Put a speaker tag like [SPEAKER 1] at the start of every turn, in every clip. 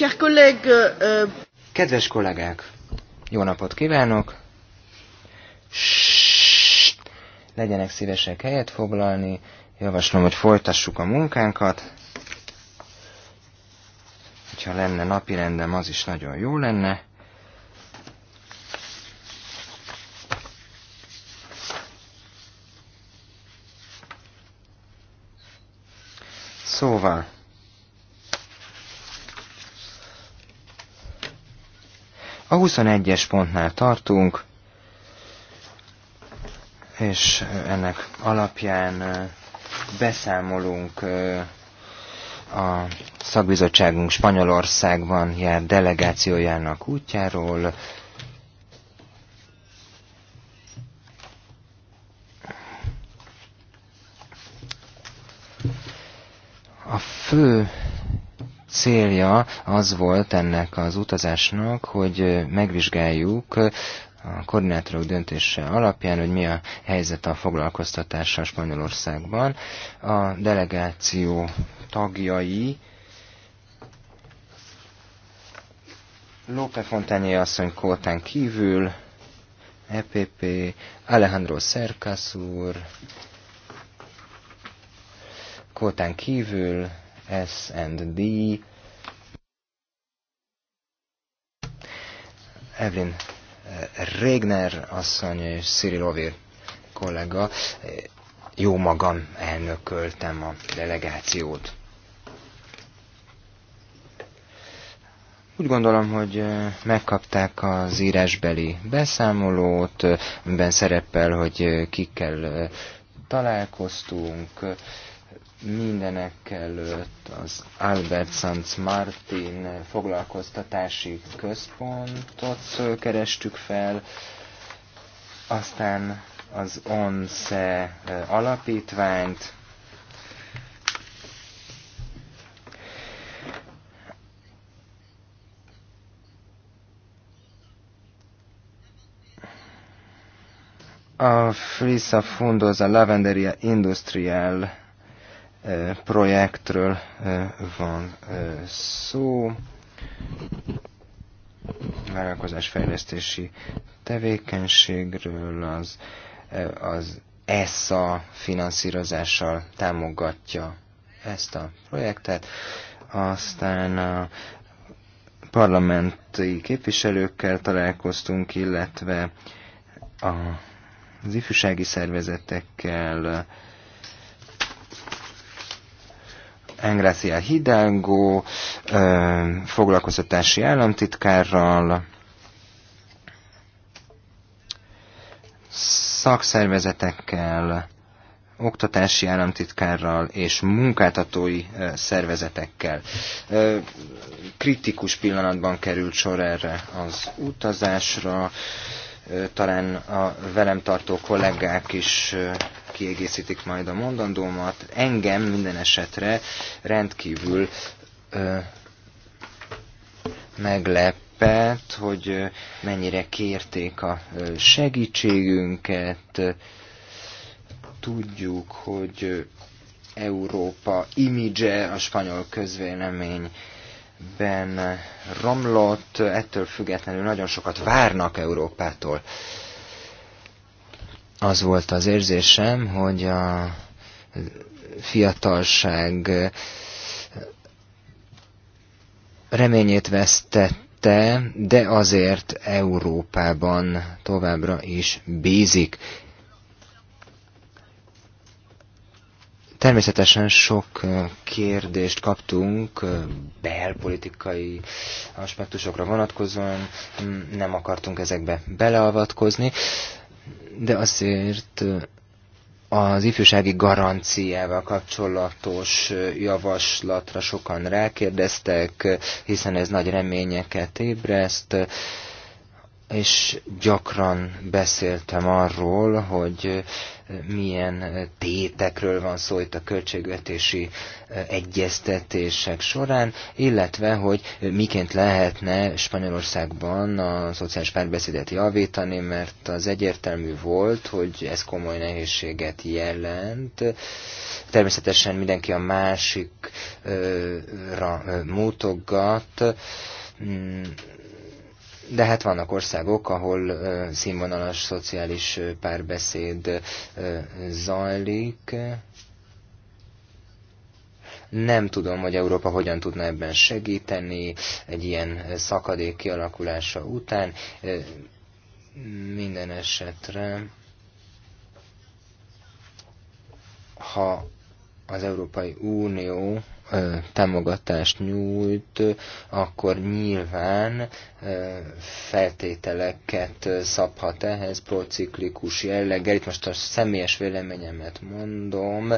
[SPEAKER 1] Euh, euh,
[SPEAKER 2] Kedves kollégák, jó napot kívánok! Sssst! legyenek szívesek helyet foglalni, javaslom, hogy folytassuk a munkánkat. Ha lenne napi rendem, az is nagyon jó lenne. Szóval, A 21-es pontnál tartunk, és ennek alapján beszámolunk a szakbizottságunk Spanyolországban jár delegációjának útjáról. A fő célja az volt ennek az utazásnak, hogy megvizsgáljuk a koordinátorok döntése alapján, hogy mi a helyzet a foglalkoztatással Spanyolországban. A delegáció tagjai Lópe Fontányi asszony Kótán kívül, EPP, Alejandro Szerkasz úr, Kótán kívül, S&D, Evelyn eh, Regner asszony és Cyril Ovir kollega, jó magam elnököltem a delegációt. Úgy gondolom, hogy eh, megkapták az írásbeli beszámolót, eh, amiben szerepel, hogy kikkel találkoztunk, mindenek előtt az Albert Sanz Martin foglalkoztatási központot kerestük fel, aztán az ONSZE alapítványt, a Frisa Fundos a Lavenderia Industrial projektről van szó. fejlesztési tevékenységről az, az ESSA finanszírozással támogatja ezt a projektet. Aztán a parlamenti képviselőkkel találkoztunk, illetve az ifjúsági szervezetekkel, Engracia Hidalgo foglalkoztatási államtitkárral, szakszervezetekkel, oktatási államtitkárral és munkáltatói szervezetekkel. Kritikus pillanatban került sor erre az utazásra, talán a velem tartó kollégák is kiegészítik majd a mondandómat. Engem minden esetre rendkívül ö, meglepett, hogy mennyire kérték a segítségünket. Tudjuk, hogy Európa imidzse a spanyol közvélemény ben romlott, ettől függetlenül nagyon sokat várnak Európától az volt az érzésem, hogy a fiatalság reményét vesztette, de azért Európában továbbra is bízik. Természetesen sok kérdést kaptunk belpolitikai aspektusokra vonatkozóan, nem akartunk ezekbe beleavatkozni de azért az ifjúsági garanciával kapcsolatos javaslatra sokan rákérdeztek, hiszen ez nagy reményeket ébreszt, és gyakran beszéltem arról, hogy milyen tétekről van szó itt a költségvetési e, egyeztetések során, illetve hogy miként lehetne Spanyolországban a szociális párbeszédet javítani, mert az egyértelmű volt, hogy ez komoly nehézséget jelent. Természetesen mindenki a másikra e, mutogat, mm, de hát vannak országok, ahol színvonalas szociális párbeszéd zajlik. Nem tudom, hogy Európa hogyan tudna ebben segíteni egy ilyen szakadék kialakulása után. Minden esetre, ha az Európai Unió támogatást nyújt, akkor nyilván feltételeket szabhat ehhez prociklikus jelleggel. Itt most a személyes véleményemet mondom,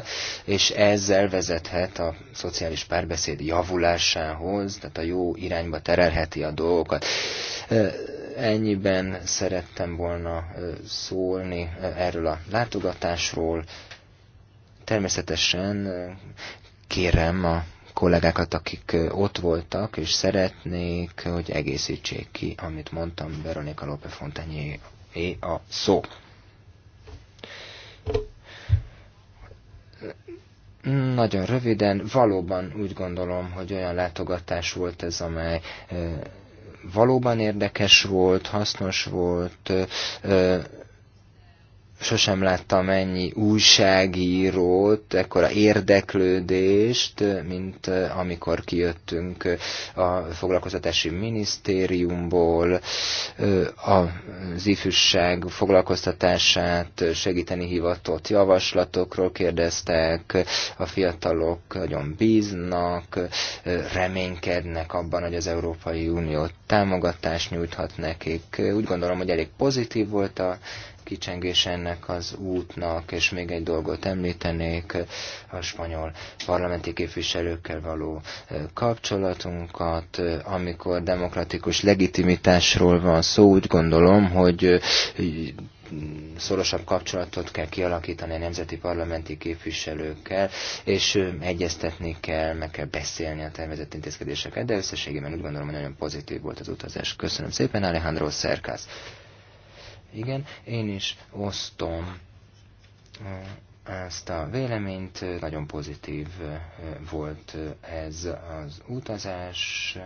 [SPEAKER 2] és ezzel vezethet a szociális párbeszéd javulásához, tehát a jó irányba terelheti a dolgokat ennyiben szerettem volna szólni erről a látogatásról. Természetesen kérem a kollégákat, akik ott voltak, és szeretnék, hogy egészítsék ki, amit mondtam, Veronika Lope Fontanyé a szó. Nagyon röviden, valóban úgy gondolom, hogy olyan látogatás volt ez, amely valóban érdekes volt, hasznos volt, sosem láttam ennyi újságírót, ekkora érdeklődést, mint amikor kijöttünk a foglalkoztatási minisztériumból, az ifjúság foglalkoztatását segíteni hivatott javaslatokról kérdeztek, a fiatalok nagyon bíznak, reménykednek abban, hogy az Európai Unió támogatást nyújthat nekik. Úgy gondolom, hogy elég pozitív volt a kicsengés ennek az útnak, és még egy dolgot említenék, a spanyol parlamenti képviselőkkel való kapcsolatunkat, amikor demokratikus legitimitásról van szó, úgy gondolom, hogy mm, szorosabb kapcsolatot kell kialakítani a nemzeti parlamenti képviselőkkel, és egyeztetni kell, meg kell beszélni a tervezett intézkedéseket, de összességében úgy gondolom, hogy nagyon pozitív volt az utazás. Köszönöm szépen, Alejandro Szerkász! Igen, én is osztom ezt a véleményt, nagyon pozitív volt ez az utazás.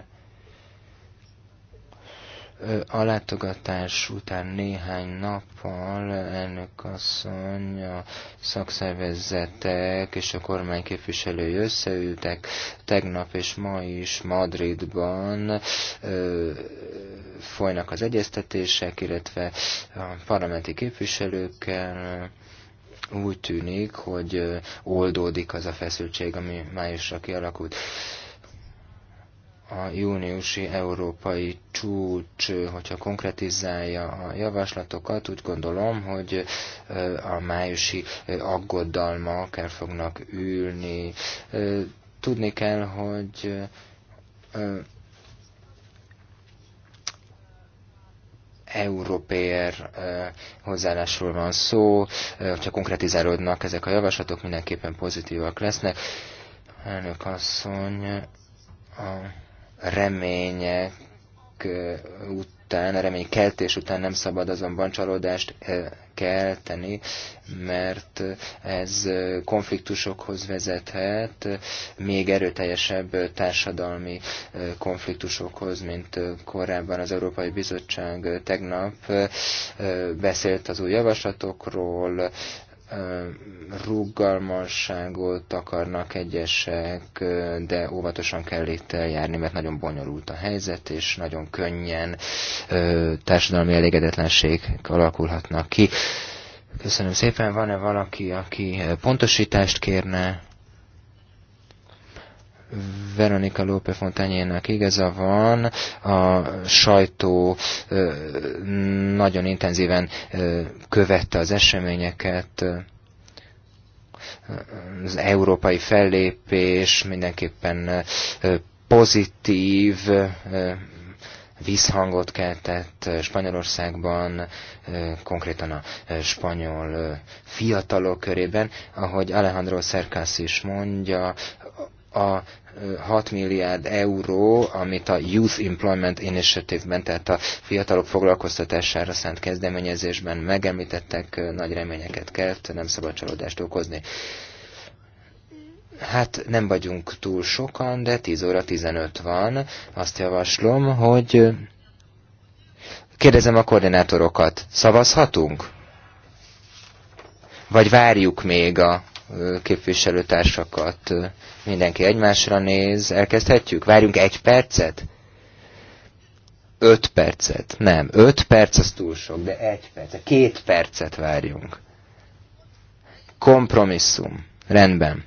[SPEAKER 2] A látogatás után néhány nappal elnök asszony, a szakszervezetek és a kormányképviselői összeültek tegnap és ma is Madridban folynak az egyeztetések, illetve a parlamenti képviselőkkel úgy tűnik, hogy oldódik az a feszültség, ami májusra kialakult a júniusi európai csúcs, hogyha konkretizálja a javaslatokat, úgy gondolom, hogy a májusi aggodalmak el fognak ülni. Tudni kell, hogy európér hozzáállásról van szó, hogyha konkretizálódnak ezek a javaslatok, mindenképpen pozitívak lesznek. Elnök asszony, a remények után, a reménykeltés után nem szabad azonban csalódást kell tenni, mert ez konfliktusokhoz vezethet, még erőteljesebb társadalmi konfliktusokhoz, mint korábban az Európai Bizottság tegnap beszélt az új javaslatokról, rugalmasságot akarnak egyesek, de óvatosan kell itt eljárni, mert nagyon bonyolult a helyzet, és nagyon könnyen társadalmi elégedetlenség alakulhatnak ki. Köszönöm szépen, van-e valaki, aki pontosítást kérne? Veronika Lópe Fontányének igaza van, a sajtó nagyon intenzíven követte az eseményeket, az európai fellépés mindenképpen pozitív visszhangot keltett Spanyolországban, konkrétan a spanyol fiatalok körében. Ahogy Alejandro Szerkász is mondja, a 6 milliárd euró, amit a Youth Employment Initiative-ben, tehát a fiatalok foglalkoztatására szánt kezdeményezésben megemlítettek, nagy reményeket kelt, nem szabad csalódást okozni. Hát nem vagyunk túl sokan, de 10 óra 15 van. Azt javaslom, hogy kérdezem a koordinátorokat, szavazhatunk? Vagy várjuk még a képviselőtársakat. Mindenki egymásra néz. Elkezdhetjük? Várjunk egy percet? Öt percet. Nem, öt perc az túl sok, de egy percet. Két percet várjunk. Kompromisszum. Rendben.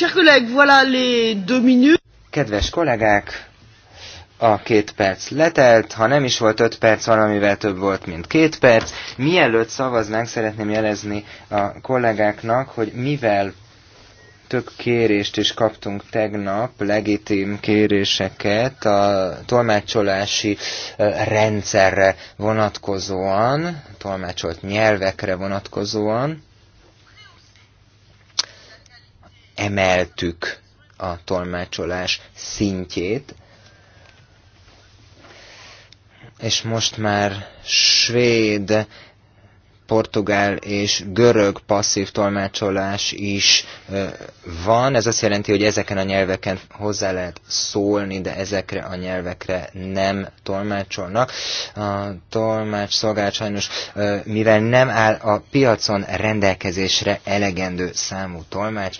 [SPEAKER 1] Chers collègues, voilà les deux minutes.
[SPEAKER 2] Kedves kollégák, a két perc letelt, ha nem is volt öt perc, valamivel több volt, mint két perc. Mielőtt szavaznánk, szeretném jelezni a kollégáknak, hogy mivel több kérést is kaptunk tegnap, legitim kéréseket a tolmácsolási rendszerre vonatkozóan, tolmácsolt nyelvekre vonatkozóan emeltük a tolmácsolás szintjét, és most már svéd portugál és görög passzív tolmácsolás is van. Ez azt jelenti, hogy ezeken a nyelveken hozzá lehet szólni, de ezekre a nyelvekre nem tolmácsolnak. A tolmács szolgálat sajnos, mivel nem áll a piacon rendelkezésre elegendő számú tolmács,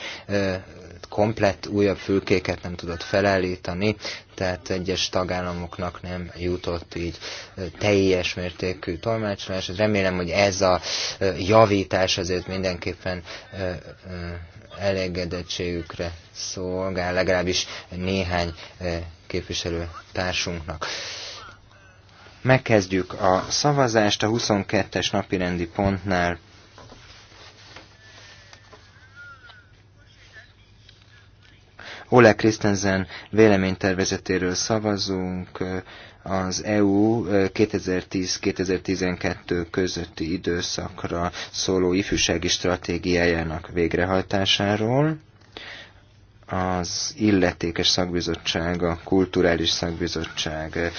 [SPEAKER 2] komplett újabb fülkéket nem tudott felállítani, tehát egyes tagállamoknak nem jutott így teljes mértékű tolmácsolás. Remélem, hogy ez a javítás azért mindenképpen elégedettségükre szolgál, legalábbis néhány képviselő társunknak. Megkezdjük a szavazást a 22-es napirendi pontnál. Ole Christensen véleménytervezetéről szavazunk az EU 2010-2012 közötti időszakra szóló ifjúsági stratégiájának végrehajtásáról. Az illetékes szakbizottság, a kulturális szakbizottság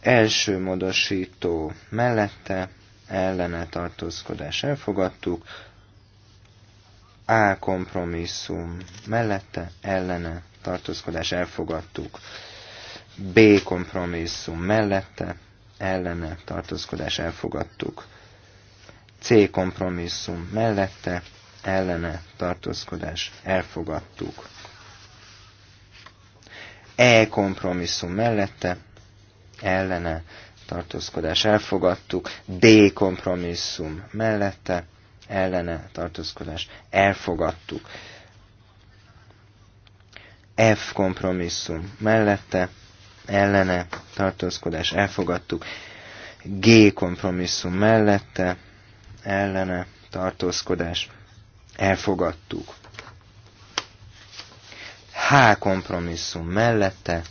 [SPEAKER 2] első modosító mellette ellene tartózkodás elfogadtuk, a kompromisszum mellette ellene tartózkodás elfogadtuk. B kompromisszum mellette ellene tartózkodás elfogadtuk. C kompromisszum mellette ellene tartózkodás elfogadtuk. E kompromisszum mellette ellene tartózkodás elfogadtuk. D kompromisszum mellette ellene tartózkodás elfogadtuk. F kompromisszum mellette ellene tartózkodás elfogadtuk. G kompromisszum mellette ellene tartózkodás elfogadtuk. H kompromisszum mellette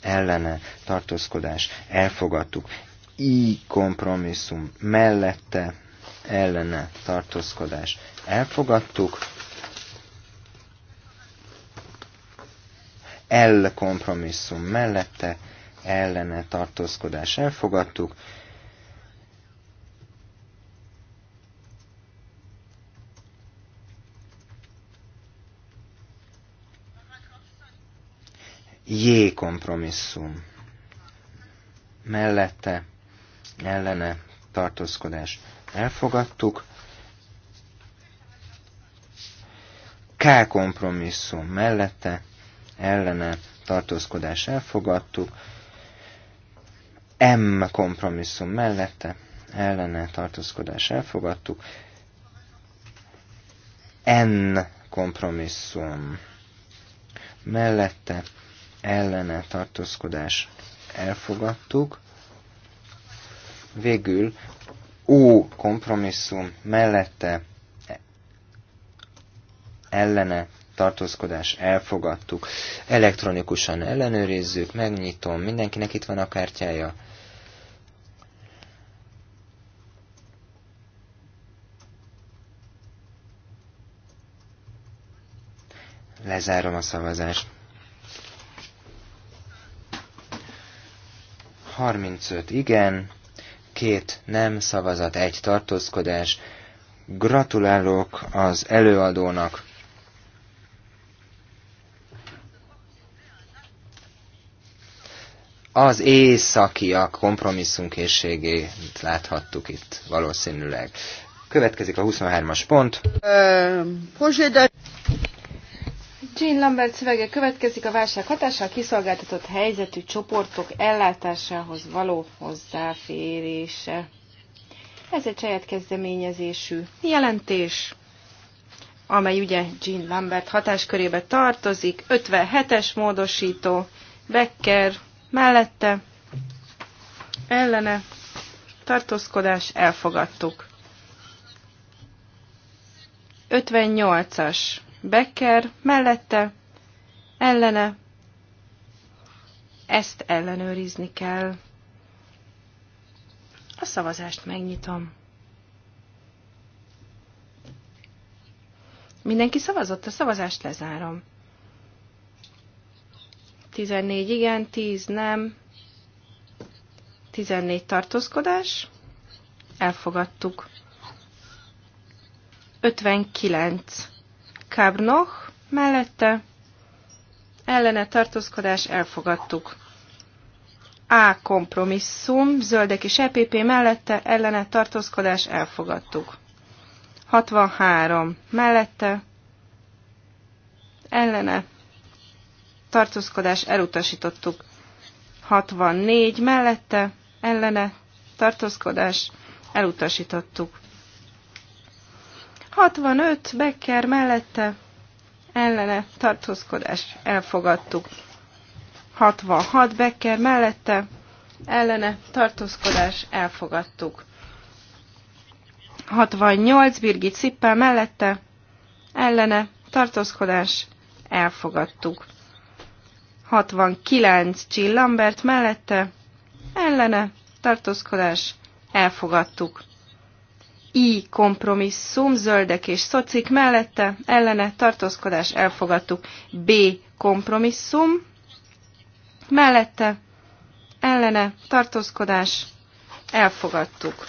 [SPEAKER 2] ellene tartózkodás elfogadtuk. I kompromisszum mellette ellene tartózkodás elfogadtuk. L kompromisszum mellette ellene tartózkodás elfogadtuk. J kompromisszum. Mellette ellene tartózkodás elfogadtuk. K kompromisszum mellette, ellene tartózkodás elfogadtuk. M kompromisszum mellette, ellene tartózkodás elfogadtuk. N kompromisszum mellette, ellene tartózkodás elfogadtuk. Végül ó kompromisszum mellette ellene tartózkodás elfogadtuk. Elektronikusan ellenőrizzük, megnyitom, mindenkinek itt van a kártyája. Lezárom a szavazást. 35 igen, két nem szavazat, egy tartózkodás. Gratulálok az előadónak! az északiak kompromisszumkészségét láthattuk itt valószínűleg. Következik a 23-as pont.
[SPEAKER 3] Jean Lambert szövege következik a válság hatással kiszolgáltatott helyzetű csoportok ellátásához való hozzáférése. Ez egy saját kezdeményezésű jelentés, amely ugye Jean Lambert hatáskörébe tartozik, 57-es módosító, Becker mellette, ellene, tartózkodás, elfogadtuk. 58-as Becker mellette, ellene, ezt ellenőrizni kell. A szavazást megnyitom. Mindenki szavazott, a szavazást lezárom. 14 igen, 10 nem, 14 tartózkodás, elfogadtuk. 59 Kábnoch mellette ellene tartózkodás elfogadtuk. A kompromisszum, zöldek és EPP mellette ellene tartózkodás elfogadtuk. 63 mellette ellene tartózkodás elutasítottuk. 64 mellette ellene tartózkodás elutasítottuk. 65 Becker mellette ellene tartózkodás elfogadtuk. 66 Becker mellette ellene tartózkodás elfogadtuk. 68 Birgit Szippel mellette ellene tartózkodás elfogadtuk. 69 Csillambert mellette ellene tartózkodás elfogadtuk. I kompromisszum, zöldek és szocik mellette, ellene tartózkodás elfogadtuk. B kompromisszum, mellette, ellene tartózkodás elfogadtuk.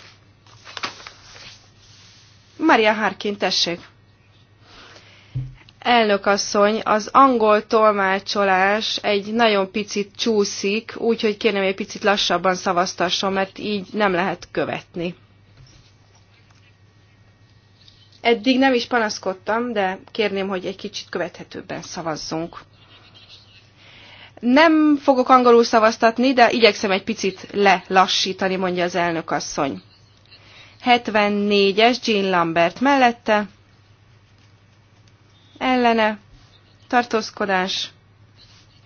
[SPEAKER 3] Maria Harkin, tessék! Elnök asszony, az angol tolmácsolás egy nagyon picit csúszik, úgyhogy kérném, hogy egy picit lassabban szavaztasson, mert így nem lehet követni. Eddig nem is panaszkodtam, de kérném, hogy egy kicsit követhetőbben szavazzunk. Nem fogok angolul szavaztatni, de igyekszem egy picit lelassítani, mondja az elnök asszony. 74-es Jean Lambert mellette, ellene, tartózkodás,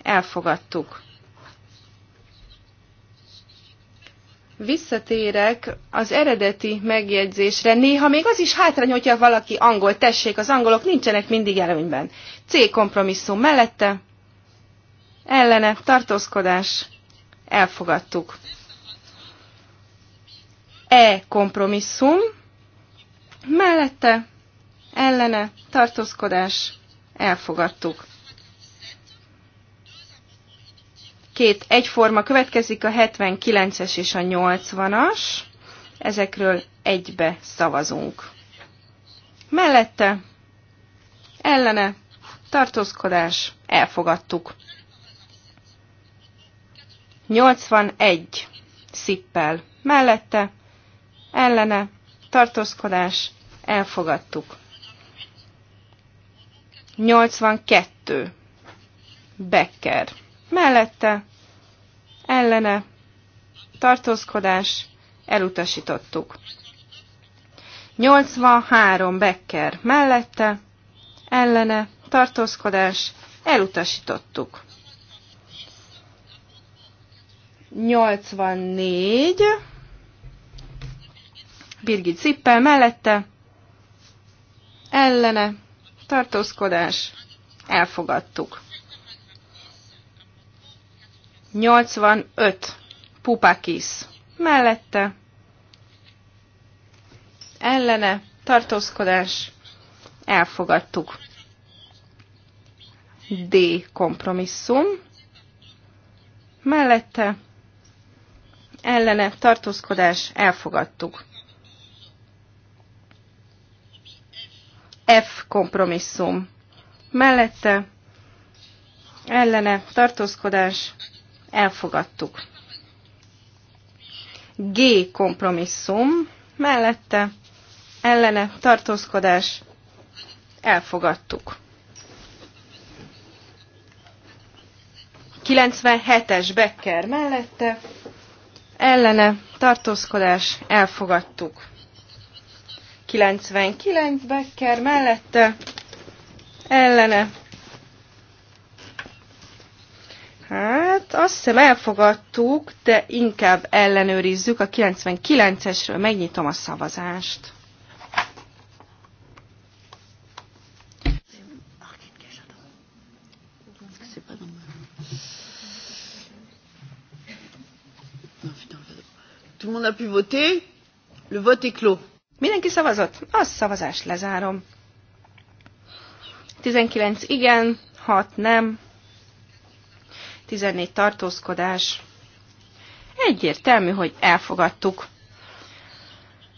[SPEAKER 3] elfogadtuk. visszatérek az eredeti megjegyzésre. Néha még az is hátrány, hogyha valaki angol. Tessék, az angolok nincsenek mindig előnyben. C kompromisszum mellette. Ellene tartózkodás. Elfogadtuk. E kompromisszum. Mellette. Ellene tartózkodás. Elfogadtuk. két egyforma következik, a 79-es és a 80-as. Ezekről egybe szavazunk. Mellette, ellene, tartózkodás, elfogadtuk. 81 szippel mellette, ellene, tartózkodás, elfogadtuk. 82 Becker mellette, ellene, tartózkodás, elutasítottuk. 83 Becker mellette, ellene, tartózkodás, elutasítottuk. 84 Birgit Zippel mellette, ellene, tartózkodás, elfogadtuk. 85. Pupakis. Mellette. Ellene. Tartózkodás. Elfogadtuk. D. Kompromisszum. Mellette. Ellene. Tartózkodás. Elfogadtuk. F. Kompromisszum. Mellette. Ellene. Tartózkodás elfogadtuk. G kompromisszum mellette ellene tartózkodás elfogadtuk. 97-es Becker mellette ellene tartózkodás elfogadtuk. 99 Becker mellette ellene Hát azt hiszem elfogadtuk, de inkább ellenőrizzük a 99-esről. Megnyitom a szavazást.
[SPEAKER 1] Tout le monde a pu voter. Le vote
[SPEAKER 3] est clos. Mindenki szavazott? A szavazást lezárom. 19 igen, 6 nem, 14 tartózkodás. Egyértelmű, hogy elfogadtuk.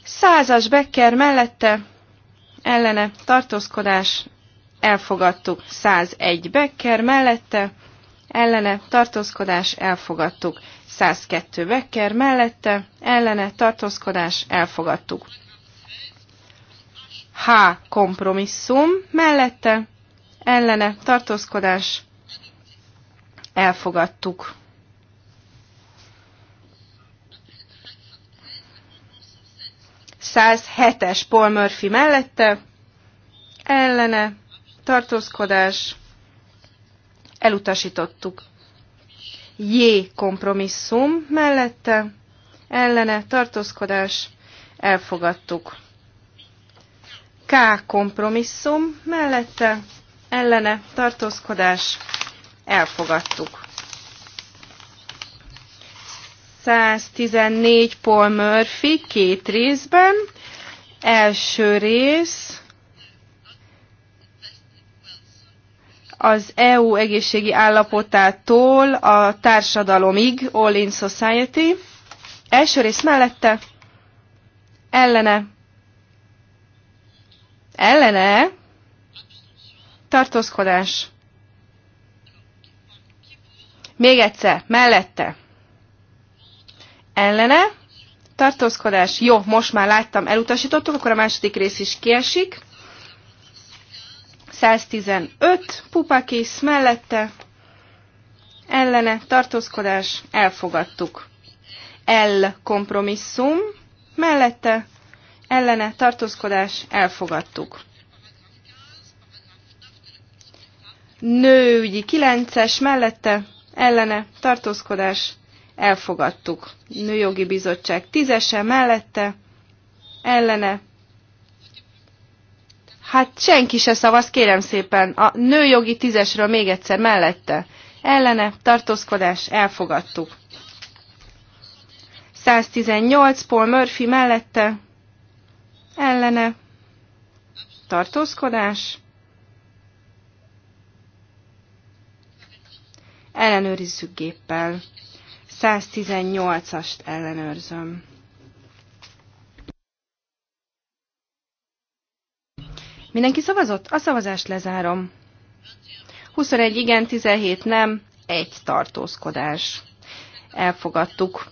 [SPEAKER 3] Százas Becker mellette, ellene tartózkodás, elfogadtuk. 101 Becker mellette, ellene tartózkodás, elfogadtuk. 102 Becker mellette, ellene tartózkodás, elfogadtuk. H. Kompromisszum mellette, ellene tartózkodás, elfogadtuk. es Paul Murphy mellette, ellene, tartózkodás, elutasítottuk. J kompromisszum mellette, ellene, tartózkodás, elfogadtuk. K kompromisszum mellette, ellene, tartózkodás, elfogadtuk. 114 Paul Murphy két részben. Első rész az EU egészségi állapotától a társadalomig, All in Society. Első rész mellette ellene ellene tartózkodás még egyszer, mellette. Ellene. Tartózkodás. Jó, most már láttam, elutasítottuk, akkor a második rész is kiesik. 115, Pupakész mellette, ellene, tartózkodás, elfogadtuk. El kompromisszum, mellette, ellene, tartózkodás, elfogadtuk. Nőügyi 9-es mellette, ellene tartózkodás elfogadtuk. Nőjogi Bizottság tízese mellette ellene. Hát senki se szavaz, kérem szépen. A nőjogi tízesről még egyszer mellette. Ellene, tartózkodás, elfogadtuk. 118, Paul Murphy mellette. Ellene, tartózkodás, ellenőrizzük géppel. 118-ast ellenőrzöm. Mindenki szavazott? A szavazást lezárom. 21 igen, 17 nem, egy tartózkodás. Elfogadtuk.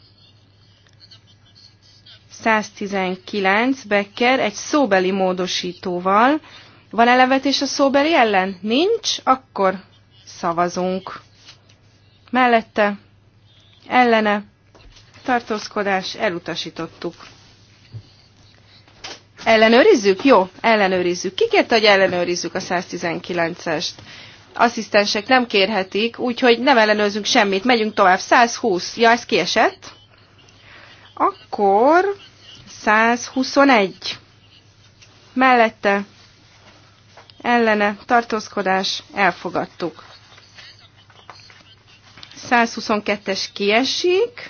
[SPEAKER 3] 119 Becker egy szóbeli módosítóval. Van elevetés a szóbeli ellen? Nincs? Akkor szavazunk mellette, ellene, tartózkodás, elutasítottuk. Ellenőrizzük? Jó, ellenőrizzük. Ki kérte, hogy ellenőrizzük a 119-est? Asszisztensek nem kérhetik, úgyhogy nem ellenőrzünk semmit, megyünk tovább. 120, ja, ez kiesett. Akkor 121. Mellette, ellene, tartózkodás, elfogadtuk. 122-es kiesik,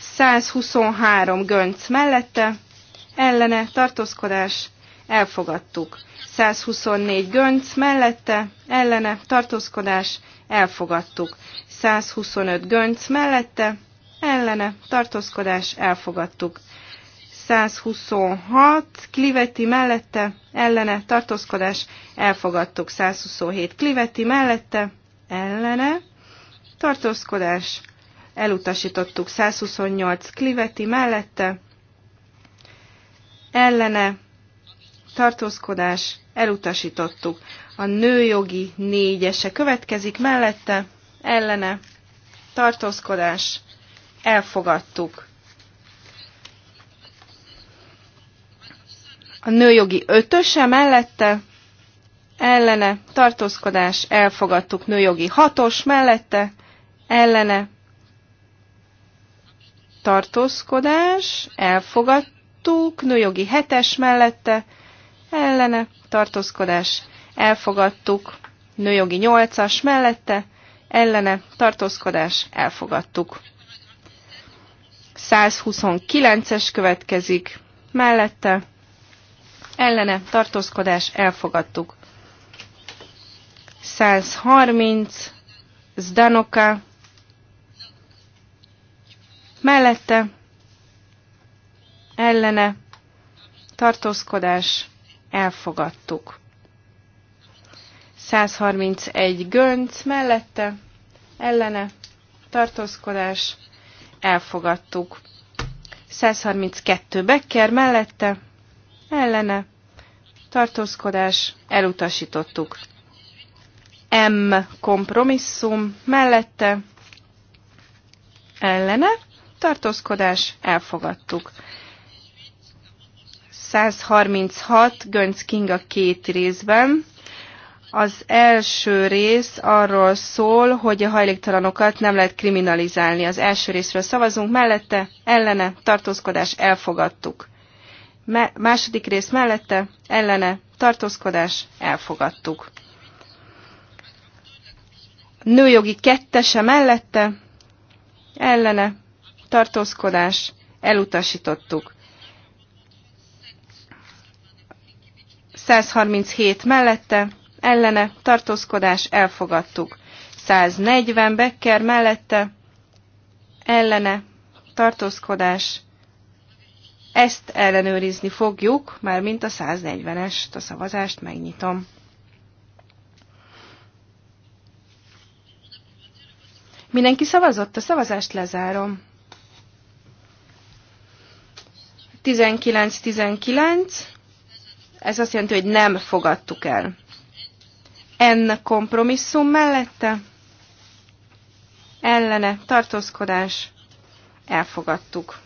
[SPEAKER 3] 123 gönc mellette, ellene tartózkodás, elfogadtuk. 124 gönc mellette, ellene tartózkodás, elfogadtuk. 125 gönc mellette, ellene tartózkodás, elfogadtuk. 126, Kliveti mellette, ellene, tartózkodás, elfogadtuk 127, Kliveti mellette, ellene, tartózkodás, elutasítottuk 128 kliveti mellette, ellene, tartózkodás, elutasítottuk. A nőjogi négyese következik mellette, ellene, tartózkodás, elfogadtuk. A nőjogi ötöse mellette, ellene, tartózkodás, elfogadtuk. Nőjogi hatos mellette, ellene tartózkodás, elfogadtuk, nőjogi hetes mellette, ellene tartózkodás, elfogadtuk, nőjogi nyolcas mellette, ellene tartózkodás, elfogadtuk. 129-es következik, mellette, ellene tartózkodás, elfogadtuk. 130, Zdanoka, mellette, ellene, tartózkodás, elfogadtuk. 131 gönc mellette, ellene, tartózkodás, elfogadtuk. 132 bekker mellette, ellene, tartózkodás, elutasítottuk. M kompromisszum mellette, ellene, tartózkodás, elfogadtuk. 136 Gönc Kinga két részben. Az első rész arról szól, hogy a hajléktalanokat nem lehet kriminalizálni. Az első részről szavazunk, mellette, ellene, tartózkodás, elfogadtuk. Me második rész mellette, ellene, tartózkodás, elfogadtuk. Nőjogi kettese mellette, ellene, tartózkodás, elutasítottuk. 137 mellette, ellene, tartózkodás, elfogadtuk. 140 Becker mellette, ellene, tartózkodás, ezt ellenőrizni fogjuk, már mint a 140-est, a szavazást megnyitom.
[SPEAKER 4] Mindenki szavazott,
[SPEAKER 3] a szavazást lezárom. 19-19, ez azt jelenti, hogy nem fogadtuk el. N kompromisszum mellette, ellene tartózkodás, elfogadtuk.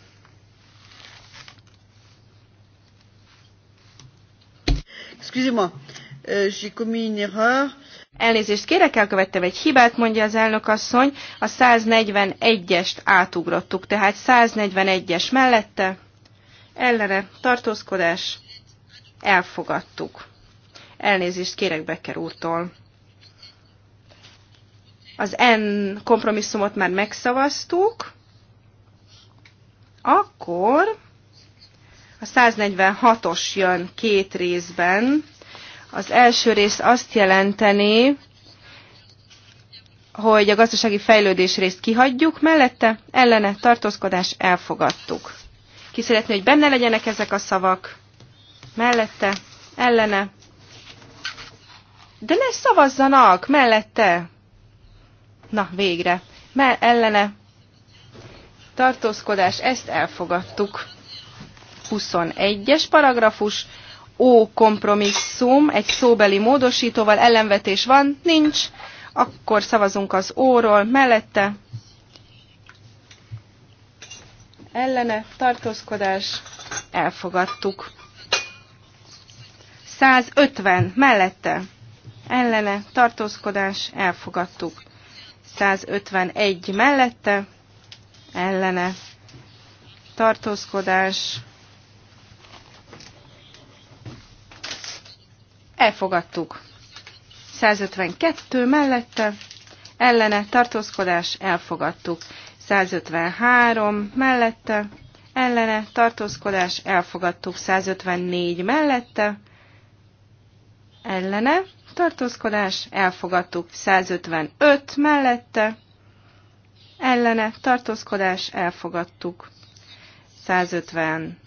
[SPEAKER 3] Excusez-moi, euh, j'ai commis une erreur. Elnézést kérek, elkövettem egy hibát, mondja az elnök asszony. A 141-est átugrottuk, tehát 141-es mellette ellene tartózkodás elfogadtuk. Elnézést kérek Becker úrtól. Az N kompromisszumot már megszavaztuk, akkor a 146-os jön két részben. Az első rész azt jelenteni, hogy a gazdasági fejlődés részt kihagyjuk, mellette ellene tartózkodás elfogadtuk. Ki szeretné, hogy benne legyenek ezek a szavak? Mellette? Ellene? De ne szavazzanak! Mellette! Na, végre. Mell ellene. Tartózkodás, ezt elfogadtuk. 21-es paragrafus. Ó kompromisszum, egy szóbeli módosítóval ellenvetés van, nincs. Akkor szavazunk az óról, mellette, ellene tartózkodás elfogadtuk. 150 mellette ellene tartózkodás elfogadtuk. 151 mellette ellene tartózkodás elfogadtuk. 152 mellette ellene tartózkodás elfogadtuk. 153 mellette, ellene tartózkodás elfogadtuk 154 mellette, ellene tartózkodás elfogadtuk 155 mellette, ellene tartózkodás elfogadtuk 157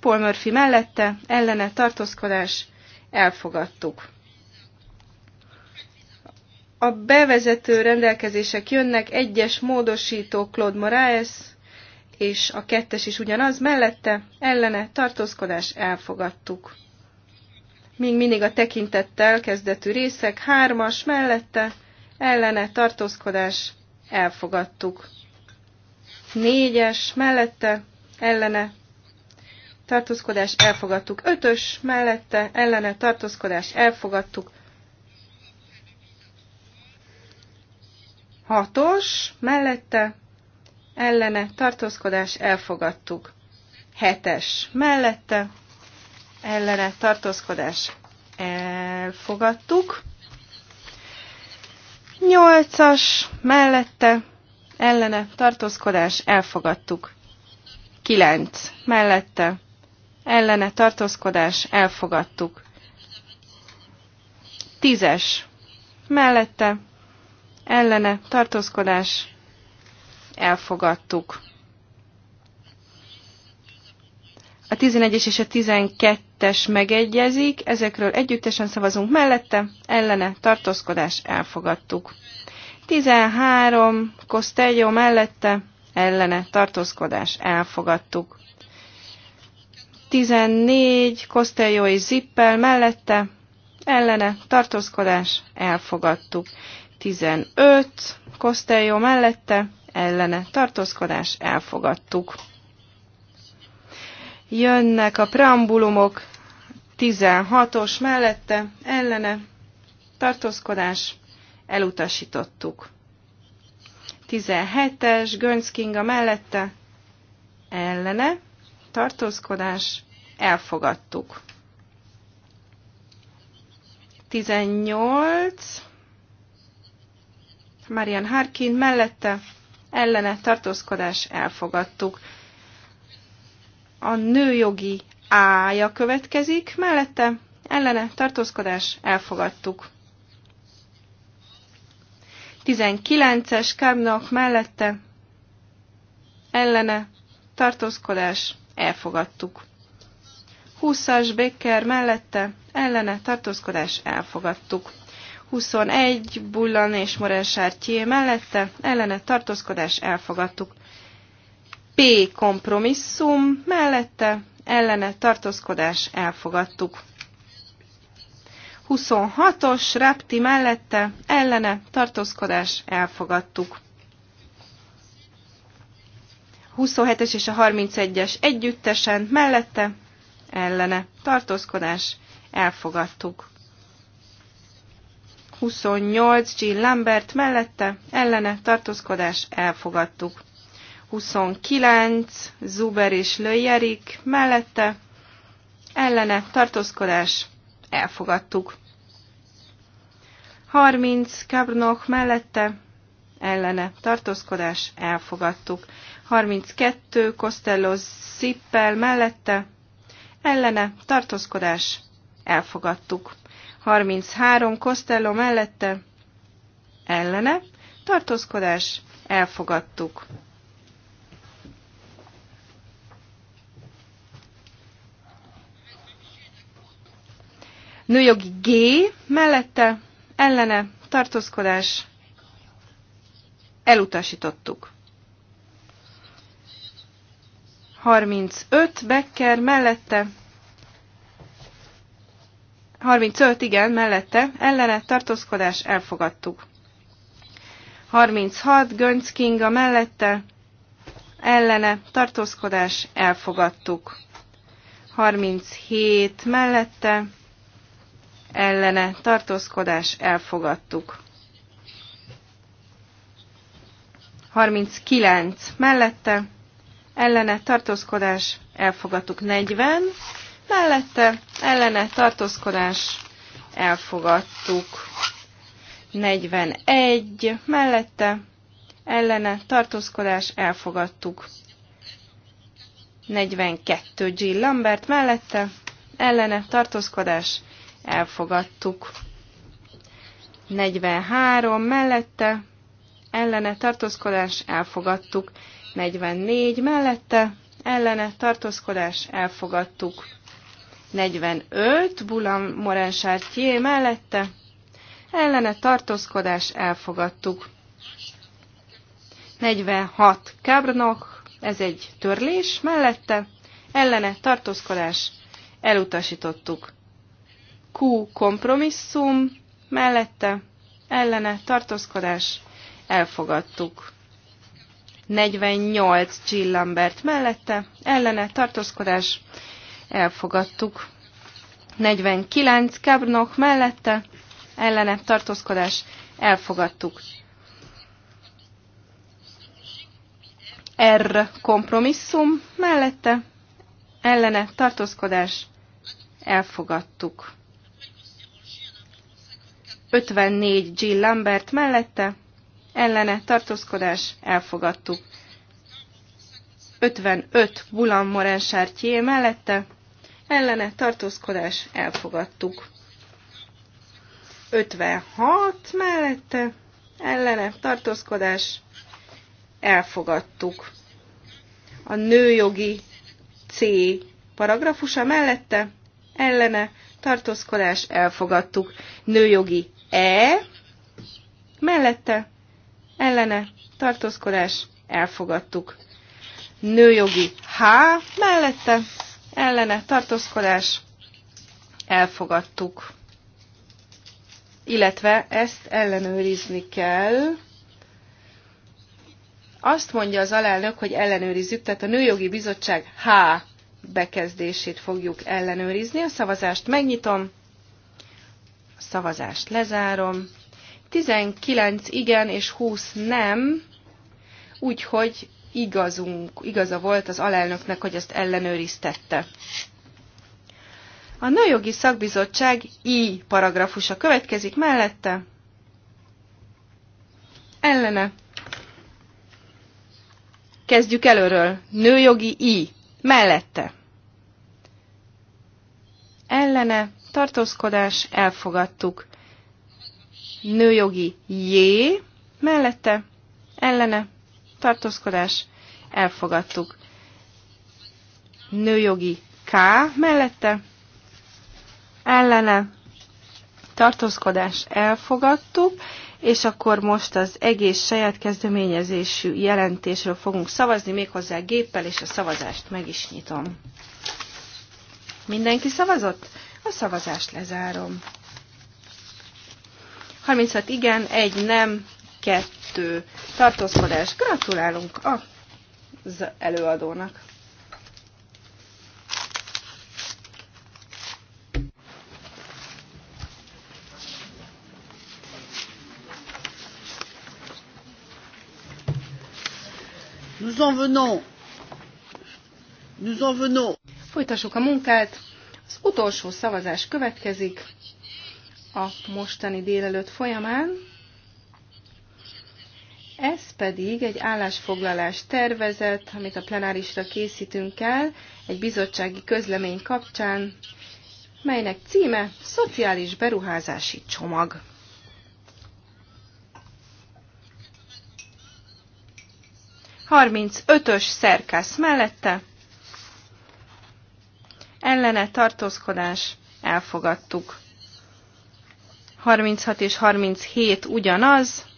[SPEAKER 3] Paul Murphy mellette, ellene tartózkodás elfogadtuk a bevezető rendelkezések jönnek, egyes módosító Claude Moraes, és a kettes is ugyanaz, mellette ellene tartózkodás elfogadtuk. Még mindig a tekintettel kezdetű részek, hármas mellette ellene tartózkodás elfogadtuk. Négyes mellette ellene tartózkodás elfogadtuk. Ötös mellette ellene tartózkodás elfogadtuk. Hatos, mellette, ellene, tartózkodás, elfogadtuk. Hetes, mellette, ellene, tartózkodás, elfogadtuk. Nyolcas, mellette, ellene, tartózkodás, elfogadtuk. Kilenc, mellette, ellene, tartózkodás, elfogadtuk. Tízes, mellette, ellene tartózkodás elfogadtuk. A 11-es és a 12-es megegyezik, ezekről együttesen szavazunk mellette, ellene tartózkodás elfogadtuk. 13 Costello mellette, ellene tartózkodás elfogadtuk. 14 Costello és Zippel mellette, ellene tartózkodás elfogadtuk. 15, Costello mellette, ellene tartózkodás, elfogadtuk. Jönnek a preambulumok, 16-os mellette, ellene tartózkodás, elutasítottuk. 17-es, gönckinga mellette, ellene tartózkodás, elfogadtuk. 18, Marian Harkin mellette, ellene tartózkodás elfogadtuk. A nőjogi ája következik, mellette ellene tartózkodás elfogadtuk. 19-es Kábnak mellette ellene tartózkodás elfogadtuk. 20-as Becker mellette ellene tartózkodás elfogadtuk. 21, Bullan és Morel mellette, ellene tartózkodás elfogadtuk. P kompromisszum mellette, ellene tartózkodás elfogadtuk. 26-os Rapti mellette, ellene tartózkodás elfogadtuk. 27-es és a 31-es együttesen mellette, ellene tartózkodás elfogadtuk. 28 Jean Lambert mellette, ellene tartózkodás elfogadtuk. 29 Zuber és Löjjerik mellette, ellene tartózkodás elfogadtuk. 30 Cabrnoch mellette, ellene tartózkodás elfogadtuk. 32 Costello Sippel mellette, ellene tartózkodás elfogadtuk. 33 Costello mellette ellene tartózkodás elfogadtuk. Nőjogi G mellette ellene tartózkodás elutasítottuk. 35 Becker mellette 35, igen, mellette, ellene, tartózkodás, elfogadtuk. 36, Gönc Kinga mellette, ellene, tartózkodás, elfogadtuk. 37 mellette, ellene, tartózkodás, elfogadtuk. 39 mellette, ellene, tartózkodás, elfogadtuk. 40 mellette ellene tartózkodás elfogadtuk. 41 mellette ellene tartózkodás elfogadtuk. 42 Jill Lambert mellette ellene tartózkodás elfogadtuk. 43 mellette ellene tartózkodás elfogadtuk. 44 mellette ellene tartózkodás elfogadtuk. 45, Bulan Morensártyé mellette, ellene tartózkodás elfogadtuk. 46, Kábranok, ez egy törlés mellette, ellene tartózkodás elutasítottuk. Q kompromisszum mellette, ellene tartózkodás elfogadtuk. 48 Jill Lambert mellette, ellene tartózkodás elfogadtuk. 49 Kebnok mellette, ellene tartózkodás, elfogadtuk. R kompromisszum mellette, ellene tartózkodás, elfogadtuk. 54 Jill Lambert mellette, ellene tartózkodás, elfogadtuk. 55 Bulan Morensártyé mellette, ellene tartózkodás elfogadtuk. 56 mellette ellene tartózkodás elfogadtuk. A nőjogi C paragrafusa mellette ellene tartózkodás elfogadtuk. Nőjogi E mellette ellene tartózkodás elfogadtuk. Nőjogi H mellette ellene tartózkodás elfogadtuk. Illetve ezt ellenőrizni kell. Azt mondja az alelnök, hogy ellenőrizzük, tehát a Nőjogi Bizottság H bekezdését fogjuk ellenőrizni. A szavazást megnyitom, a szavazást lezárom. 19 igen és 20 nem, úgyhogy igazunk, igaza volt az alelnöknek, hogy ezt ellenőriztette. A Nőjogi Szakbizottság I paragrafusa következik mellette. Ellene. Kezdjük előről. Nőjogi I. Mellette. Ellene. Tartózkodás. Elfogadtuk. Nőjogi J. Mellette. Ellene tartózkodás, elfogadtuk. Nőjogi K mellette, ellene, tartózkodás, elfogadtuk, és akkor most az egész saját kezdeményezésű jelentésről fogunk szavazni, méghozzá géppel, és a szavazást meg is nyitom. Mindenki szavazott? A szavazást lezárom. 36 igen, egy nem, kettő kettő tartózkodás. Gratulálunk az előadónak.
[SPEAKER 1] Nous en venons. Nous en venons.
[SPEAKER 3] Folytassuk a munkát. Az utolsó szavazás következik a mostani délelőtt folyamán. Ez pedig egy állásfoglalás tervezet, amit a plenárisra készítünk el egy bizottsági közlemény kapcsán, melynek címe Szociális beruházási csomag. ös szerkász mellette ellene tartózkodás elfogadtuk. 36 és 37 ugyanaz,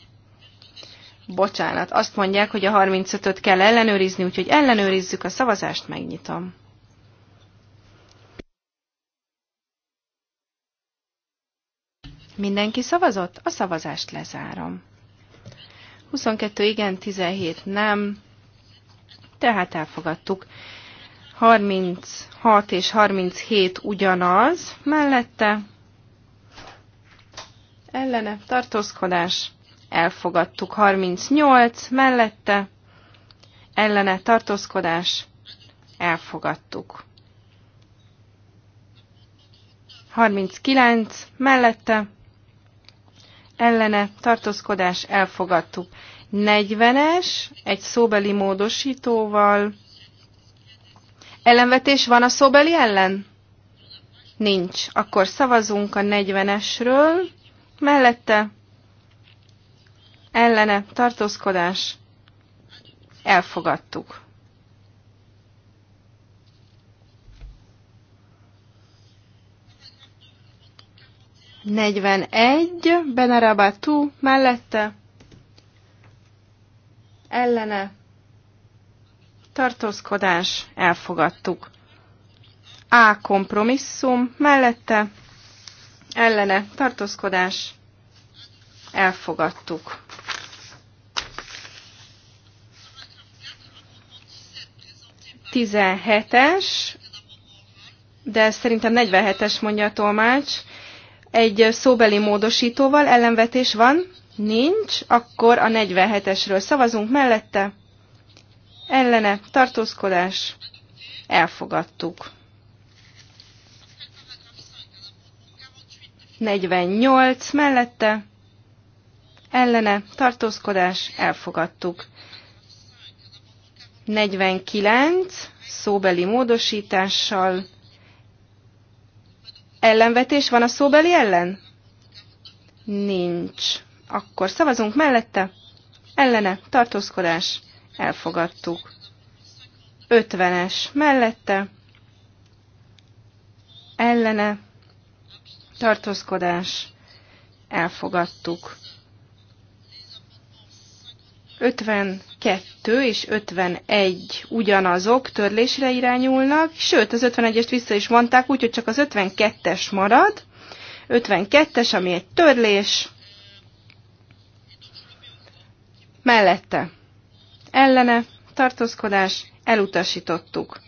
[SPEAKER 3] Bocsánat, azt mondják, hogy a 35-öt kell ellenőrizni, úgyhogy ellenőrizzük a szavazást, megnyitom. Mindenki szavazott? A szavazást lezárom. 22 igen,
[SPEAKER 2] 17
[SPEAKER 3] nem, tehát elfogadtuk. 36 és 37 ugyanaz, mellette ellene tartózkodás elfogadtuk. 38 mellette, ellene tartózkodás, elfogadtuk. 39 mellette, ellene tartózkodás, elfogadtuk. 40-es, egy szóbeli módosítóval. Ellenvetés van a szóbeli ellen? Nincs. Akkor szavazunk a 40-esről. Mellette ellene tartózkodás elfogadtuk. egy Benarabatú mellette, ellene tartózkodás elfogadtuk. A kompromisszum mellette ellene tartózkodás elfogadtuk. 17-es, de szerintem 47-es mondja a tolmács, egy szóbeli módosítóval ellenvetés van, nincs, akkor a 47-esről szavazunk mellette, ellene tartózkodás, elfogadtuk. 48 mellette, ellene tartózkodás, elfogadtuk. 49 szóbeli módosítással. Ellenvetés van a szóbeli ellen? Nincs. Akkor szavazunk mellette. Ellene, tartózkodás, elfogadtuk. 50-es mellette, ellene, tartózkodás, elfogadtuk. 52 és 51 ugyanazok törlésre irányulnak, sőt az 51-est vissza is mondták, úgyhogy csak az 52-es marad. 52-es, ami egy törlés. Mellette. Ellene. Tartózkodás. Elutasítottuk.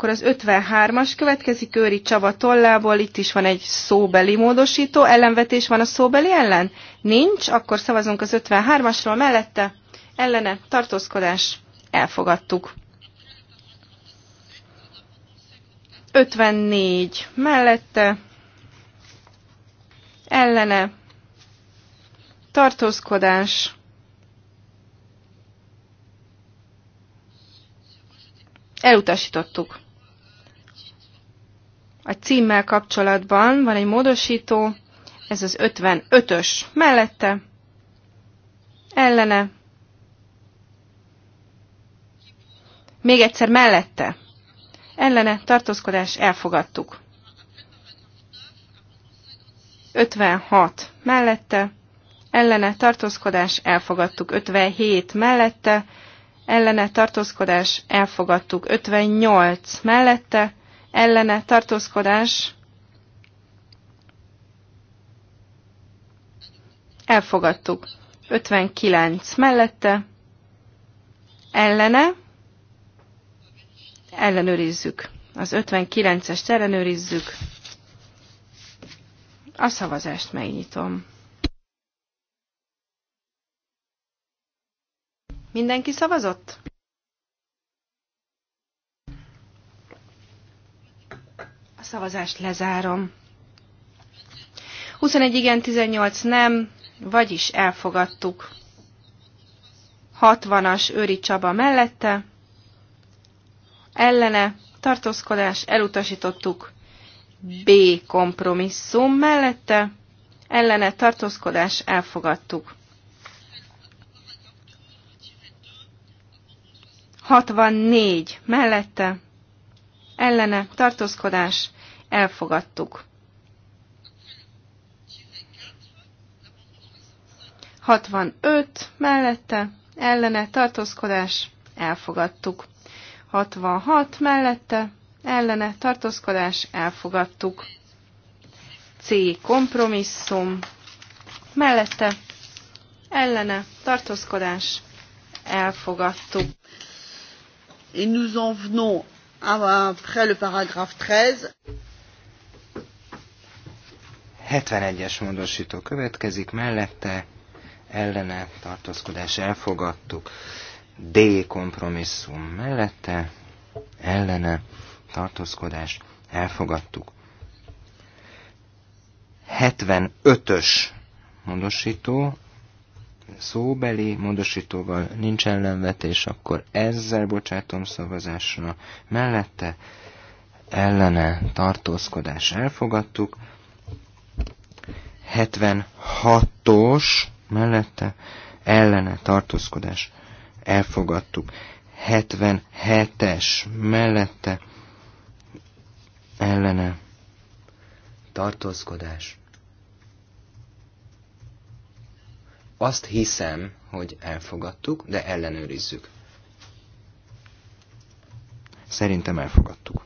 [SPEAKER 3] Akkor az 53-as következik Őri Csava tollából, itt is van egy szóbeli módosító, ellenvetés van a szóbeli ellen? Nincs, akkor szavazunk az 53-asról mellette, ellene, tartózkodás, elfogadtuk. 54 mellette, ellene, tartózkodás, elutasítottuk. A címmel kapcsolatban van egy módosító, ez az 55-ös. Mellette, ellene, még egyszer mellette, ellene, tartózkodás, elfogadtuk. 56 mellette, ellene tartózkodás elfogadtuk 57 mellette, ellene tartózkodás elfogadtuk 58 mellette, ellene tartózkodás elfogadtuk. 59 mellette ellene ellenőrizzük. Az 59-est ellenőrizzük. A szavazást megnyitom. Mindenki szavazott? szavazást lezárom. 21 igen, 18 nem, vagyis elfogadtuk. 60-as Őri Csaba mellette, ellene, tartózkodás, elutasítottuk. B kompromisszum mellette, ellene, tartózkodás, elfogadtuk. 64 mellette, ellene, tartózkodás, elfogadtuk. 65 mellette, ellene tartózkodás, elfogadtuk. 66 mellette, ellene tartózkodás, elfogadtuk. C. Kompromisszum, mellette, ellene tartózkodás,
[SPEAKER 1] elfogadtuk. Et nous en venons après le paragraphe 13.
[SPEAKER 2] 71-es módosító következik, mellette ellene tartózkodás elfogadtuk. D kompromisszum mellette ellene tartózkodás elfogadtuk. 75-ös módosító, szóbeli módosítóval nincs ellenvetés, akkor ezzel bocsátom szavazásra mellette ellene tartózkodás elfogadtuk, 76-os mellette ellene tartózkodás elfogadtuk. 77-es mellette ellene tartózkodás. Azt hiszem, hogy elfogadtuk, de ellenőrizzük. Szerintem elfogadtuk.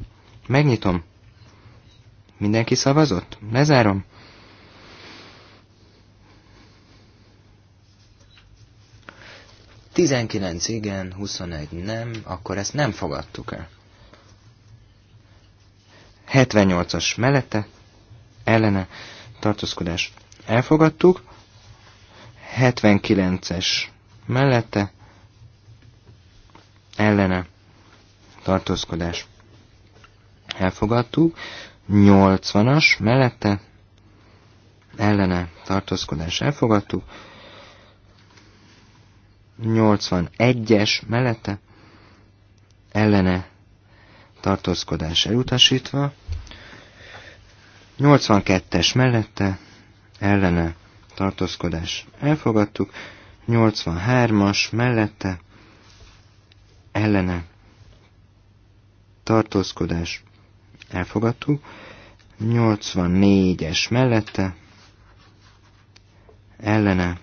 [SPEAKER 2] Megnyitom. Mindenki szavazott? Lezárom. 19 igen, 21 nem, akkor ezt nem fogadtuk el. 78-as mellette, ellene, tartózkodás elfogadtuk, 79-es mellette, ellene, tartózkodás elfogadtuk, 80-as mellette, ellene, tartózkodás elfogadtuk, 81-es mellette ellene tartózkodás elutasítva, 82-es mellette ellene tartózkodás elfogadtuk, 83-as mellette ellene tartózkodás elfogadtuk, 84-es mellette ellene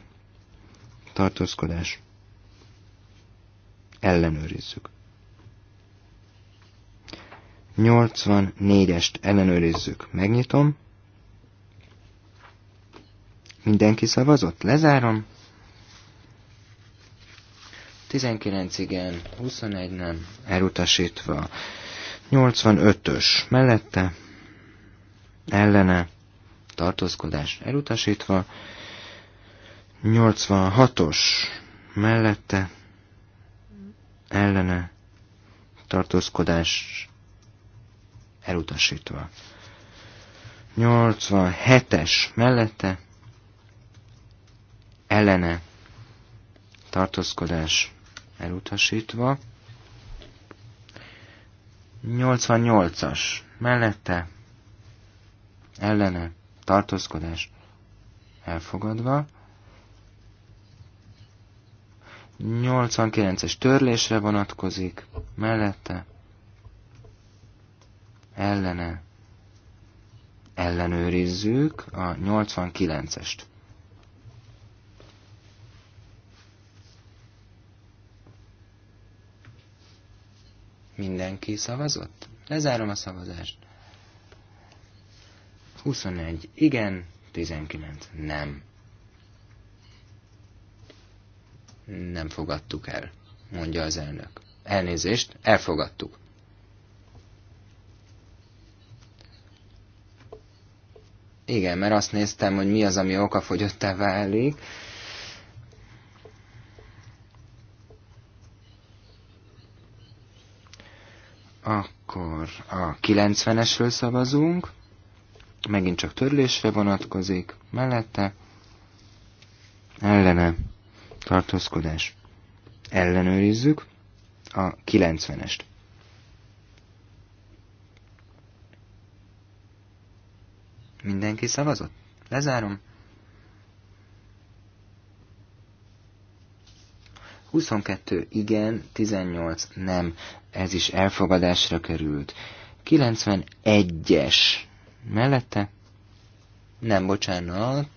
[SPEAKER 2] tartózkodás ellenőrizzük. 84-est ellenőrizzük. Megnyitom. Mindenki szavazott? Lezárom. 19 igen, 21 nem, elutasítva. 85-ös mellette, ellene, tartózkodás elutasítva. 86-os mellette, ellene tartózkodás elutasítva. 87-es mellette ellene tartózkodás elutasítva. 88-as mellette ellene tartózkodás elfogadva. 89-es törlésre vonatkozik, mellette, ellene, ellenőrizzük a 89-est. Mindenki szavazott? Lezárom a szavazást. 21 igen, 19 nem. Nem fogadtuk el, mondja az elnök. Elnézést, elfogadtuk. Igen, mert azt néztem, hogy mi az, ami okafogyottá válik. Akkor a 90-esről szavazunk. Megint csak törlésre vonatkozik. Mellette. Ellene tartózkodás. Ellenőrizzük a 90-est. Mindenki szavazott? Lezárom. 22 igen, 18 nem. Ez is elfogadásra került. 91-es. Mellette? Nem, bocsánat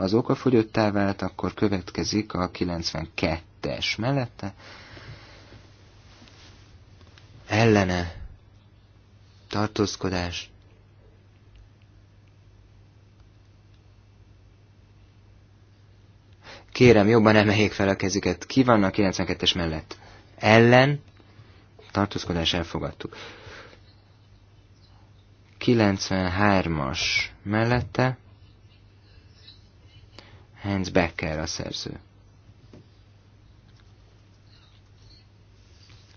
[SPEAKER 2] az okafogyottá vált, akkor következik a 92-es mellette. Ellene tartózkodás. Kérem, jobban emeljék fel a kezüket. Ki van a 92-es mellett? Ellen tartózkodás elfogadtuk. 93-as mellette Hans Becker a szerző.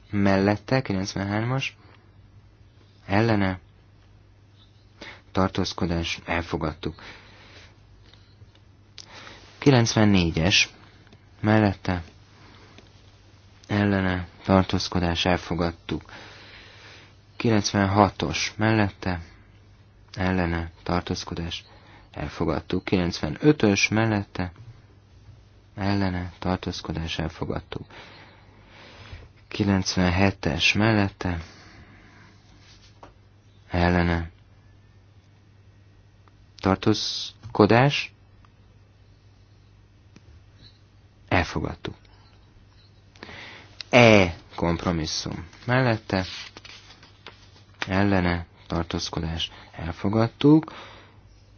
[SPEAKER 2] Mellette, 93-as, ellene, tartózkodás, elfogadtuk. 94-es, mellette, ellene, tartózkodás, elfogadtuk. 96-os, mellette, ellene, tartózkodás, elfogadtuk. 95-ös mellette ellene tartózkodás elfogadtuk. 97-es mellette ellene tartózkodás elfogadtuk. E kompromisszum mellette ellene tartózkodás elfogadtuk.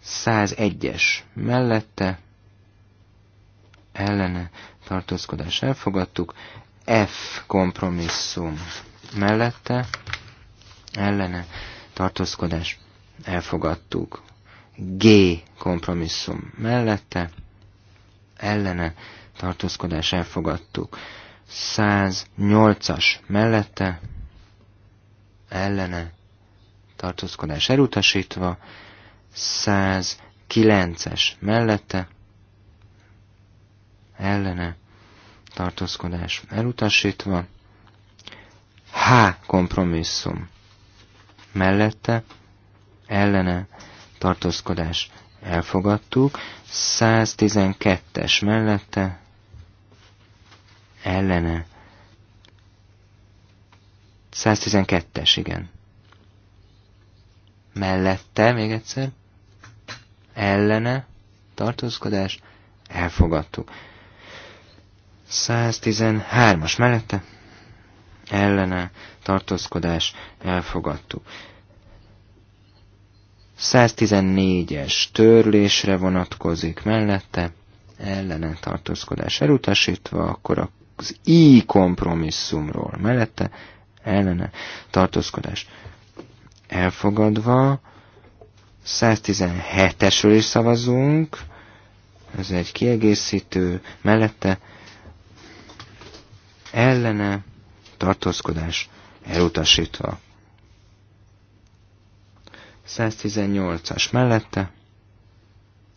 [SPEAKER 2] 101-es mellette ellene tartózkodás elfogadtuk, F kompromisszum mellette ellene tartózkodás elfogadtuk, G kompromisszum mellette ellene tartózkodás elfogadtuk, 108-as mellette ellene tartózkodás elutasítva, 109-es mellette ellene tartózkodás elutasítva, H kompromisszum mellette ellene tartózkodás elfogadtuk, 112-es mellette ellene 112-es, igen. Mellette, még egyszer ellene, tartózkodás, elfogadtuk. 113-as mellette, ellene, tartózkodás, elfogadtuk. 114-es törlésre vonatkozik mellette, ellene tartózkodás elutasítva, akkor az I kompromisszumról mellette, ellene tartózkodás elfogadva, 117-esről is szavazunk, ez egy kiegészítő, mellette ellene tartózkodás elutasítva. 118-as mellette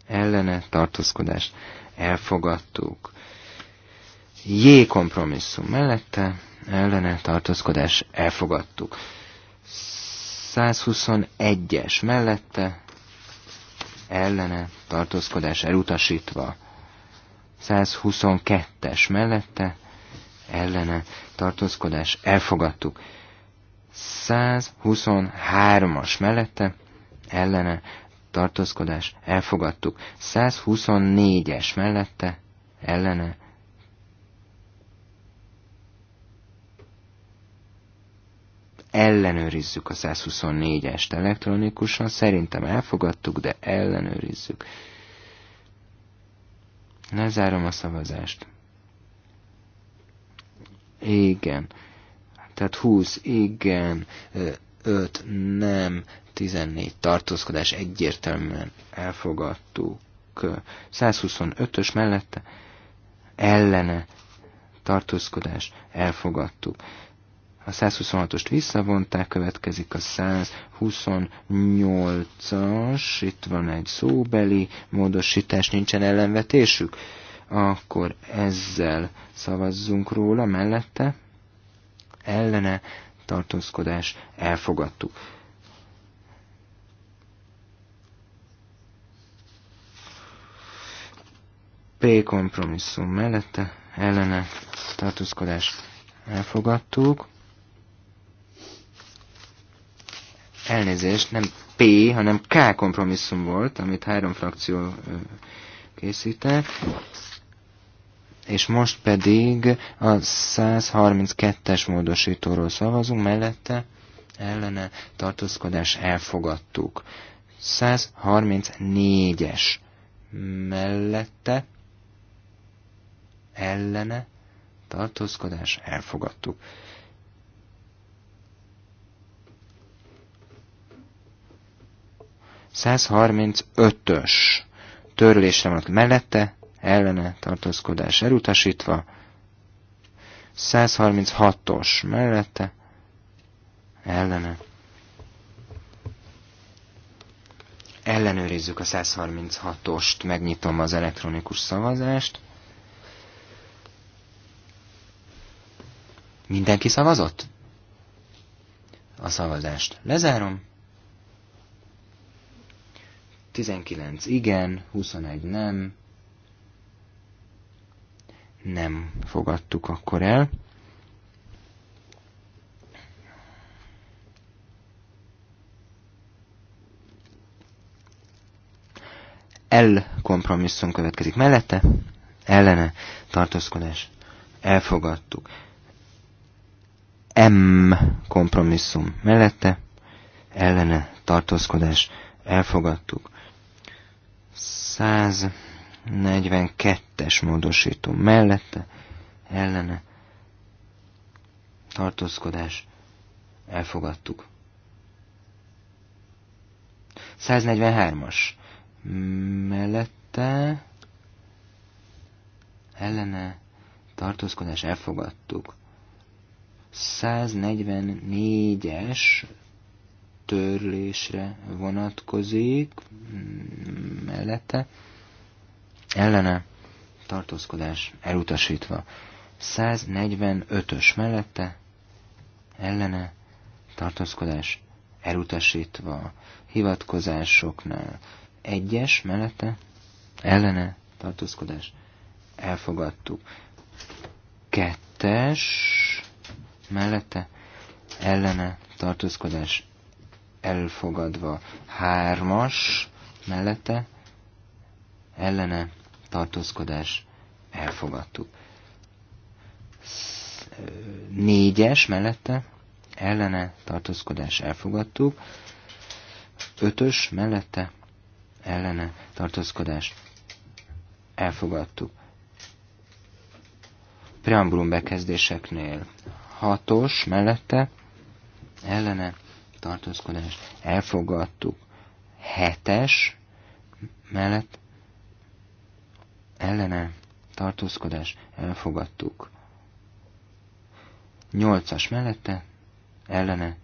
[SPEAKER 2] ellene tartózkodás elfogadtuk. J kompromisszum mellette ellene tartózkodás elfogadtuk. 121-es mellette ellene tartózkodás elutasítva. 122-es mellette ellene tartózkodás elfogadtuk. 123-as mellette ellene tartózkodás elfogadtuk. 124-es mellette ellene ellenőrizzük a 124-est elektronikusan. Szerintem elfogadtuk, de ellenőrizzük. Lezárom a szavazást. Igen. Tehát 20, igen, 5, nem, 14 tartózkodás egyértelműen elfogadtuk. 125-ös mellette ellene tartózkodás elfogadtuk. A 126-ost visszavonták, következik a 128-as, itt van egy szóbeli módosítás, nincsen ellenvetésük. Akkor ezzel szavazzunk róla, mellette ellene tartózkodás elfogadtuk. P kompromisszum mellette ellene tartózkodás elfogadtuk. elnézést, nem P, hanem K kompromisszum volt, amit három frakció készített, és most pedig a 132-es módosítóról szavazunk, mellette ellene tartózkodás elfogadtuk. 134-es mellette ellene tartózkodás elfogadtuk. 135-ös törlésre van mellette, ellene tartózkodás elutasítva, 136-os mellette, ellene. Ellenőrizzük a 136-ost, megnyitom az elektronikus szavazást. Mindenki szavazott? A szavazást lezárom. 19 igen, 21 nem. Nem fogadtuk akkor el. L kompromisszum következik mellette, ellene tartózkodás. Elfogadtuk. M kompromisszum mellette, ellene tartózkodás. Elfogadtuk. 142-es módosító mellette, ellene, tartózkodás, elfogadtuk. 143-as mellette, ellene, tartózkodás, elfogadtuk. 144-es törlésre vonatkozik, mellette, ellene, tartózkodás elutasítva. 145-ös mellette, ellene, tartózkodás elutasítva. Hivatkozásoknál egyes mellette, ellene, tartózkodás elfogadtuk. Kettes mellette, ellene, tartózkodás elfogadva. Hármas mellette ellene tartózkodás elfogadtuk. Négyes mellette ellene tartózkodás elfogadtuk. Ötös mellette ellene tartózkodás elfogadtuk. Preambulum bekezdéseknél hatos mellette ellene tartózkodást elfogadtuk. Hetes mellett ellene tartózkodás elfogadtuk. Nyolcas mellette ellene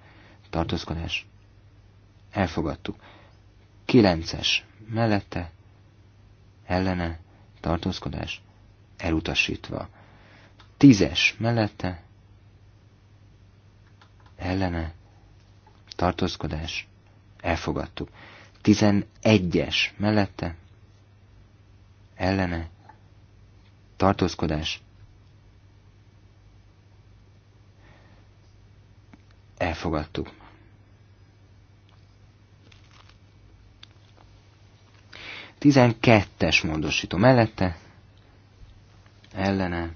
[SPEAKER 2] tartózkodás elfogadtuk. Kilences mellette ellene tartózkodás elutasítva. Tízes mellette ellene tartózkodás, elfogadtuk. 11-es mellette, ellene, tartózkodás, elfogadtuk. Tizenkettes módosító mellette, ellene,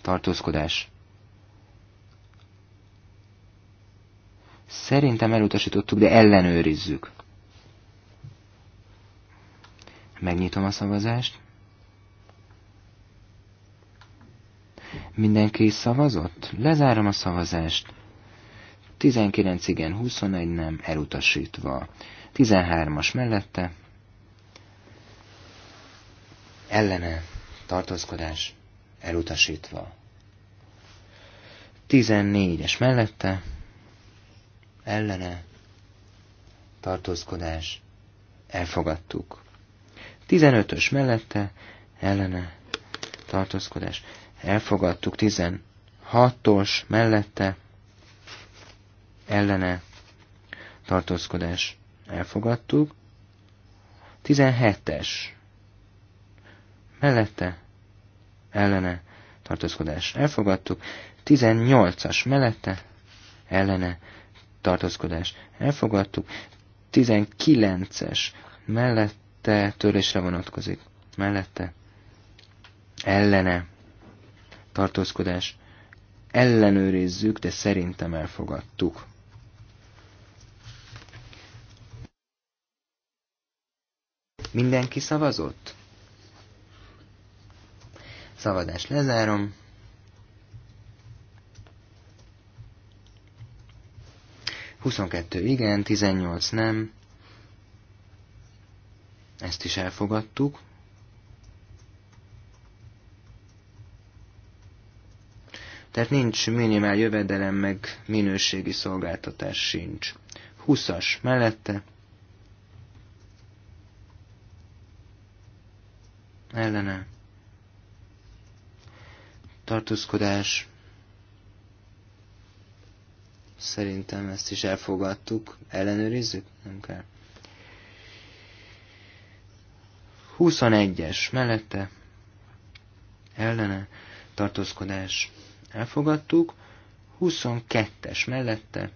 [SPEAKER 2] tartózkodás, Szerintem elutasítottuk, de ellenőrizzük. Megnyitom a szavazást. Mindenki szavazott? Lezárom a szavazást. 19 igen, 21 nem, elutasítva. 13-as mellette. Ellene, tartózkodás, elutasítva. 14-es mellette ellene tartózkodás elfogadtuk. 15-ös mellette ellene tartózkodás elfogadtuk. 16-os mellette ellene tartózkodás elfogadtuk. 17-es mellette ellene tartózkodás elfogadtuk. 18-as mellette ellene tartózkodás elfogadtuk, 19-es mellette törlésre vonatkozik, mellette ellene tartózkodás ellenőrizzük, de szerintem elfogadtuk. Mindenki szavazott? Szavazást lezárom. 22 igen, 18 nem. Ezt is elfogadtuk. Tehát nincs minimál jövedelem, meg minőségi szolgáltatás sincs. 20-as mellette. Ellene. Tartózkodás Szerintem ezt is elfogadtuk. Ellenőrizzük? Nem kell. 21-es mellette ellene tartózkodás elfogadtuk, 22-es mellette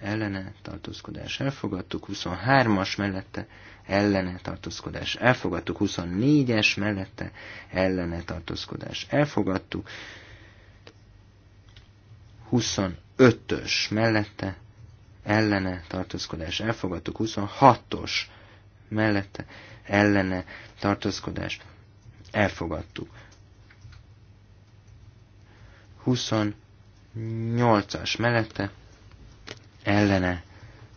[SPEAKER 2] ellene tartózkodás elfogadtuk, 23-as mellette ellene tartózkodás elfogadtuk, 24-es mellette ellene tartózkodás elfogadtuk, 25 25-ös mellette ellene tartózkodás elfogadtuk, 26-os mellette ellene tartózkodás elfogadtuk. 28-as mellette ellene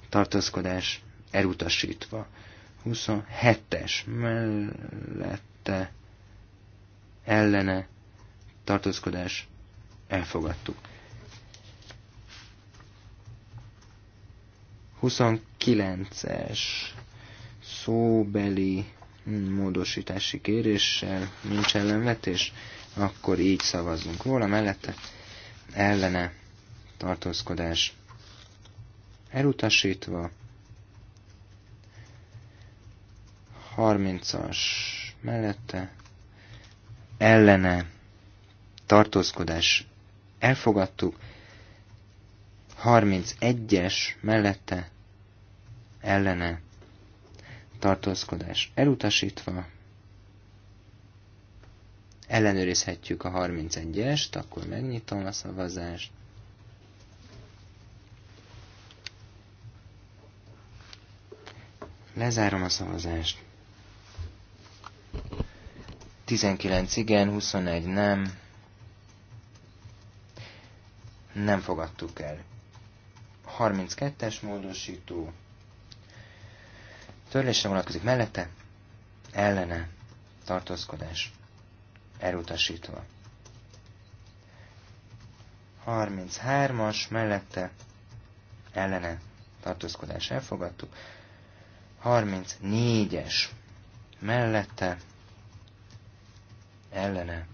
[SPEAKER 2] tartózkodás elutasítva. 27-es mellette ellene tartózkodás elfogadtuk. 29-es szóbeli módosítási kéréssel nincs ellenvetés, akkor így szavazunk róla, mellette ellene tartózkodás elutasítva, 30-as mellette ellene tartózkodás elfogadtuk, 31-es mellette ellene tartózkodás elutasítva, ellenőrizhetjük a 31-est, akkor megnyitom a szavazást, lezárom a szavazást, 19 igen, 21 nem, nem fogadtuk el. 32-es módosító, törlésre vonatkozik mellette, ellene, tartózkodás, elutasítva. 33-as mellette, ellene, tartózkodás elfogadtuk. 34-es mellette, ellene,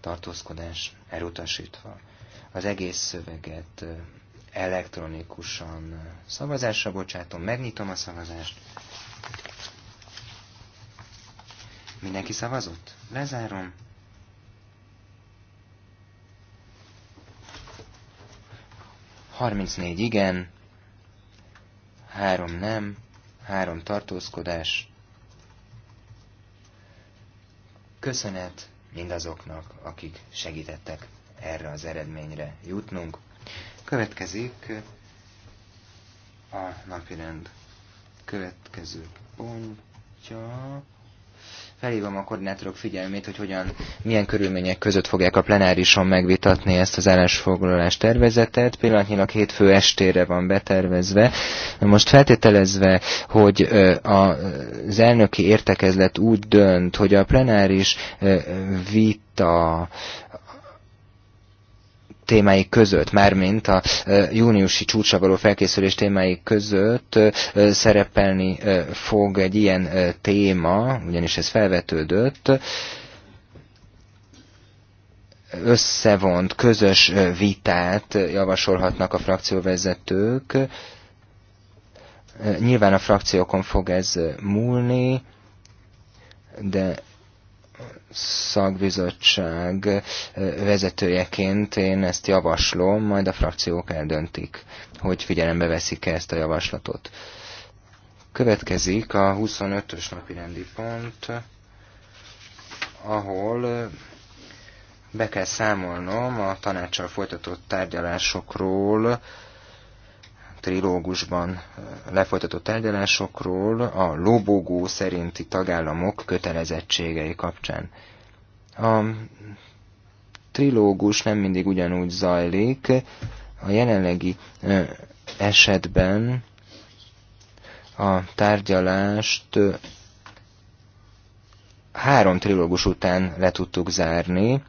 [SPEAKER 2] tartózkodás elutasítva. Az egész szöveget elektronikusan szavazásra bocsátom, megnyitom a szavazást. Mindenki szavazott? Lezárom. Harmincnégy igen, három nem, három tartózkodás. Köszönet mindazoknak, akik segítettek erre az eredményre jutnunk. Következik a napirend következő pontja. Felhívom a koordinátorok figyelmét, hogy hogyan, milyen körülmények között fogják a plenárison megvitatni ezt az állásfoglalás tervezetet. Pillanatnyilag hétfő estére van betervezve. Most feltételezve, hogy az elnöki értekezlet úgy dönt, hogy a plenáris vita témái között, mármint a júniusi csúcsra való felkészülés témái között szerepelni fog egy ilyen téma, ugyanis ez felvetődött, összevont, közös vitát javasolhatnak a frakcióvezetők. Nyilván a frakciókon fog ez múlni, de szakbizottság eh, vezetőjeként én ezt javaslom, majd a frakciók eldöntik, hogy figyelembe veszik-e ezt a javaslatot. Következik a 25-ös napi rendi pont, ahol eh, be kell számolnom a tanácssal folytatott tárgyalásokról, trilógusban eh, lefolytatott tárgyalásokról a lobogó szerinti tagállamok kötelezettségei kapcsán. A trilógus nem mindig ugyanúgy zajlik. A jelenlegi eh, esetben a tárgyalást eh, három trilógus után le tudtuk zárni,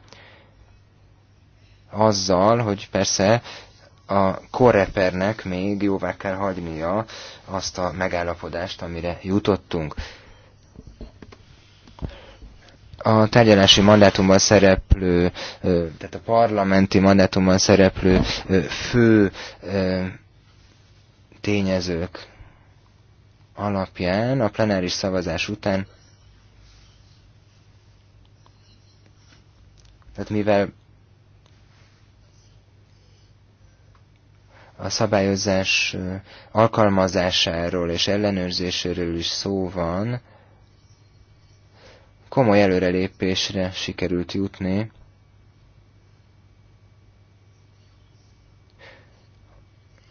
[SPEAKER 2] azzal, hogy persze a korrepernek még jóvá kell hagynia azt a megállapodást, amire jutottunk. A tárgyalási mandátumban szereplő, tehát a parlamenti mandátumban szereplő fő tényezők alapján a plenáris szavazás után, tehát mivel a szabályozás alkalmazásáról és ellenőrzéséről is szó van, komoly előrelépésre sikerült jutni.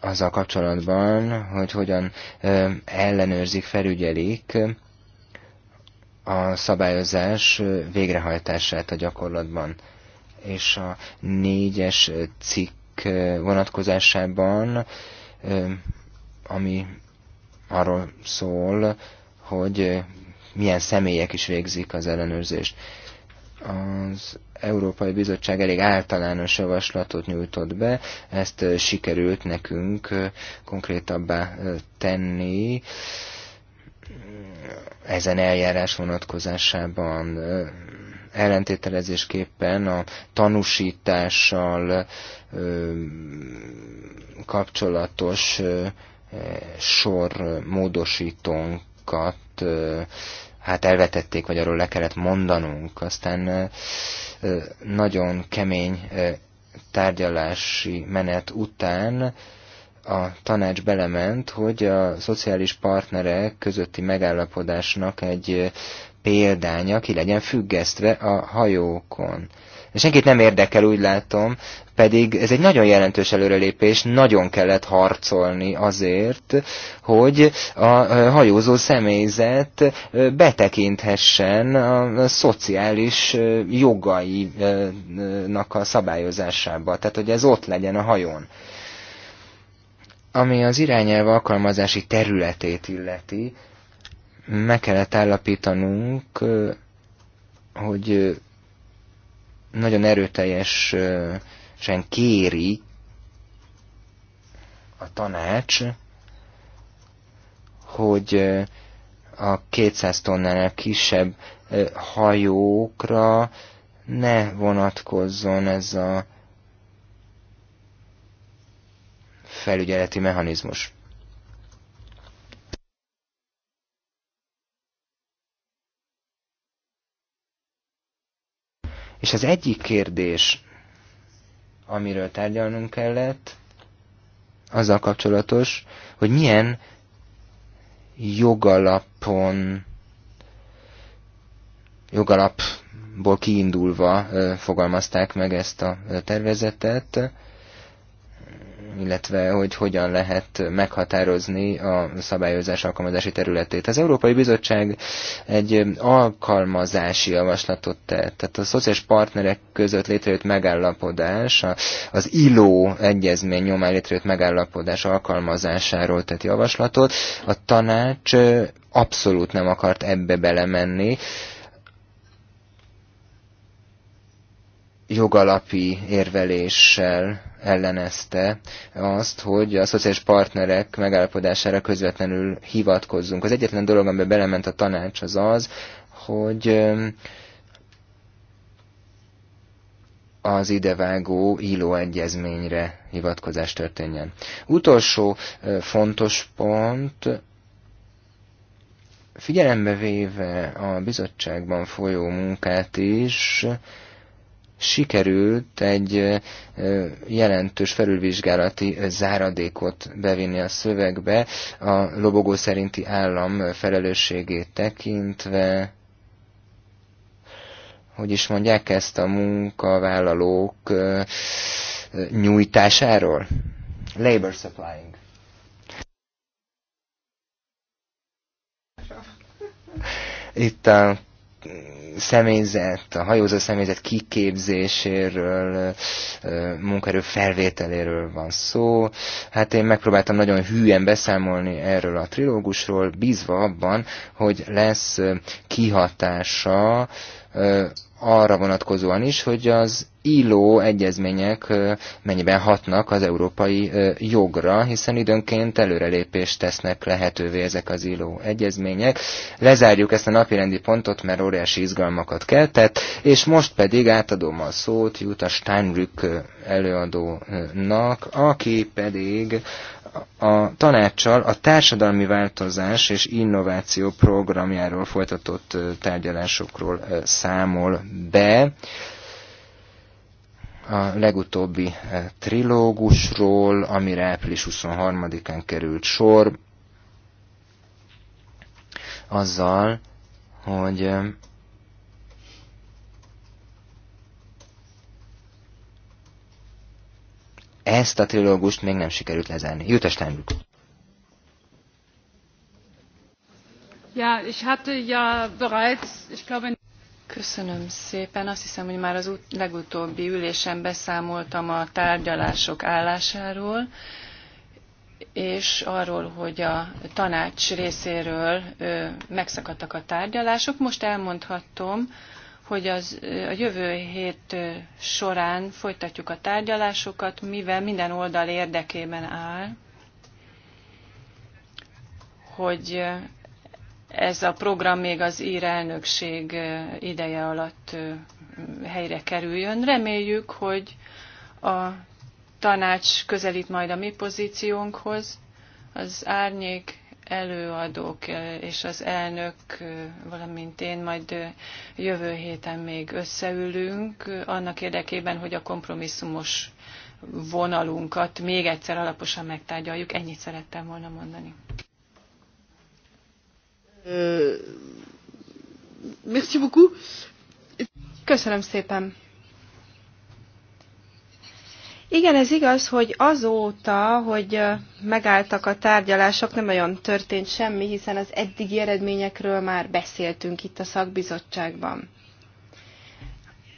[SPEAKER 2] azzal kapcsolatban, hogy hogyan ellenőrzik, felügyelik a szabályozás végrehajtását a gyakorlatban. És a négyes cikk Eh, vonatkozásában, eh, ami arról szól, hogy eh, milyen személyek is végzik az ellenőrzést. Az Európai Bizottság elég általános javaslatot nyújtott be, ezt sikerült nekünk konkrétabbá tenni ezen eljárás vonatkozásában ellentételezésképpen a tanúsítással kapcsolatos sor módosítónkat hát elvetették, vagy arról le kellett mondanunk. Aztán nagyon kemény tárgyalási menet után a tanács belement, hogy a szociális partnerek közötti megállapodásnak egy példánya ki legyen függesztve a hajókon. Senkit nem érdekel, úgy látom, pedig ez egy nagyon jelentős előrelépés, nagyon kellett harcolni azért, hogy a hajózó személyzet betekinthessen a szociális jogainak a szabályozásába, tehát hogy ez ott legyen a hajón. Ami az irányelv alkalmazási területét illeti, meg kellett állapítanunk, hogy nagyon erőteljesen kéri a tanács, hogy a 200 tonnánál kisebb hajókra ne vonatkozzon ez a felügyeleti mechanizmus. És az egyik kérdés, amiről tárgyalnunk kellett, azzal kapcsolatos, hogy milyen jogalapon, jogalapból kiindulva fogalmazták meg ezt a tervezetet, illetve hogy hogyan lehet meghatározni a szabályozás alkalmazási területét. Az Európai Bizottság egy alkalmazási javaslatot tett, tehát a szociális partnerek között létrejött megállapodás, az ILO egyezmény nyomán létrejött megállapodás alkalmazásáról tett javaslatot. A tanács abszolút nem akart ebbe belemenni, jogalapi érveléssel ellenezte azt, hogy a szociális partnerek megállapodására közvetlenül hivatkozzunk. Az egyetlen dolog, amiben belement a tanács, az az, hogy az idevágó ILO egyezményre hivatkozás történjen. Utolsó fontos pont, figyelembe véve a bizottságban folyó munkát is, sikerült egy jelentős felülvizsgálati záradékot bevinni a szövegbe, a lobogó szerinti állam felelősségét tekintve, hogy is mondják ezt a munkavállalók nyújtásáról? Labor supplying. Itt a személyzet, a hajózó személyzet kiképzéséről, munkaerő felvételéről van szó. Hát én megpróbáltam nagyon hűen beszámolni erről a trilógusról, bízva abban, hogy lesz kihatása arra vonatkozóan is, hogy az illó egyezmények mennyiben hatnak az európai jogra, hiszen időnként előrelépést tesznek lehetővé ezek az illó egyezmények. Lezárjuk ezt a napirendi pontot, mert óriási izgalmakat keltett, és most pedig átadom a szót Jutta Steinrück előadónak, aki pedig a tanácssal a társadalmi változás és innováció programjáról folytatott tárgyalásokról számol be. A legutóbbi trilógusról, amire április 23-án került sor, azzal, hogy Ezt a trilógust még nem sikerült lezárni. Jut Steinbrück.
[SPEAKER 4] Ja, ich hatte ja bereits, ich glaube, Köszönöm szépen. Azt hiszem, hogy már az ut- legutóbbi ülésen beszámoltam a tárgyalások állásáról, és arról, hogy a tanács részéről ö, megszakadtak a tárgyalások. Most elmondhatom, hogy az, a jövő hét során folytatjuk a tárgyalásokat, mivel minden oldal érdekében áll, hogy ez a program még az ír elnökség ideje alatt helyre kerüljön. Reméljük, hogy a tanács közelít majd a mi pozíciónkhoz, az árnyék előadók eh, és az elnök, eh, valamint én majd eh, jövő héten még összeülünk, annak érdekében, hogy a kompromisszumos vonalunkat még egyszer alaposan megtárgyaljuk. Ennyit szerettem volna mondani.
[SPEAKER 1] Euh, merci beaucoup. Köszönöm szépen.
[SPEAKER 3] Igen, ez igaz, hogy azóta, hogy megálltak a tárgyalások, nem olyan történt semmi, hiszen az eddigi eredményekről már beszéltünk itt a szakbizottságban.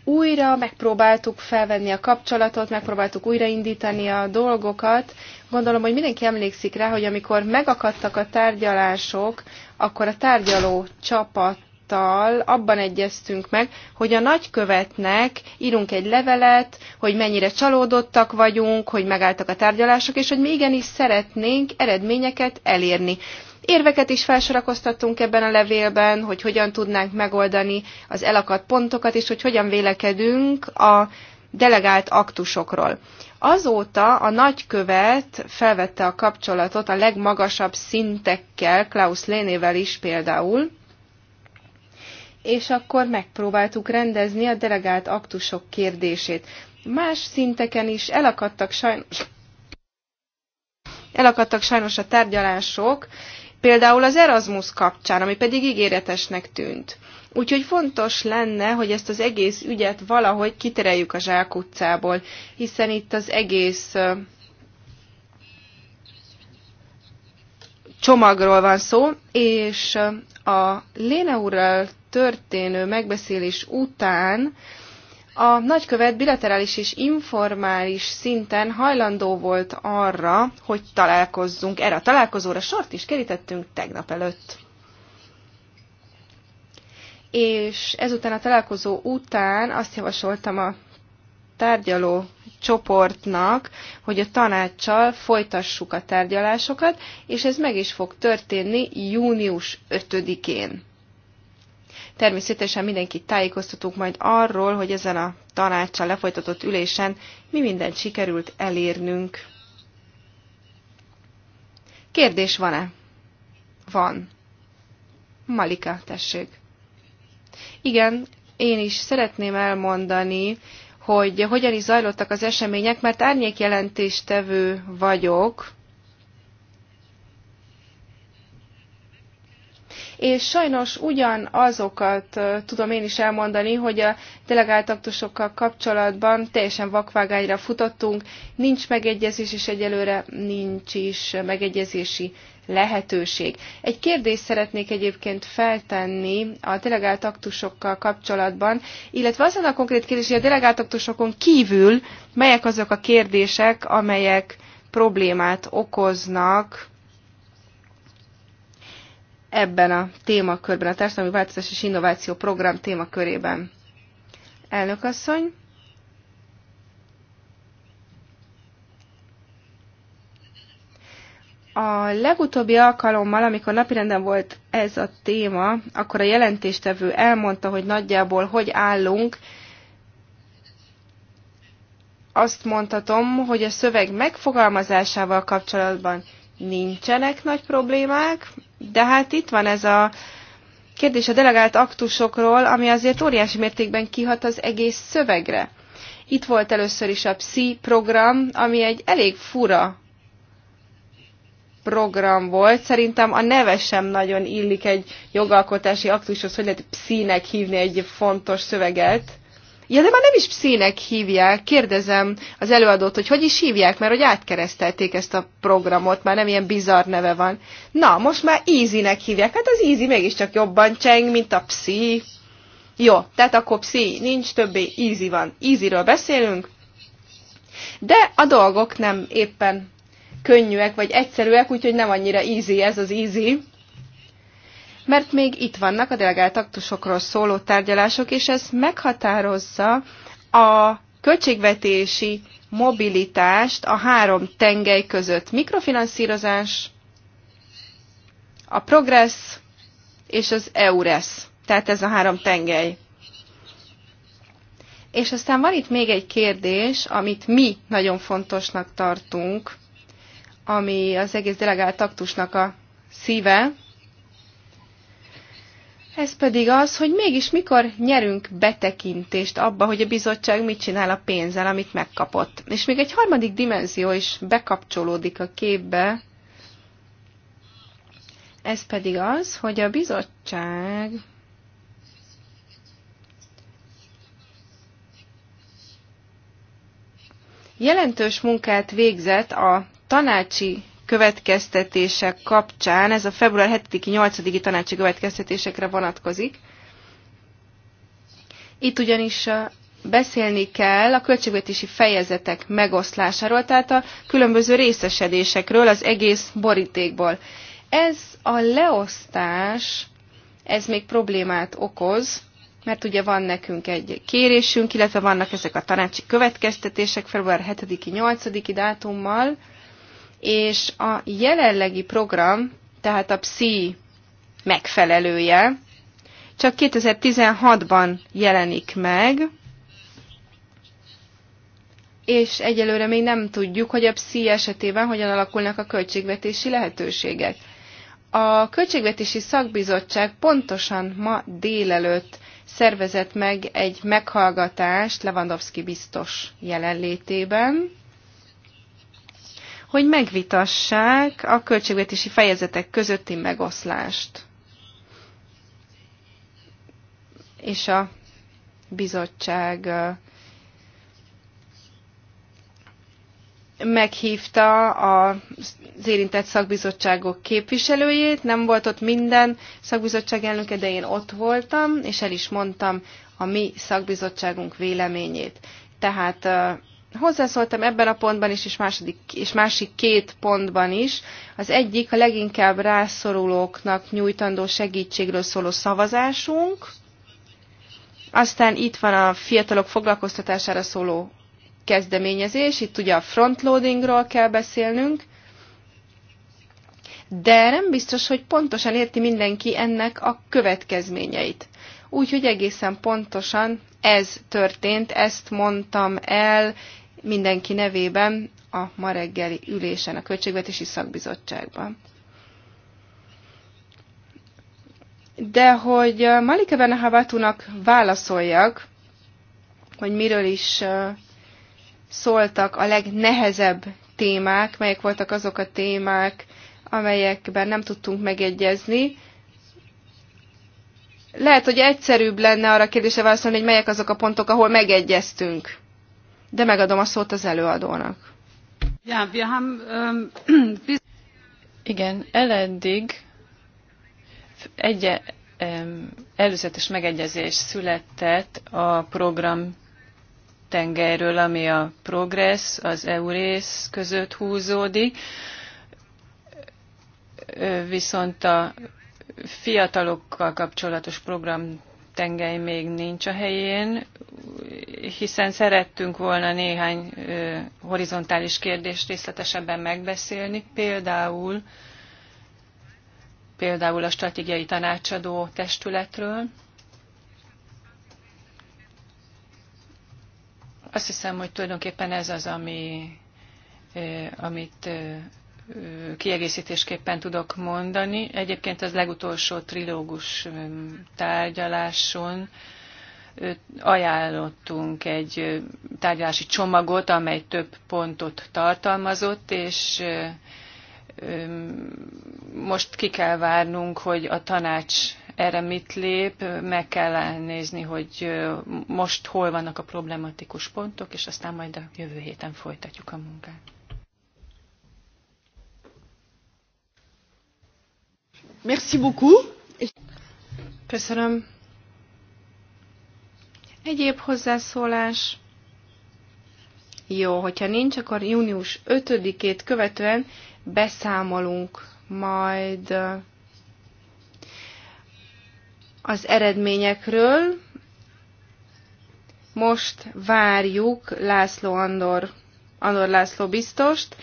[SPEAKER 3] Újra megpróbáltuk felvenni a kapcsolatot, megpróbáltuk újraindítani a dolgokat. Gondolom, hogy mindenki emlékszik rá, hogy amikor megakadtak a tárgyalások, akkor a tárgyaló csapat tal abban egyeztünk meg, hogy a nagykövetnek írunk egy levelet, hogy mennyire csalódottak vagyunk, hogy megálltak a tárgyalások, és hogy mi igenis szeretnénk eredményeket elérni. Érveket is felsorakoztattunk ebben a levélben, hogy hogyan tudnánk megoldani az elakadt pontokat, és hogy hogyan vélekedünk a delegált aktusokról. Azóta a nagykövet felvette a kapcsolatot a legmagasabb szintekkel, Klaus Lénével is például, és akkor megpróbáltuk rendezni a delegált aktusok kérdését. Más szinteken is elakadtak sajnos, elakadtak sajnos a tárgyalások, például az Erasmus kapcsán, ami pedig ígéretesnek tűnt. Úgyhogy fontos lenne, hogy ezt az egész ügyet valahogy kitereljük a zsákutcából, hiszen itt az egész csomagról van szó, és a Léne úrral történő megbeszélés után a nagykövet bilaterális és informális szinten hajlandó volt arra, hogy találkozzunk. Erre a találkozóra sort is kerítettünk tegnap előtt. És ezután a találkozó után azt javasoltam a tárgyaló csoportnak, hogy a tanácssal folytassuk a tárgyalásokat, és ez meg is fog történni június 5-én. Természetesen mindenkit tájékoztatunk majd arról, hogy ezen a tanácssal lefolytatott ülésen mi mindent sikerült elérnünk. Kérdés van-e? Van. Malika, tessék. Igen, én is szeretném elmondani, hogy hogyan is zajlottak az események, mert árnyékjelentéstevő vagyok, és sajnos ugyanazokat tudom én is elmondani, hogy a delegált aktusokkal kapcsolatban teljesen vakvágányra futottunk, nincs megegyezés, és egyelőre nincs is megegyezési lehetőség. Egy kérdést szeretnék egyébként feltenni a delegált aktusokkal kapcsolatban, illetve azon a konkrét kérdés, hogy a delegált aktusokon kívül melyek azok a kérdések, amelyek problémát okoznak ebben a témakörben, a Társadalmi Változás és Innováció Program témakörében. Elnök asszony! A legutóbbi alkalommal, amikor napirenden volt ez a téma, akkor a jelentéstevő elmondta, hogy nagyjából hogy állunk. Azt mondhatom, hogy a szöveg megfogalmazásával kapcsolatban nincsenek nagy problémák, de hát itt van ez a kérdés a delegált aktusokról, ami azért óriási mértékben kihat az egész szövegre. Itt volt először is a PSI program, ami egy elég fura program volt. Szerintem a neve sem nagyon illik egy jogalkotási aktushoz, hogy lehet pszínek hívni egy fontos szöveget. Ja, de már nem is pszínek hívják. Kérdezem az előadót, hogy hogy is hívják, mert hogy átkeresztelték ezt a programot, már nem ilyen bizarr neve van. Na, most már ízinek hívják. Hát az ízi mégiscsak jobban cseng, mint a pszí. Jó, tehát akkor pszi nincs többé, ízi van. Íziről beszélünk, de a dolgok nem éppen könnyűek vagy egyszerűek, úgyhogy nem annyira easy ez az easy. Mert még itt vannak a delegált aktusokról szóló tárgyalások, és ez meghatározza a költségvetési mobilitást a három tengely között. Mikrofinanszírozás, a Progress és az EURES. Tehát ez a három tengely. És aztán van itt még egy kérdés, amit mi nagyon fontosnak tartunk, ami az egész delegált taktusnak a szíve, ez pedig az, hogy mégis mikor nyerünk betekintést abba, hogy a bizottság mit csinál a pénzzel, amit megkapott. És még egy harmadik dimenzió is bekapcsolódik a képbe, ez pedig az, hogy a bizottság jelentős munkát végzett a tanácsi következtetések kapcsán, ez a február 7-8-i tanácsi következtetésekre vonatkozik. Itt ugyanis beszélni kell a költségvetési fejezetek megoszlásáról, tehát a különböző részesedésekről az egész borítékból. Ez a leosztás, ez még problémát okoz, mert ugye van nekünk egy kérésünk, illetve vannak ezek a tanácsi következtetések február 7-8-i dátummal, és a jelenlegi program, tehát a PSI megfelelője, csak 2016-ban jelenik meg, és egyelőre még nem tudjuk, hogy a PSI esetében hogyan alakulnak a költségvetési lehetőségek. A Költségvetési Szakbizottság pontosan ma délelőtt szervezett meg egy meghallgatást Lewandowski biztos jelenlétében, hogy megvitassák a költségvetési fejezetek közötti megoszlást. És a bizottság meghívta az érintett szakbizottságok képviselőjét, nem volt ott minden szakbizottság elnöke, de én ott voltam, és el is mondtam a mi szakbizottságunk véleményét. Tehát hozzászóltam ebben a pontban is, és, második, és másik két pontban is. Az egyik a leginkább rászorulóknak nyújtandó segítségről szóló szavazásunk, aztán itt van a fiatalok foglalkoztatására szóló kezdeményezés, itt ugye a frontloadingról kell beszélnünk, de nem biztos, hogy pontosan érti mindenki ennek a következményeit. Úgyhogy egészen pontosan ez történt, ezt mondtam el, mindenki nevében a ma reggeli ülésen a Költségvetési Szakbizottságban. De hogy eh, Malika Benahavatunak válaszoljak, hogy miről is eh, szóltak a legnehezebb témák, melyek voltak azok a témák, amelyekben nem tudtunk megegyezni. Lehet, hogy egyszerűbb lenne arra kérdése válaszolni, hogy melyek azok a pontok, ahol megegyeztünk de megadom a szót az előadónak.
[SPEAKER 1] Ja, wir haben, ähm,
[SPEAKER 4] Igen, eleddig egy előzetes megegyezés született a program tengerről, ami a progress, az EURész között húzódik, viszont a fiatalokkal kapcsolatos program tengely még nincs a helyén, hiszen szerettünk volna néhány horizontális kérdést részletesebben megbeszélni, például, például a stratégiai tanácsadó testületről. Azt hiszem, hogy tulajdonképpen ez az, ami, amit kiegészítésképpen tudok mondani. Egyébként az legutolsó trilógus um, tárgyaláson ajánlottunk egy tárgyalási csomagot, amely több pontot tartalmazott, és um, most ki kell várnunk, hogy a tanács erre mit lép, meg kell nézni, hogy most hol vannak a problematikus pontok, és aztán majd a jövő héten folytatjuk a
[SPEAKER 1] munkát. Merci beaucoup. Köszönöm.
[SPEAKER 3] Egyéb hozzászólás? Jó, hogyha nincs, akkor június 5-ét követően beszámolunk majd az eredményekről. Most várjuk László Andor, Andor László biztost,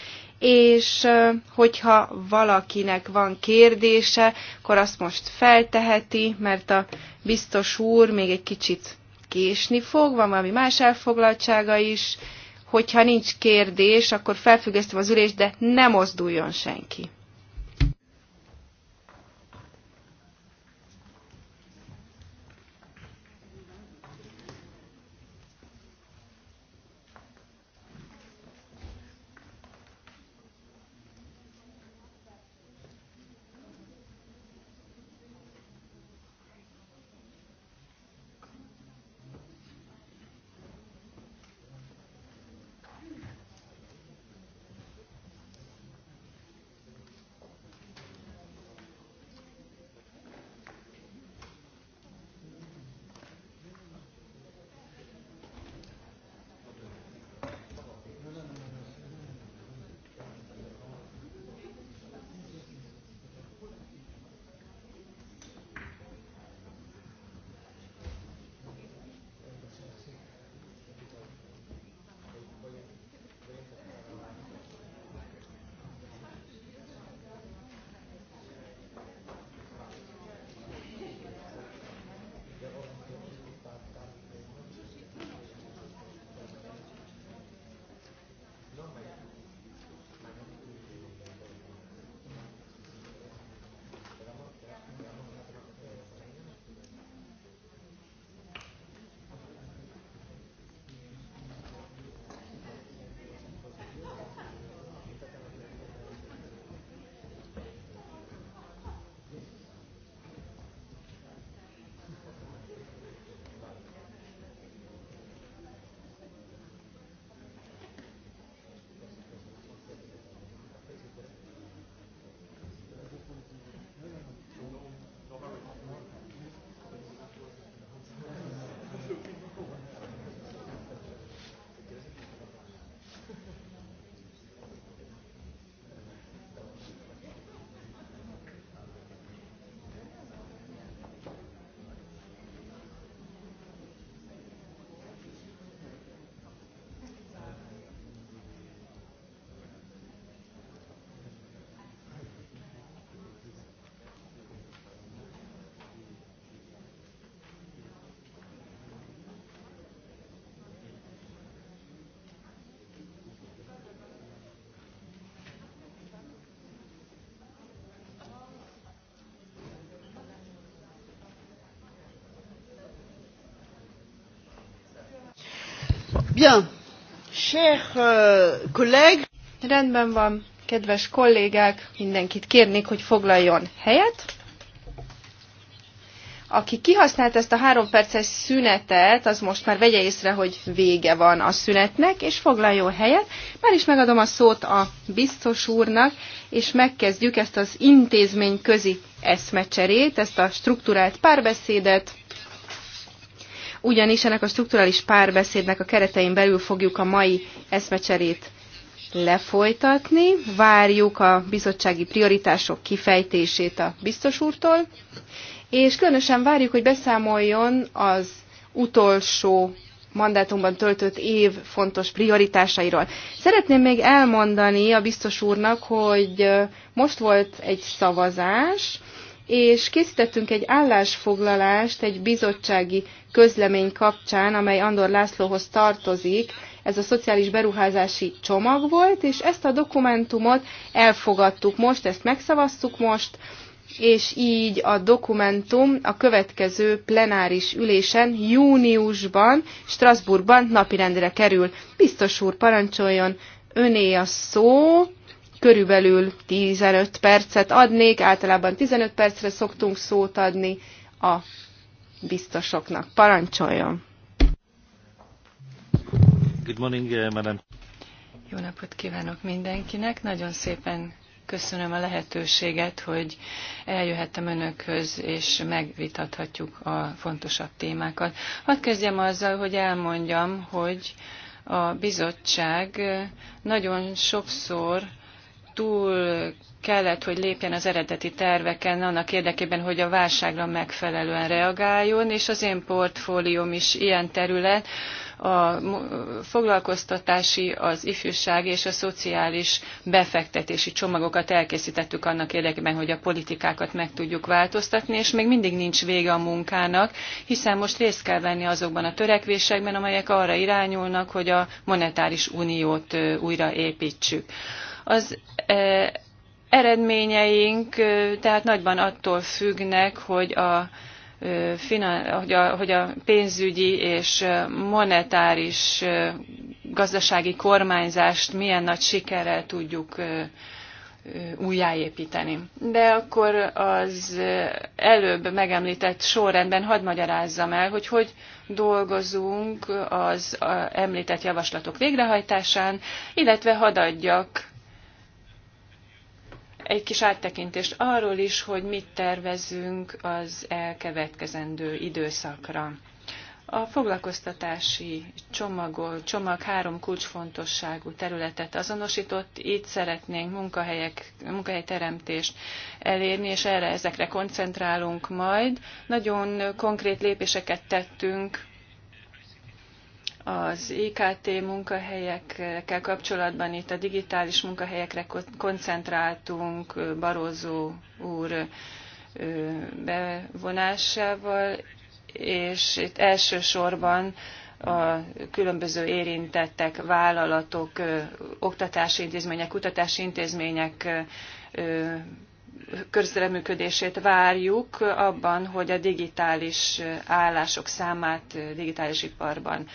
[SPEAKER 3] és hogyha valakinek van kérdése, akkor azt most felteheti, mert a biztos úr még egy kicsit késni fog, van valami más elfoglaltsága is. Hogyha nincs kérdés, akkor felfüggesztem az ülést, de ne mozduljon senki.
[SPEAKER 1] Bien. Cher uh, collègue.
[SPEAKER 3] Rendben van, kedves kollégák, mindenkit kérnék, hogy foglaljon helyet. Aki kihasznált ezt a három perces szünetet, az most már vegye észre, hogy vége van a szünetnek, és foglaljon helyet. Már is megadom a szót a biztos úrnak, és megkezdjük ezt az intézmény eszmecserét, ezt a struktúrált párbeszédet ugyanis ennek a strukturális párbeszédnek a keretein belül fogjuk a mai eszmecserét lefolytatni. Várjuk a bizottsági prioritások kifejtését a biztos úrtól, és különösen várjuk, hogy beszámoljon az utolsó mandátumban töltött év fontos prioritásairól. Szeretném még elmondani a biztos úrnak, hogy most volt egy szavazás, és készítettünk egy állásfoglalást egy bizottsági közlemény kapcsán, amely Andor Lászlóhoz tartozik. Ez a szociális beruházási csomag volt, és ezt a dokumentumot elfogadtuk most, ezt megszavaztuk most, és így a dokumentum a következő plenáris ülésen júniusban Strasbourgban napirendre kerül. Biztos úr parancsoljon, öné a szó körülbelül 15 percet adnék, általában 15 percre szoktunk szót adni a biztosoknak. Parancsoljon!
[SPEAKER 5] Good morning, uh, madam.
[SPEAKER 4] Jó napot kívánok mindenkinek! Nagyon szépen köszönöm a lehetőséget, hogy eljöhettem önökhöz, és megvitathatjuk a fontosabb témákat. Hadd kezdjem azzal, hogy elmondjam, hogy a bizottság nagyon sokszor túl kellett, hogy lépjen az eredeti terveken annak érdekében, hogy a válságra megfelelően reagáljon, és az én portfólióm is ilyen terület, a foglalkoztatási, az ifjúság és a szociális befektetési csomagokat elkészítettük annak érdekében, hogy a politikákat meg tudjuk változtatni, és még mindig nincs vége a munkának, hiszen most részt kell venni azokban a törekvésekben, amelyek arra irányulnak, hogy a monetáris uniót újraépítsük. Az e, eredményeink e, tehát nagyban attól függnek, hogy a, e, hogy a, hogy a pénzügyi és monetáris gazdasági kormányzást milyen nagy sikerrel tudjuk újjáépíteni. De akkor az előbb megemlített sorrendben hadd magyarázzam el, hogy hogy dolgozunk az említett javaslatok végrehajtásán, illetve hadd adjak egy kis áttekintést arról is, hogy mit tervezünk az elkövetkezendő időszakra. A foglalkoztatási csomagol, csomag három kulcsfontosságú területet azonosított, itt szeretnénk munkahelyek, munkahelyteremtést elérni, és erre ezekre koncentrálunk majd. Nagyon konkrét lépéseket tettünk az IKT munkahelyekkel kapcsolatban itt a digitális munkahelyekre koncentráltunk Barózó úr bevonásával, és itt elsősorban a különböző érintettek, vállalatok, oktatási intézmények, kutatási intézmények közreműködését várjuk abban, hogy a digitális állások számát digitális iparban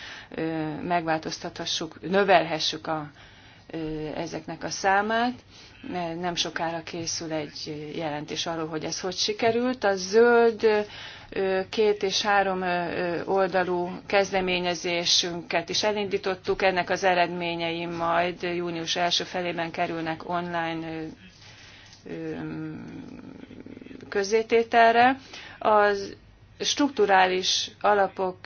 [SPEAKER 4] megváltoztathassuk, növelhessük a, ezeknek a számát. Nem sokára készül egy jelentés arról, hogy ez hogy sikerült. A zöld két és három oldalú kezdeményezésünket is elindítottuk. Ennek az eredményei majd június első felében kerülnek online közzétételre. Az strukturális alapok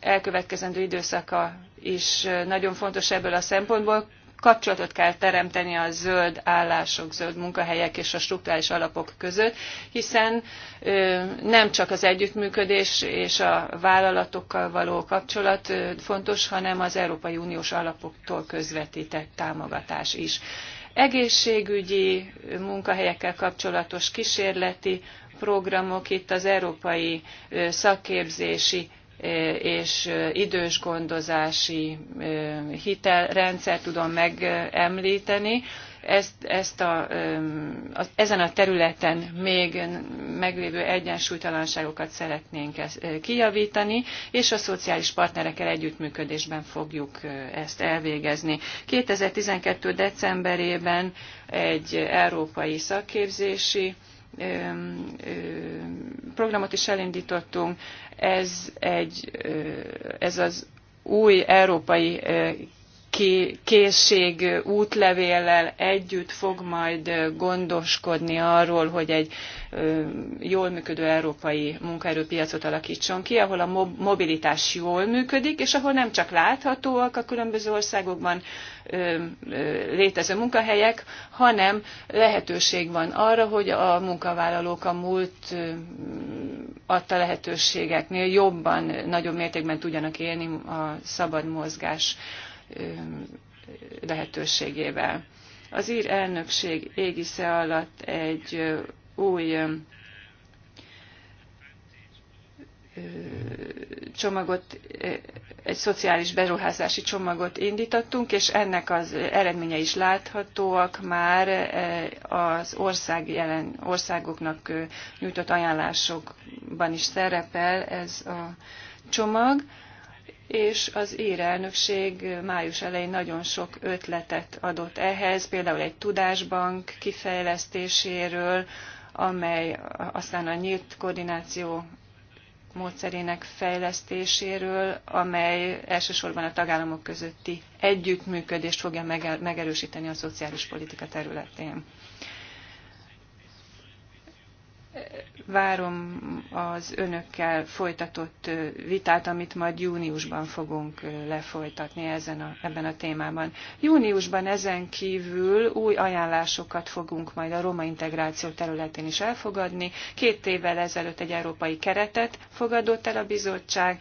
[SPEAKER 4] elkövetkezendő időszaka is nagyon fontos ebből a szempontból. Kapcsolatot kell teremteni a zöld állások, zöld munkahelyek és a struktúrális alapok között, hiszen nem csak az együttműködés és a vállalatokkal való kapcsolat fontos, hanem az Európai Uniós alapoktól közvetített támogatás is. Egészségügyi munkahelyekkel kapcsolatos kísérleti programok, itt az európai szakképzési és idős gondozási hitelrendszer tudom megemlíteni, ezt, ezt a, ezen a területen még meglévő egyensúlytalanságokat szeretnénk kijavítani, és a szociális partnerekkel együttműködésben fogjuk ezt elvégezni. 2012. decemberében egy európai szakképzési programot is elindítottunk. Ez, egy, ez az új európai készség útlevéllel együtt fog majd gondoskodni arról, hogy egy jól működő európai munkaerőpiacot alakítson ki, ahol a mobilitás jól működik, és ahol nem csak láthatóak a különböző országokban létező munkahelyek, hanem lehetőség van arra, hogy a munkavállalók a múlt adta lehetőségeknél jobban, nagyobb mértékben tudjanak élni a szabad mozgás lehetőségével. Az ír elnökség égisze alatt egy új csomagot, egy szociális beruházási csomagot indítottunk, és ennek az eredménye is láthatóak már az ország jelen, országoknak nyújtott ajánlásokban is szerepel ez a csomag és az ír elnökség május elején nagyon sok ötletet adott ehhez, például egy tudásbank kifejlesztéséről, amely aztán a nyílt koordináció módszerének fejlesztéséről, amely elsősorban a tagállamok közötti együttműködést fogja megerősíteni a szociális politika területén várom az önökkel folytatott vitát, amit majd júniusban fogunk lefolytatni ezen a, ebben a témában. Júniusban ezen kívül új ajánlásokat fogunk majd a roma integráció területén is elfogadni. Két évvel ezelőtt egy európai keretet fogadott el a bizottság,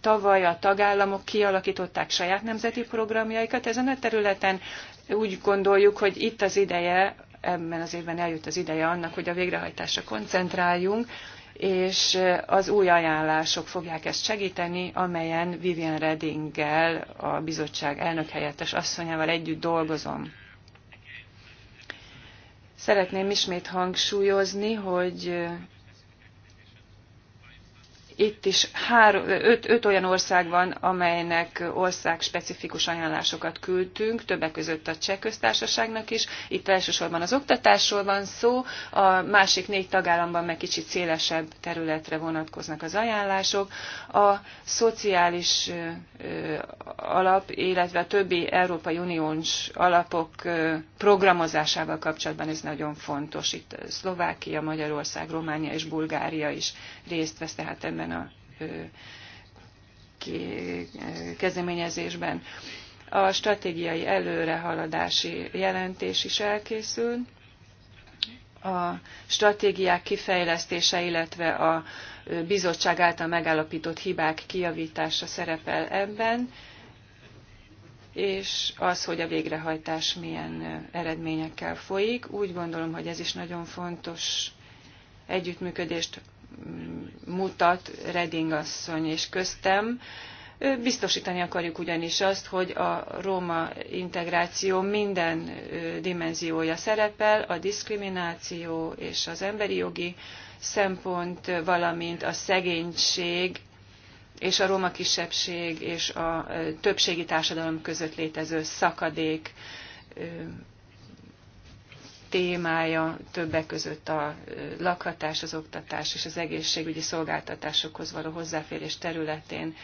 [SPEAKER 4] Tavaly a tagállamok kialakították saját nemzeti programjaikat ezen a területen. Úgy gondoljuk, hogy itt az ideje ebben az évben eljött az ideje annak, hogy a végrehajtásra koncentráljunk, és az új ajánlások fogják ezt segíteni, amelyen Vivian Redinggel a bizottság elnökhelyettes asszonyával együtt dolgozom. Szeretném ismét hangsúlyozni, hogy itt is három, öt, öt olyan ország van, amelynek ország specifikus ajánlásokat küldtünk, többek között a cseh köztársaságnak is. Itt elsősorban az oktatásról van szó, a másik négy tagállamban meg kicsit szélesebb területre vonatkoznak az ajánlások. A szociális alap, illetve a többi Európai Uniós alapok programozásával kapcsolatban ez nagyon fontos. Itt Szlovákia, Magyarország, Románia és Bulgária is részt vesz tehát ebben ebben a kezdeményezésben. A stratégiai előrehaladási jelentés is elkészül. A stratégiák kifejlesztése, illetve a bizottság által megállapított hibák kiavítása szerepel ebben, és az, hogy a végrehajtás milyen eredményekkel folyik. Úgy gondolom, hogy ez is nagyon fontos együttműködést mutat Reding asszony és köztem. Biztosítani akarjuk ugyanis azt, hogy a Róma integráció minden dimenziója szerepel, a diszkrimináció és az emberi jogi szempont, valamint a szegénység és a Róma kisebbség és a többségi társadalom között létező szakadék témája többek között a lakhatás, az oktatás és az egészségügyi szolgáltatásokhoz való hozzáférés területén.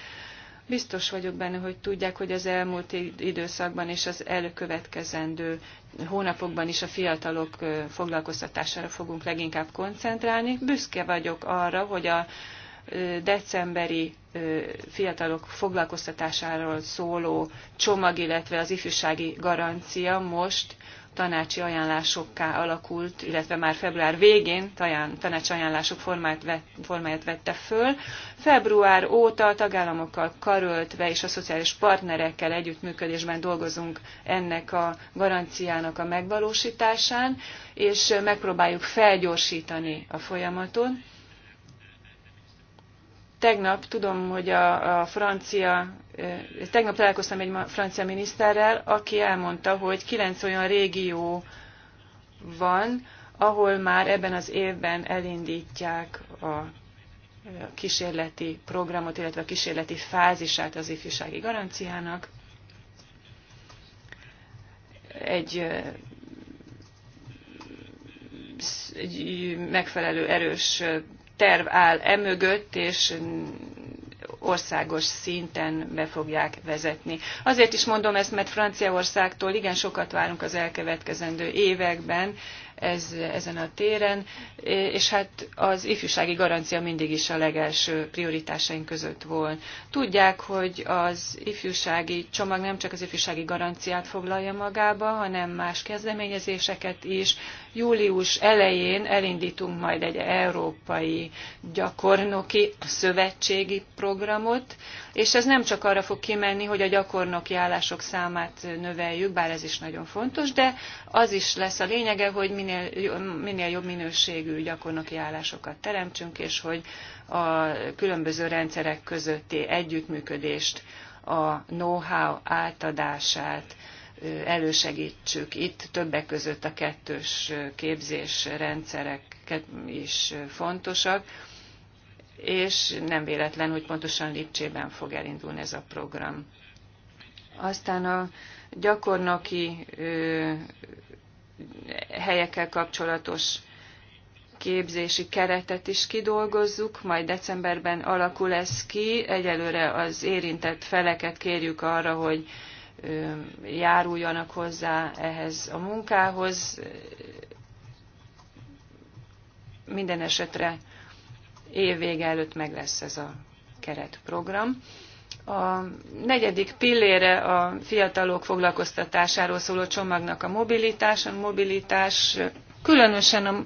[SPEAKER 4] Biztos vagyok benne, hogy tudják, hogy az elmúlt időszakban és az előkövetkezendő hónapokban is a fiatalok foglalkoztatására fogunk leginkább koncentrálni. Büszke vagyok arra, hogy a decemberi fiatalok foglalkoztatásáról szóló csomag, illetve az ifjúsági garancia most tanácsi ajánlásokká alakult, illetve már február végén taján, tanácsi ajánlások formáját, vett, formáját vette föl. Február óta a tagállamokkal karöltve és a szociális partnerekkel együttműködésben dolgozunk ennek a garanciának a megvalósításán, és megpróbáljuk felgyorsítani a folyamatot Tegnap tudom, hogy a, a francia, tegnap találkoztam egy francia miniszterrel, aki elmondta, hogy kilenc olyan régió van, ahol már ebben az évben elindítják a kísérleti programot, illetve a kísérleti fázisát az ifjúsági garanciának. Egy, egy megfelelő erős terv áll emögött, és országos szinten be fogják vezetni. Azért is mondom ezt, mert Franciaországtól igen sokat várunk az elkövetkezendő években, ez, ezen a téren, és hát az ifjúsági garancia mindig is a legelső prioritásaink között volt. Tudják, hogy az ifjúsági csomag nem csak az ifjúsági garanciát foglalja magába, hanem más kezdeményezéseket is. Július elején elindítunk majd egy európai gyakornoki szövetségi programot, és ez nem csak arra fog kimenni, hogy a gyakornoki állások számát növeljük, bár ez is nagyon fontos, de az is lesz a lényege, hogy minél, minél jobb minőségű gyakornoki állásokat teremtsünk, és hogy a különböző rendszerek közötti együttműködést, a know-how átadását, elősegítsük itt többek között a kettős képzés rendszerek is fontosak, és nem véletlen, hogy pontosan Lipcsében fog elindulni ez a program. Aztán a gyakornoki ö, helyekkel kapcsolatos képzési keretet is kidolgozzuk, majd decemberben alakul ez ki. Egyelőre az érintett feleket kérjük arra, hogy járuljanak hozzá ehhez a munkához. Minden esetre Év vége előtt meg lesz ez a keretprogram. A negyedik pillére a fiatalok foglalkoztatásáról szóló csomagnak a mobilitás. A mobilitás különösen a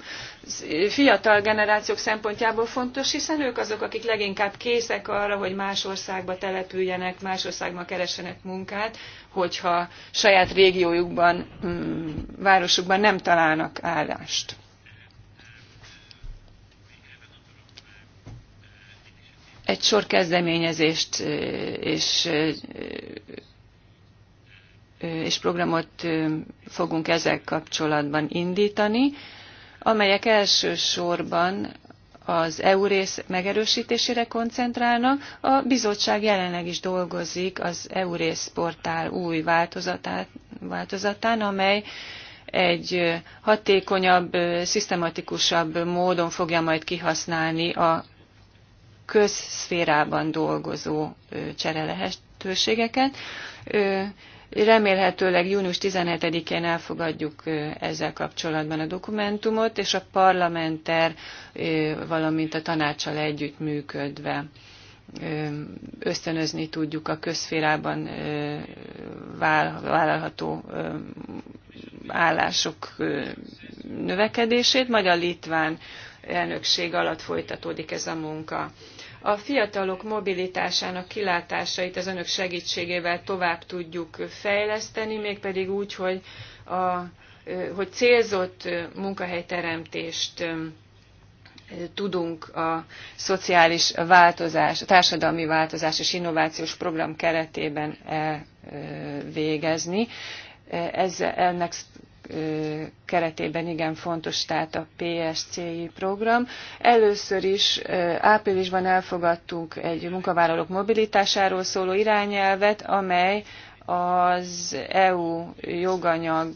[SPEAKER 4] fiatal generációk szempontjából fontos, hiszen ők azok, akik leginkább készek arra, hogy más országba települjenek, más országba keresenek munkát, hogyha saját régiójukban, mm, városukban nem találnak állást. egy sor kezdeményezést és, és programot fogunk ezek kapcsolatban indítani, amelyek elsősorban az EU rész megerősítésére koncentrálnak. A bizottság jelenleg is dolgozik az EU rész portál új változatán, változatán amely egy hatékonyabb, szisztematikusabb módon fogja majd kihasználni a közszférában dolgozó csere lehetőségeket. Remélhetőleg június 17-én elfogadjuk ezzel kapcsolatban a dokumentumot, és a parlamenter, valamint a tanácsal együttműködve ösztönözni tudjuk a közszférában vállalható állások növekedését, magyar litván elnökség alatt folytatódik ez a munka a fiatalok mobilitásának kilátásait az önök segítségével tovább tudjuk fejleszteni, mégpedig úgy, hogy, a, hogy célzott munkahelyteremtést tudunk a szociális változás, a társadalmi változás és innovációs program keretében elvégezni. Ez, ennek keretében igen fontos, tehát a PSCI program. Először is áprilisban elfogadtunk egy munkavállalók mobilitásáról szóló irányelvet, amely az EU joganyag,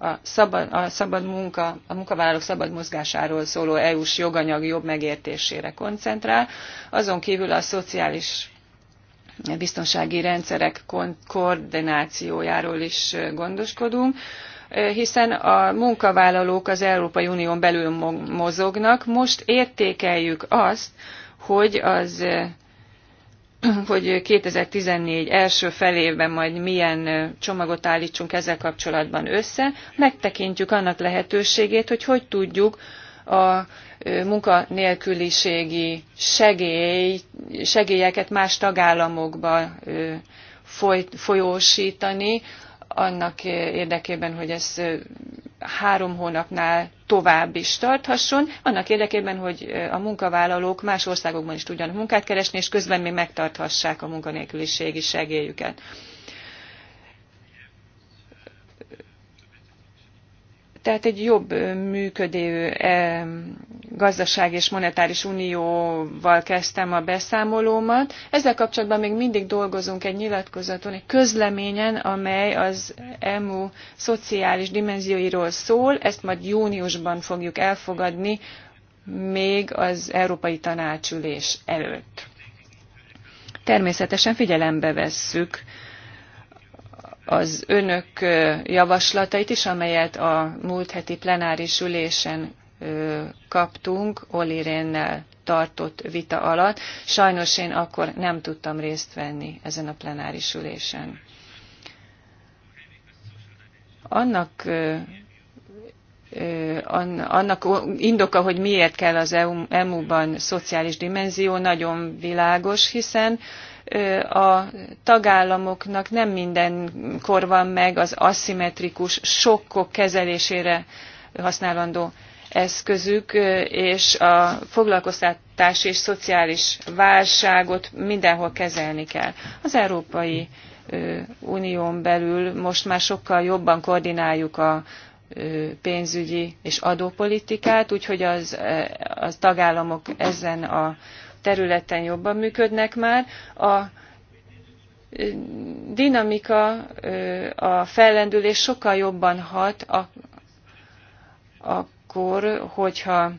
[SPEAKER 4] a szabad, a szabad munka, a munkavállalók szabad mozgásáról szóló EU-s joganyag jobb megértésére koncentrál. Azon kívül a szociális biztonsági rendszerek koordinációjáról is gondoskodunk. Eh, hiszen a munkavállalók az Európai Unión belül mozognak. Most értékeljük azt, hogy az eh, hogy 2014 első felében majd milyen eh, csomagot állítsunk ezzel kapcsolatban össze, megtekintjük annak lehetőségét, hogy hogy tudjuk a munkanélküliségi segély, segélyeket más tagállamokba folyósítani annak érdekében, hogy ez három hónapnál tovább is tarthasson, annak érdekében, hogy a munkavállalók más országokban is tudjanak munkát keresni, és közben még megtarthassák a munkanélküliségi segélyüket. Tehát egy jobb működő gazdaság és monetáris unióval kezdtem a beszámolómat. Ezzel kapcsolatban még mindig dolgozunk egy nyilatkozaton, egy közleményen, amely az EMU szociális dimenzióiról szól. Ezt majd júniusban fogjuk elfogadni, még az Európai Tanácsülés előtt. Természetesen figyelembe vesszük az önök javaslatait is, amelyet a múlt heti plenáris ülésen kaptunk Olirénnel tartott vita alatt. Sajnos én akkor nem tudtam részt venni ezen a plenáris ülésen. Annak annak indoka, hogy miért kell az EMU-ban e szociális dimenzió, nagyon világos, hiszen a tagállamoknak nem mindenkor van meg az aszimmetrikus sokkok kezelésére használandó eszközük, és a foglalkoztatási és szociális válságot mindenhol kezelni kell. Az Európai Unión belül most már sokkal jobban koordináljuk a pénzügyi és adópolitikát, úgyhogy az, az tagállamok ezen a területen jobban működnek már. A dinamika, a fellendülés sokkal jobban hat a, akkor, hogyha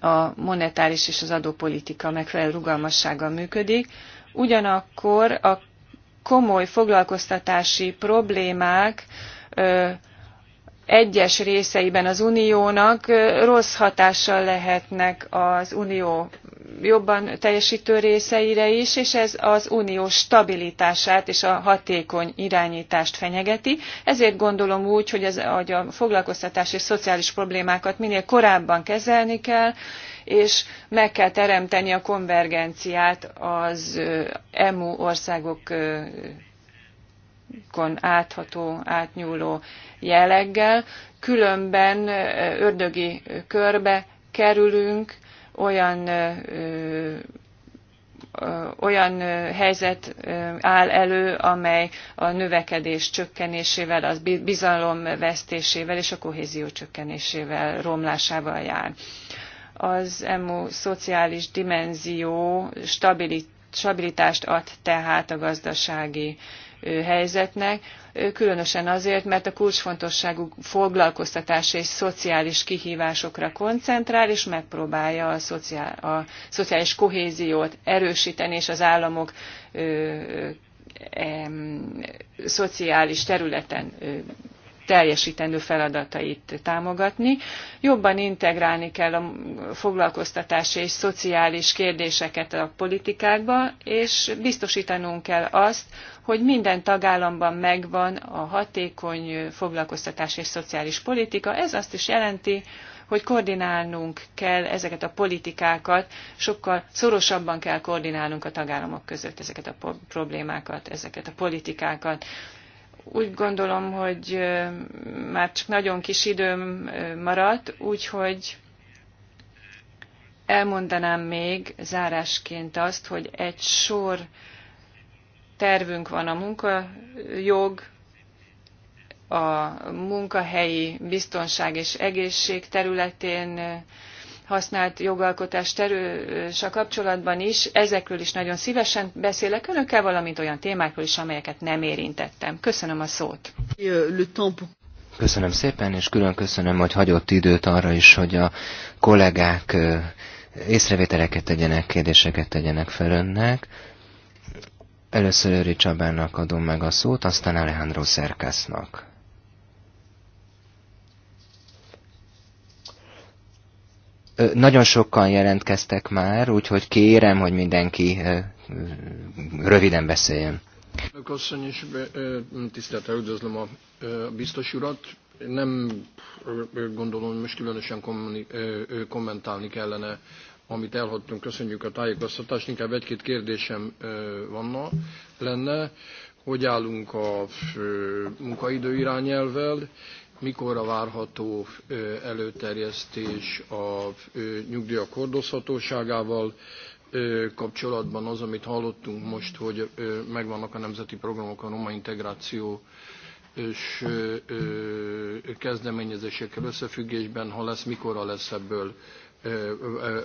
[SPEAKER 4] a monetáris és az adópolitika megfelelő rugalmassággal működik. Ugyanakkor a komoly foglalkoztatási problémák egyes részeiben az uniónak rossz hatással lehetnek az unió jobban teljesítő részeire is, és ez az unió stabilitását és a hatékony irányítást fenyegeti. Ezért gondolom úgy, hogy, ez, a foglalkoztatás és szociális problémákat minél korábban kezelni kell, és meg kell teremteni a konvergenciát az EMU országokon átható, átnyúló jelleggel, különben ördögi körbe kerülünk, olyan olyan helyzet áll elő, amely a növekedés csökkenésével, az bizalom vesztésével és a kohézió csökkenésével, romlásával jár. Az EMU szociális dimenzió stabilitást ad tehát a gazdasági helyzetnek, különösen azért, mert a kulcsfontosságú foglalkoztatás és szociális kihívásokra koncentrál, és megpróbálja a, szociális kohéziót erősíteni, és az államok szociális területen ö, teljesítendő feladatait támogatni. Jobban integrálni kell a foglalkoztatási és szociális kérdéseket a politikákba, és biztosítanunk kell azt, hogy minden tagállamban megvan a hatékony foglalkoztatás és szociális politika. Ez azt is jelenti, hogy koordinálnunk kell ezeket a politikákat, sokkal szorosabban kell koordinálnunk a tagállamok között ezeket a problémákat, ezeket a politikákat. Úgy gondolom, hogy már csak nagyon kis időm maradt, úgyhogy elmondanám még zárásként azt, hogy egy sor tervünk van a munkajog, a munkahelyi biztonság és egészség területén eh, használt jogalkotás eh, a kapcsolatban is. Ezekről is nagyon szívesen beszélek önökkel, valamint olyan témákról is, amelyeket nem érintettem. Köszönöm a szót.
[SPEAKER 2] Köszönöm szépen, és külön köszönöm, hogy hagyott időt arra is, hogy a kollégák eh, észrevételeket tegyenek, kérdéseket tegyenek fel önnek. Először Őri Csabának adom meg a szót, aztán Alejandro Szerkesznak. Nagyon sokan jelentkeztek már, úgyhogy kérem, hogy mindenki röviden beszéljen.
[SPEAKER 6] Köszönöm, tisztelt tiszteltel üdvözlöm a biztos urat. Nem gondolom, most különösen kommentálni kellene amit elhagytunk. Köszönjük a tájékoztatást. Inkább egy-két kérdésem vanna, lenne. Hogy állunk a munkaidő irányelvel, mikorra várható előterjesztés a nyugdíjak hordozhatóságával kapcsolatban az, amit hallottunk most, hogy megvannak a nemzeti programok a roma integráció és kezdeményezésekkel összefüggésben, ha lesz, mikorra lesz ebből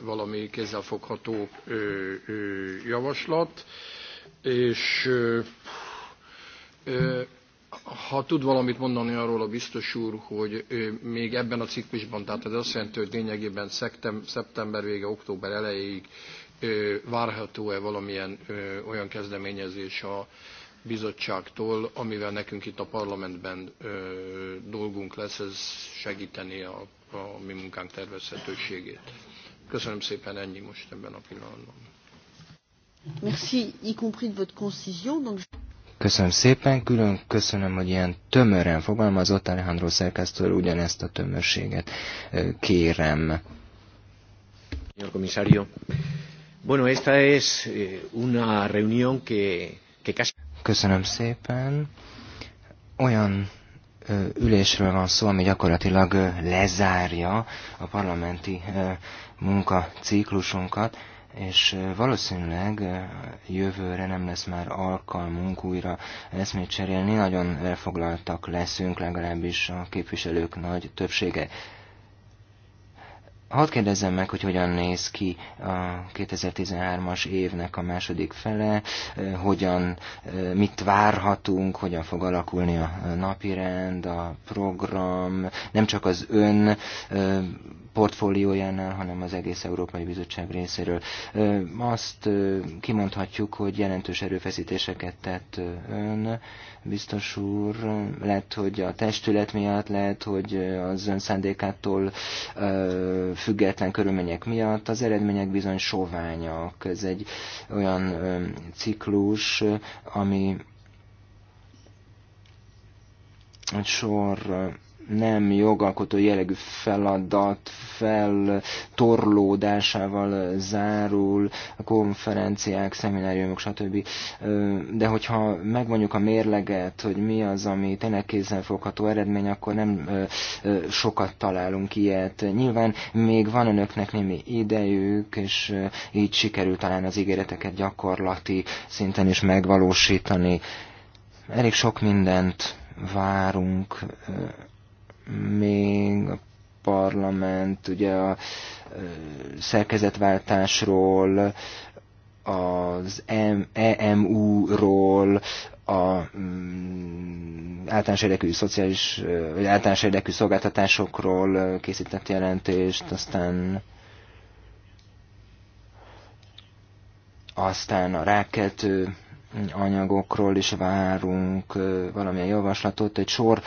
[SPEAKER 6] valami kézzelfogható javaslat, és ha tud valamit mondani arról a biztos úr, hogy még ebben a ciklusban, tehát ez azt jelenti, hogy lényegében szeptember vége, október elejéig várható-e valamilyen olyan kezdeményezés a bizottságtól, amivel nekünk itt a parlamentben dolgunk lesz, ez segíteni a a mi munkánk tervezhetőségét. Köszönöm szépen, ennyi most ebben a pillanatban.
[SPEAKER 1] Merci, y compris de votre concision. Donc...
[SPEAKER 2] Köszönöm szépen, külön köszönöm, hogy ilyen tömören fogalmazott Alejandro szerkesztől ugyanezt a tömörséget kérem.
[SPEAKER 6] Señor comisario, bueno, esta es eh, una reunión
[SPEAKER 2] que, que casi... Köszönöm szépen. Olyan ülésről van szó, ami gyakorlatilag lezárja a parlamenti munkaciklusunkat, és valószínűleg jövőre nem lesz már alkalmunk újra eszmét cserélni, nagyon elfoglaltak leszünk, legalábbis a képviselők nagy többsége. Hadd kérdezzem meg, hogy hogyan néz ki a 2013-as évnek a második fele, hogyan, mit várhatunk, hogyan fog alakulni a napirend, a program, nem csak az ön portfóliójánál, hanem az egész Európai Bizottság részéről. Azt kimondhatjuk, hogy jelentős erőfeszítéseket tett ön, biztos úr, lehet, hogy a testület miatt, lehet, hogy az ön szándékától független körülmények miatt, az eredmények bizony soványak. Ez egy olyan ciklus, ami egy sor nem jogalkotó jellegű feladat feltorlódásával zárul, a konferenciák, szemináriumok, stb. De hogyha megmondjuk a mérleget, hogy mi az, ami tényleg kézzelfogható eredmény, akkor nem sokat találunk ilyet. Nyilván még van önöknek némi idejük, és így sikerül talán az ígéreteket gyakorlati szinten is megvalósítani. Elég sok mindent várunk még a parlament ugye a szerkezetváltásról, az EMU-ról, e a mm, általános érdekű szociális, vagy általános érdekű szolgáltatásokról készített jelentést, aztán aztán a rákkeltő anyagokról is várunk valamilyen javaslatot, egy sor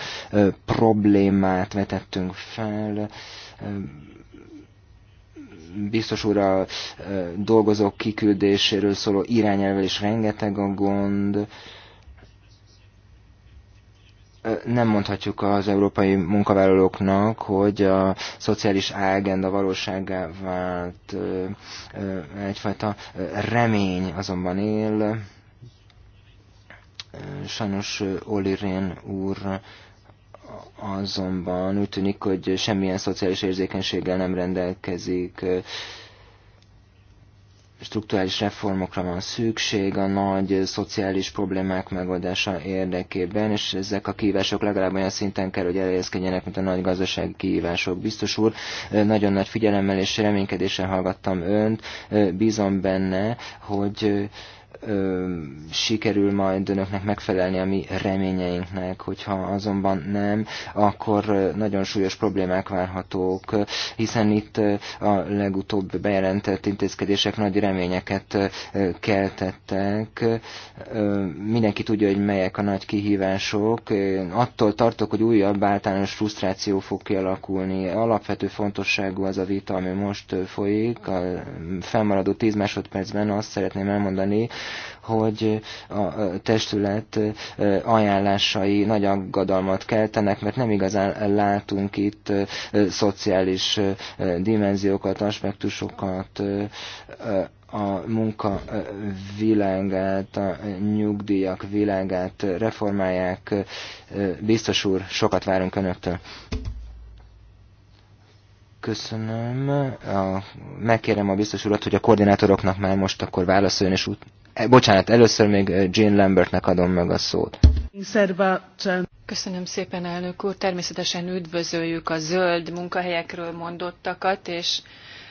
[SPEAKER 2] problémát vetettünk fel, biztos úr a dolgozók kiküldéséről szóló irányelvel is rengeteg a gond. Nem mondhatjuk az európai munkavállalóknak, hogy a szociális ágenda valóságá vált egyfajta remény azonban él Sajnos Oli Rén úr azonban úgy tűnik, hogy semmilyen szociális érzékenységgel nem rendelkezik, strukturális reformokra van szükség a nagy szociális problémák megoldása érdekében, és ezek a kihívások legalább olyan szinten kell, hogy elhelyezkedjenek, mint a nagy gazdasági kihívások. Biztos úr, nagyon nagy figyelemmel és reménykedéssel hallgattam önt, bízom benne, hogy sikerül majd önöknek megfelelni a mi reményeinknek, hogyha azonban nem, akkor nagyon súlyos problémák várhatók, hiszen itt a legutóbb bejelentett intézkedések nagy reményeket keltettek. Mindenki tudja, hogy melyek a nagy kihívások. Én attól tartok, hogy újabb általános frusztráció fog kialakulni. Alapvető fontosságú az a vita, ami most folyik. A fennmaradó 10 másodpercben azt szeretném elmondani, hogy a testület ajánlásai nagy aggadalmat keltenek, mert nem igazán látunk itt szociális dimenziókat, aspektusokat, a munka világát, a nyugdíjak világát reformálják. Biztos úr, sokat várunk Önöktől. Köszönöm. A, megkérem a biztos urat, hogy a koordinátoroknak már most akkor válaszoljon, és Eh, bocsánat, először még eh, Jean Lambertnek adom meg a szót.
[SPEAKER 1] Köszönöm szépen, elnök
[SPEAKER 4] úr. Természetesen üdvözöljük a zöld munkahelyekről mondottakat, és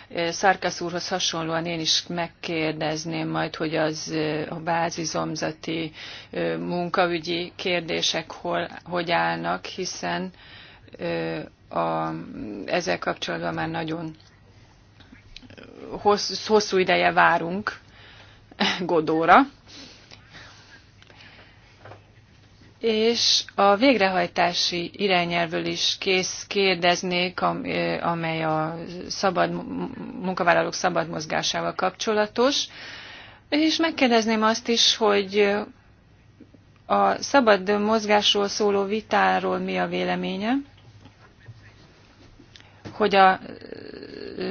[SPEAKER 4] eh, Szárkasz úrhoz hasonlóan én is megkérdezném majd, hogy az a bázizomzati munkaügyi kérdések hol, hogy állnak, hiszen a, ezzel kapcsolatban már nagyon hossz, hosszú ideje várunk Godóra, és a végrehajtási irányelvől is kész kérdeznék, amely a szabad, munkavállalók szabad mozgásával kapcsolatos, és megkérdezném azt is, hogy a szabad mozgásról szóló vitáról mi a véleménye? hogy a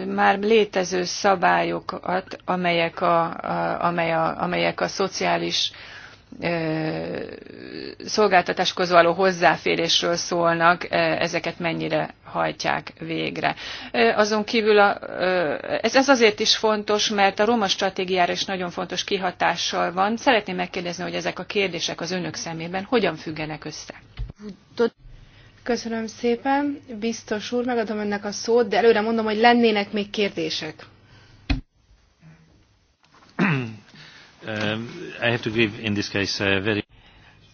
[SPEAKER 4] már létező szabályokat, amelyek a, a, amely a, amelyek a szociális szolgáltatáshoz való hozzáférésről szólnak, ezeket mennyire hajtják végre. Azon kívül a, ez, ez azért is fontos, mert a roma stratégiára is nagyon fontos kihatással van. Szeretném megkérdezni, hogy ezek a kérdések az önök szemében hogyan függenek össze?
[SPEAKER 3] Köszönöm szépen. Biztos úr, megadom önnek a szót, de előre mondom, hogy lennének még kérdések.
[SPEAKER 5] Um, I have to give in this case a very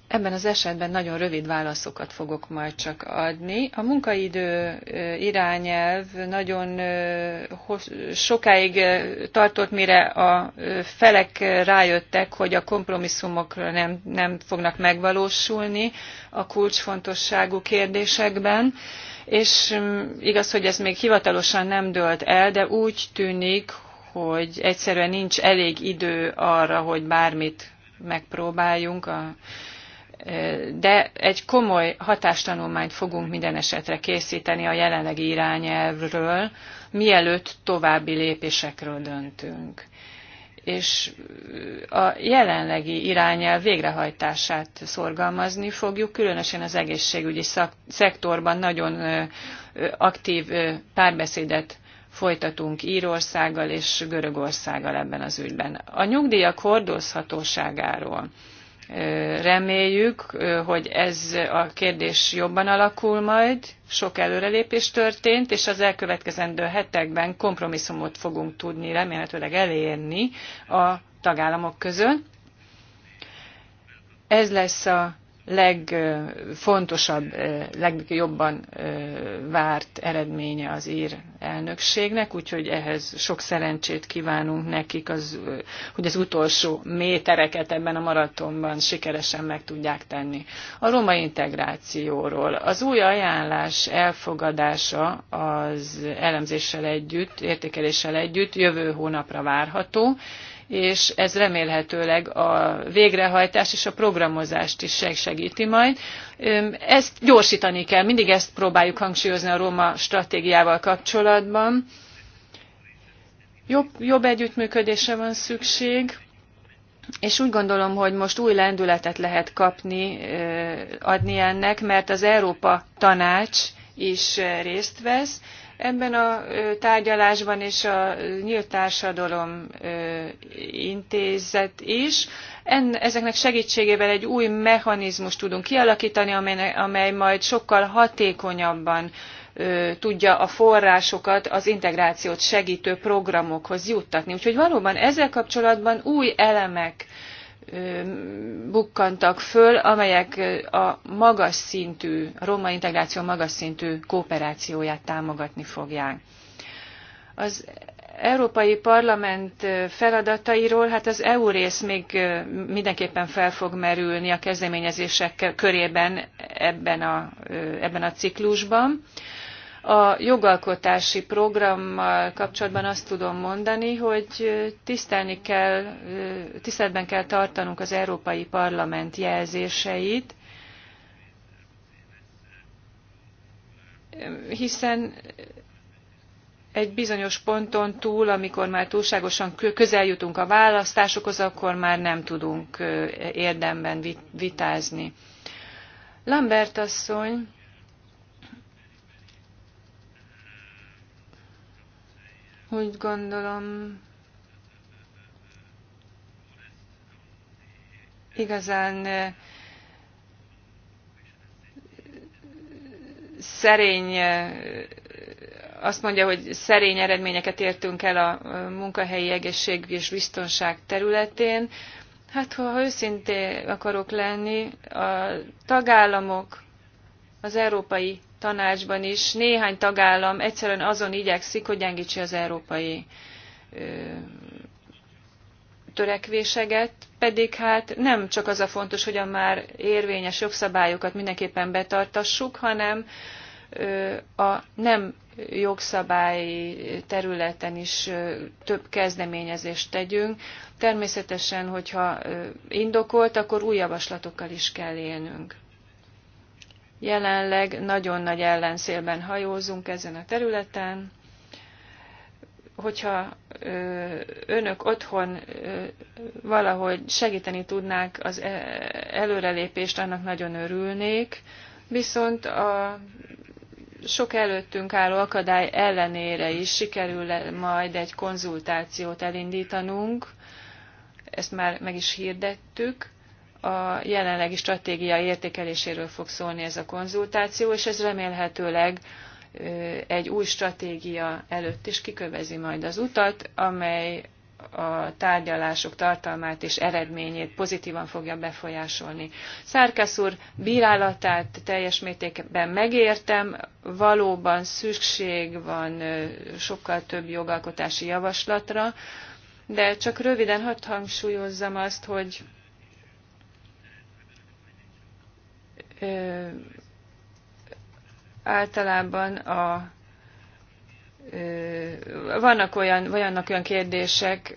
[SPEAKER 4] Ebben az esetben nagyon rövid válaszokat fogok majd csak adni. A munkaidő irányelv nagyon sokáig tartott, mire a felek rájöttek, hogy a kompromisszumok nem, nem fognak megvalósulni a kulcsfontosságú kérdésekben és igaz, hogy ez még hivatalosan nem dölt el, de úgy tűnik, hogy egyszerűen nincs elég idő arra, hogy bármit megpróbáljunk a de egy komoly hatástanulmányt fogunk minden esetre készíteni a jelenlegi irányelvről, mielőtt további lépésekről döntünk. És a jelenlegi irányelv végrehajtását szorgalmazni fogjuk, különösen az egészségügyi szak- szektorban nagyon aktív párbeszédet folytatunk Írországgal és Görögországgal ebben az ügyben. A nyugdíjak hordozhatóságáról Reméljük, hogy ez a kérdés jobban alakul majd, sok előrelépés történt, és az elkövetkezendő hetekben kompromisszumot fogunk tudni remélhetőleg elérni a tagállamok között. Ez lesz a legfontosabb, legjobban várt eredménye az ír elnökségnek, úgyhogy ehhez sok szerencsét kívánunk nekik, az, hogy az utolsó métereket ebben a maratonban sikeresen meg tudják tenni. A roma integrációról. Az új ajánlás elfogadása az elemzéssel együtt, értékeléssel együtt jövő hónapra várható, és ez remélhetőleg a végrehajtás és a programozást is segíti majd. Ezt gyorsítani kell, mindig ezt próbáljuk hangsúlyozni a Róma stratégiával kapcsolatban. Jobb, jobb együttműködésre van szükség, és úgy gondolom, hogy most új lendületet lehet kapni, adni ennek, mert az Európa Tanács is részt vesz, Ebben a tárgyalásban és a Nyílt Társadalom Intézet is ezeknek segítségével egy új mechanizmust tudunk kialakítani, amely, amely majd sokkal hatékonyabban tudja a forrásokat az integrációt segítő programokhoz juttatni. Úgyhogy valóban ezzel kapcsolatban új elemek bukkantak föl, amelyek a magas szintű, a roma integráció magas szintű kooperációját támogatni fogják. Az Európai Parlament feladatairól, hát az EU rész még mindenképpen fel fog merülni a kezdeményezések körében ebben a, ebben a ciklusban. A jogalkotási programmal kapcsolatban azt tudom mondani, hogy tisztelni kell, tiszteletben kell tartanunk az Európai Parlament jelzéseit, hiszen egy bizonyos ponton túl, amikor már túlságosan közel jutunk a választásokhoz, akkor már nem tudunk érdemben vitázni. Lambert asszony Úgy gondolom, igazán szerény, azt mondja, hogy szerény eredményeket értünk el a munkahelyi egészség és biztonság területén. Hát, ha őszintén akarok lenni, a tagállamok, az Európai tanácsban is néhány tagállam egyszerűen azon igyekszik, hogy gyengítse az európai törekvéseket, pedig hát nem csak az a fontos, hogy a már érvényes jogszabályokat mindenképpen betartassuk, hanem a nem jogszabályi területen is több kezdeményezést tegyünk. Természetesen, hogyha indokolt, akkor új javaslatokkal is kell élnünk. Jelenleg nagyon nagy ellenszélben hajózunk ezen a területen. Hogyha önök otthon valahogy segíteni tudnák az előrelépést, annak nagyon örülnék. Viszont a sok előttünk álló akadály ellenére is sikerül majd egy konzultációt elindítanunk, ezt már meg is hirdettük, a jelenlegi stratégia értékeléséről fog szólni ez a konzultáció, és ez remélhetőleg egy új stratégia előtt is kikövezi majd az utat, amely a tárgyalások tartalmát és eredményét pozitívan fogja befolyásolni. Szárkász úr bírálatát teljes mértékben megértem, valóban szükség van sokkal több jogalkotási javaslatra, de csak röviden hadd hangsúlyozzam azt, hogy általában a vannak olyan, vannak olyan kérdések,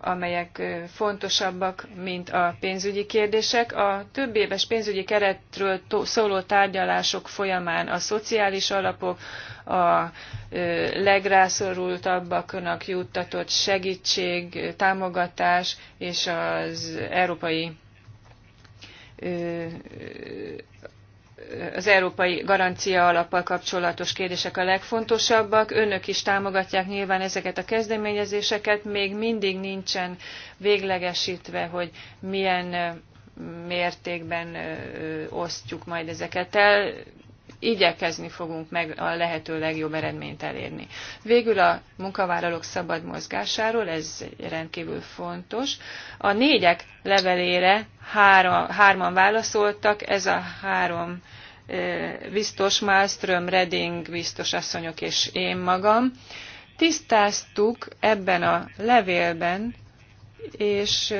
[SPEAKER 4] amelyek fontosabbak, mint a pénzügyi kérdések. A több éves pénzügyi keretről szóló tárgyalások folyamán a szociális alapok, a legrászorultabbaknak juttatott segítség, támogatás és az európai az európai garancia alappal kapcsolatos kérdések a legfontosabbak. Önök is támogatják nyilván ezeket a kezdeményezéseket. Még mindig nincsen véglegesítve, hogy milyen mértékben osztjuk majd ezeket el igyekezni fogunk meg a lehető legjobb eredményt elérni. Végül a munkavállalók szabad mozgásáról, ez rendkívül fontos. A négyek levelére három, hárman válaszoltak, ez a három biztos Malmström, Reding biztos asszonyok és én magam. Tisztáztuk ebben a levélben, és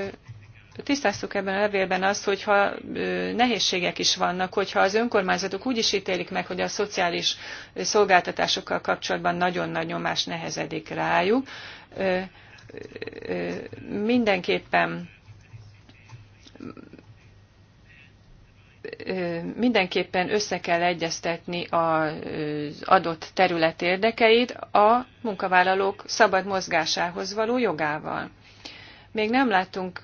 [SPEAKER 4] tisztáztuk ebben a levélben azt, hogyha nehézségek is vannak, hogyha az önkormányzatok úgy is ítélik meg, hogy a szociális szolgáltatásokkal kapcsolatban nagyon nagy nyomás nehezedik rájuk, mindenképpen mindenképpen össze kell egyeztetni az adott terület érdekeit a munkavállalók szabad mozgásához való jogával. Még nem láttunk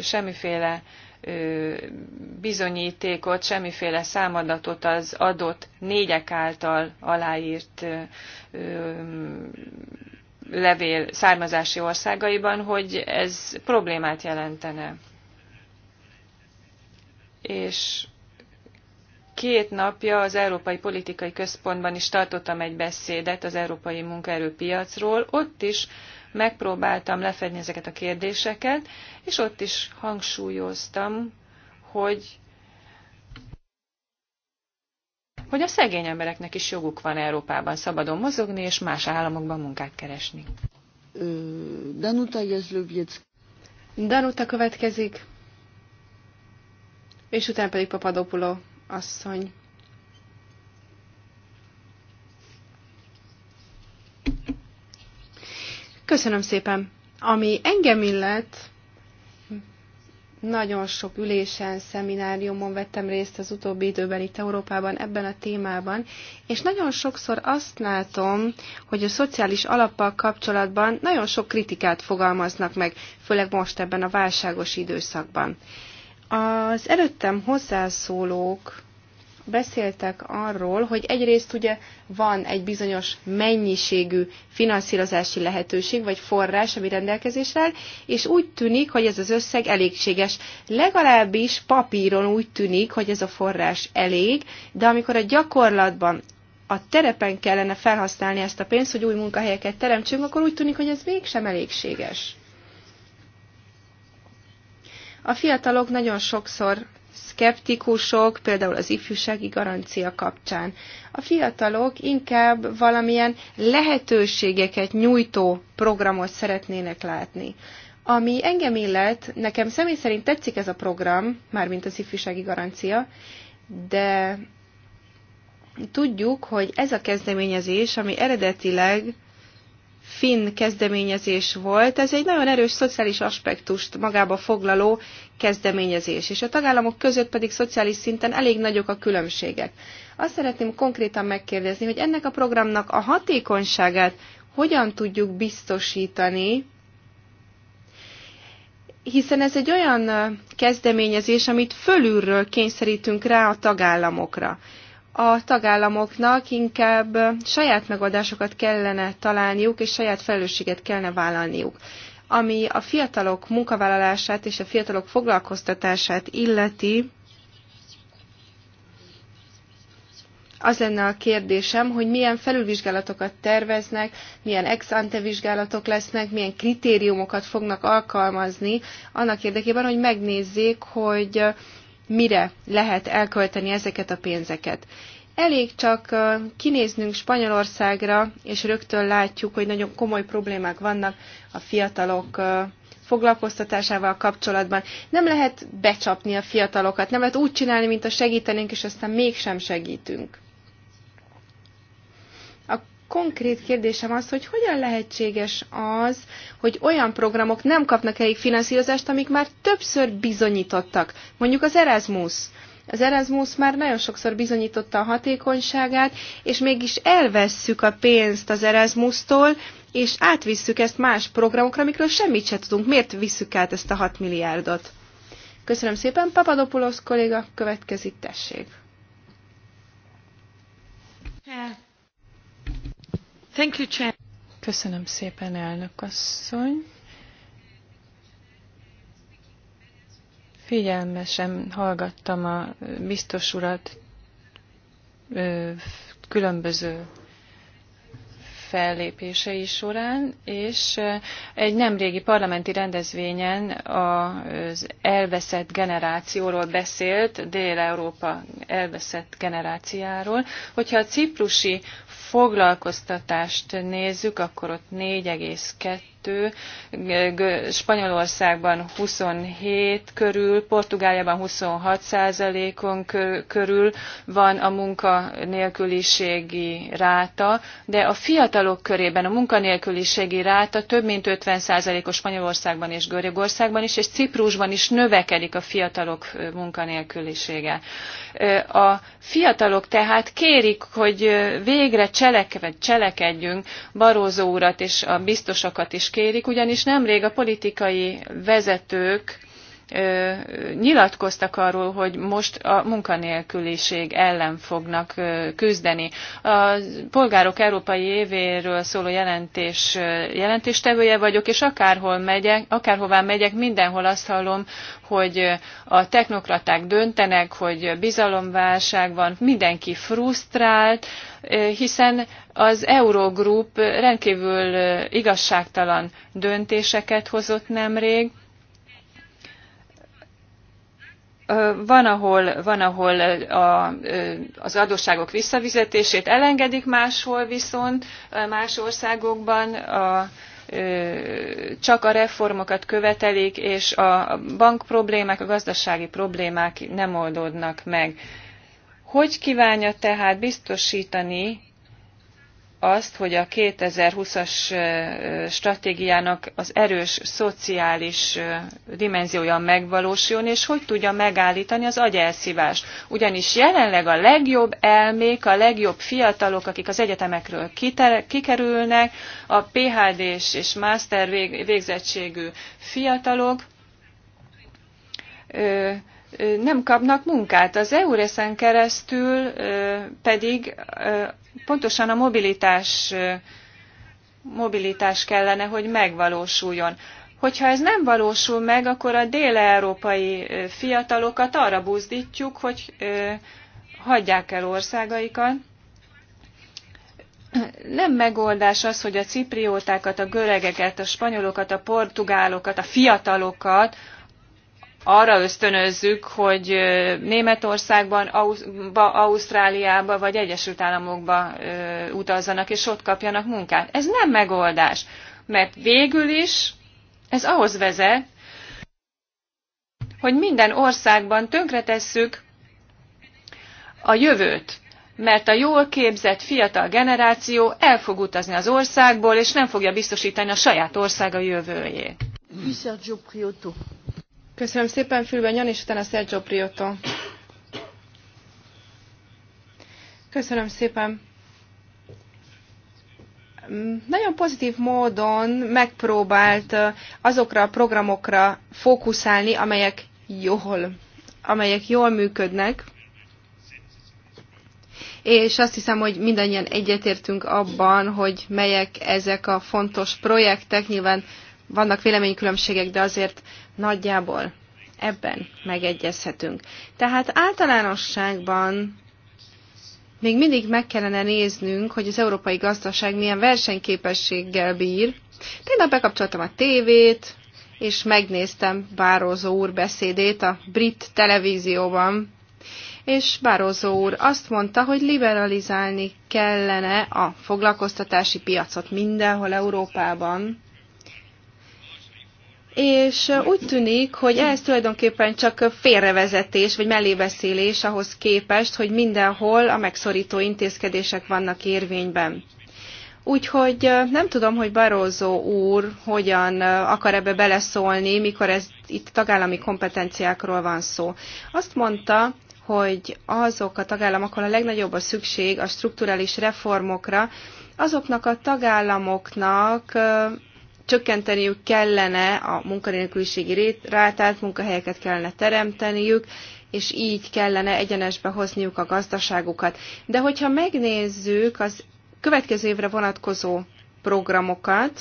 [SPEAKER 4] semmiféle bizonyítékot, semmiféle számadatot az adott négyek által aláírt levél származási országaiban, hogy ez problémát jelentene. És két napja az Európai Politikai Központban is tartottam egy beszédet az európai munkaerőpiacról. Ott is megpróbáltam lefedni ezeket a kérdéseket, és ott is hangsúlyoztam, hogy hogy a szegény embereknek is joguk van Európában szabadon mozogni és más államokban munkát keresni.
[SPEAKER 1] Danuta Danuta következik,
[SPEAKER 3] és utána pedig Papadopulo asszony. Köszönöm szépen. Ami engem illet, nagyon sok ülésen, szemináriumon vettem részt az utóbbi időben itt Európában ebben a témában, és nagyon sokszor azt látom, hogy a szociális alappal kapcsolatban nagyon sok kritikát fogalmaznak meg, főleg most ebben a válságos időszakban. Az előttem hozzászólók beszéltek arról, hogy egyrészt ugye van egy bizonyos mennyiségű finanszírozási lehetőség vagy forrás, ami rendelkezésre áll, és úgy tűnik, hogy ez az összeg elégséges. Legalábbis papíron úgy tűnik, hogy ez a forrás elég, de amikor a gyakorlatban a terepen kellene felhasználni ezt a pénzt, hogy új munkahelyeket teremtsünk, akkor úgy tűnik, hogy ez mégsem elégséges. A fiatalok nagyon sokszor szkeptikusok, például az ifjúsági garancia kapcsán. A fiatalok inkább valamilyen lehetőségeket nyújtó programot szeretnének látni. Ami engem illet, nekem személy szerint tetszik ez a program, mármint az ifjúsági garancia, de tudjuk, hogy ez a kezdeményezés, ami eredetileg finn kezdeményezés volt. Ez egy nagyon erős szociális aspektust magába foglaló kezdeményezés, és a tagállamok között pedig szociális szinten elég nagyok a különbségek. Azt szeretném konkrétan megkérdezni, hogy ennek a programnak a hatékonyságát hogyan tudjuk biztosítani, hiszen ez egy olyan kezdeményezés, amit fölülről kényszerítünk rá a tagállamokra a tagállamoknak inkább saját megoldásokat kellene találniuk, és saját felelősséget kellene vállalniuk. Ami a fiatalok munkavállalását és a fiatalok foglalkoztatását illeti, az lenne a kérdésem, hogy milyen felülvizsgálatokat terveznek, milyen ex ante vizsgálatok lesznek, milyen kritériumokat fognak alkalmazni annak érdekében, hogy megnézzék, hogy mire lehet elkölteni ezeket a pénzeket. Elég csak kinéznünk Spanyolországra, és rögtön látjuk, hogy nagyon komoly problémák vannak a fiatalok foglalkoztatásával kapcsolatban. Nem lehet becsapni a fiatalokat, nem lehet úgy csinálni, mint a segítenénk, és aztán mégsem segítünk konkrét kérdésem az, hogy hogyan lehetséges az, hogy olyan programok nem kapnak elég finanszírozást, amik már többször bizonyítottak. Mondjuk az Erasmus. Az Erasmus már nagyon sokszor bizonyította a hatékonyságát, és mégis elvesszük a pénzt az Erasmus-tól, és átvisszük ezt más programokra, amikről semmit se tudunk. Miért visszük át ezt a 6 milliárdot? Köszönöm szépen, Papadopoulos kolléga, következik, tessék.
[SPEAKER 4] Thank you, Chair. Köszönöm szépen, elnök asszony. Figyelmesen hallgattam a biztos urat különböző fellépései során, és egy nemrégi parlamenti rendezvényen az elveszett generációról beszélt, Dél-Európa elveszett generáciáról. Hogyha a ciprusi foglalkoztatást nézzük, akkor ott 22, eh, Spanyolországban 27 körül, Portugáliában 26 százalékon körül van a munkanélküliségi ráta, de a fiatalok körében a munkanélküliségi ráta több mint 50 százalékos Spanyolországban és Görögországban is, és Ciprusban is növekedik a fiatalok eh, munkanélkülisége. Eh, a fiatalok tehát kérik, hogy végre cselekedjünk, cselekedjünk Barózó urat és a biztosokat is kérik, ugyanis nemrég a politikai vezetők nyilatkoztak arról, hogy most a munkanélküliség ellen fognak küzdeni. A polgárok európai évéről szóló jelentés, jelentéstevője vagyok, és akárhol megyek, akárhová megyek, mindenhol azt hallom, hogy a technokraták döntenek, hogy bizalomválság van, mindenki frusztrált, hiszen az Eurogroup rendkívül igazságtalan döntéseket hozott nemrég, van, ahol, van, ahol a, az adósságok visszavizetését elengedik, máshol viszont más országokban a, csak a reformokat követelik, és a bankproblémák, a gazdasági problémák nem oldódnak meg. Hogy kívánja tehát biztosítani azt, hogy a 2020-as stratégiának az erős szociális dimenziója megvalósuljon, és hogy tudja megállítani az agyelszívást. Ugyanis jelenleg a legjobb elmék, a legjobb fiatalok, akik az egyetemekről kikerülnek, a PHD-s és master végzettségű fiatalok, nem kapnak munkát. Az EURES-en keresztül pedig pontosan a mobilitás, mobilitás kellene, hogy megvalósuljon. Hogyha ez nem valósul meg, akkor a déle európai fiatalokat arra buzdítjuk, hogy hagyják el országaikat. Nem megoldás az, hogy a cipriótákat, a göregeket, a spanyolokat, a portugálokat, a fiatalokat arra ösztönözzük, hogy Németországban, Ausztráliában vagy Egyesült Államokba utazzanak, és ott kapjanak munkát. Ez nem megoldás, mert végül is ez ahhoz vezet, hogy minden országban tönkretesszük a jövőt, mert a jól képzett fiatal generáció el fog utazni az országból, és nem fogja biztosítani a saját országa jövőjét.
[SPEAKER 3] Köszönöm szépen, Fülben Jan, és utána Sergio Prioto. Köszönöm szépen. Nagyon pozitív módon megpróbált azokra a programokra fókuszálni, amelyek jól, amelyek jól működnek, és azt hiszem, hogy mindannyian egyetértünk abban, hogy melyek ezek a fontos projektek. Nyilván vannak véleménykülönbségek, de azért Nagyjából ebben megegyezhetünk. Tehát általánosságban még mindig meg kellene néznünk, hogy az európai gazdaság milyen versenyképességgel bír. Tegnap bekapcsoltam a tévét, és megnéztem Bározó úr beszédét a brit televízióban. És Bározó úr azt mondta, hogy liberalizálni kellene a foglalkoztatási piacot mindenhol Európában és úgy tűnik, hogy ez tulajdonképpen csak félrevezetés vagy mellébeszélés ahhoz képest, hogy mindenhol a megszorító intézkedések vannak érvényben. Úgyhogy nem tudom, hogy Barózó úr hogyan akar ebbe beleszólni, mikor ez itt tagállami kompetenciákról van szó. Azt mondta, hogy azok a tagállamok, ahol a legnagyobb a szükség a strukturális reformokra, azoknak a tagállamoknak csökkenteniük kellene a munkanélküliségi rátát, munkahelyeket kellene teremteniük, és így kellene egyenesbe hozniuk a gazdaságukat. De hogyha megnézzük az következő évre vonatkozó programokat,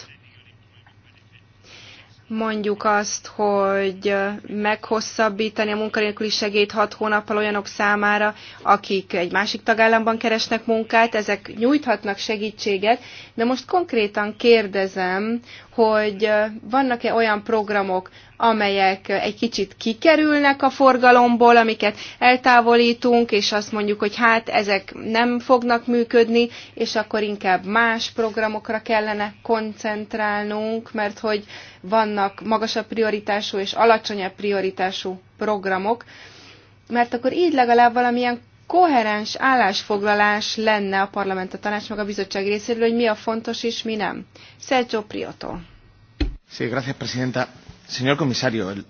[SPEAKER 3] mondjuk azt, hogy meghosszabbítani a munkanélküli segélyt hat hónappal olyanok számára, akik egy másik tagállamban keresnek munkát, ezek nyújthatnak segítséget, de most konkrétan kérdezem, hogy vannak-e olyan programok, amelyek egy kicsit kikerülnek a forgalomból, amiket eltávolítunk, és azt mondjuk, hogy hát ezek nem fognak működni, és akkor inkább más programokra kellene koncentrálnunk, mert hogy vannak magasabb prioritású és alacsonyabb prioritású programok, mert akkor így legalább valamilyen koherens állásfoglalás lenne a parlament, a tanács, meg a bizottság részéről, hogy mi a fontos és mi nem. Sergio Prioto.
[SPEAKER 6] Sí, gracias, presidenta. Señor comisario, el,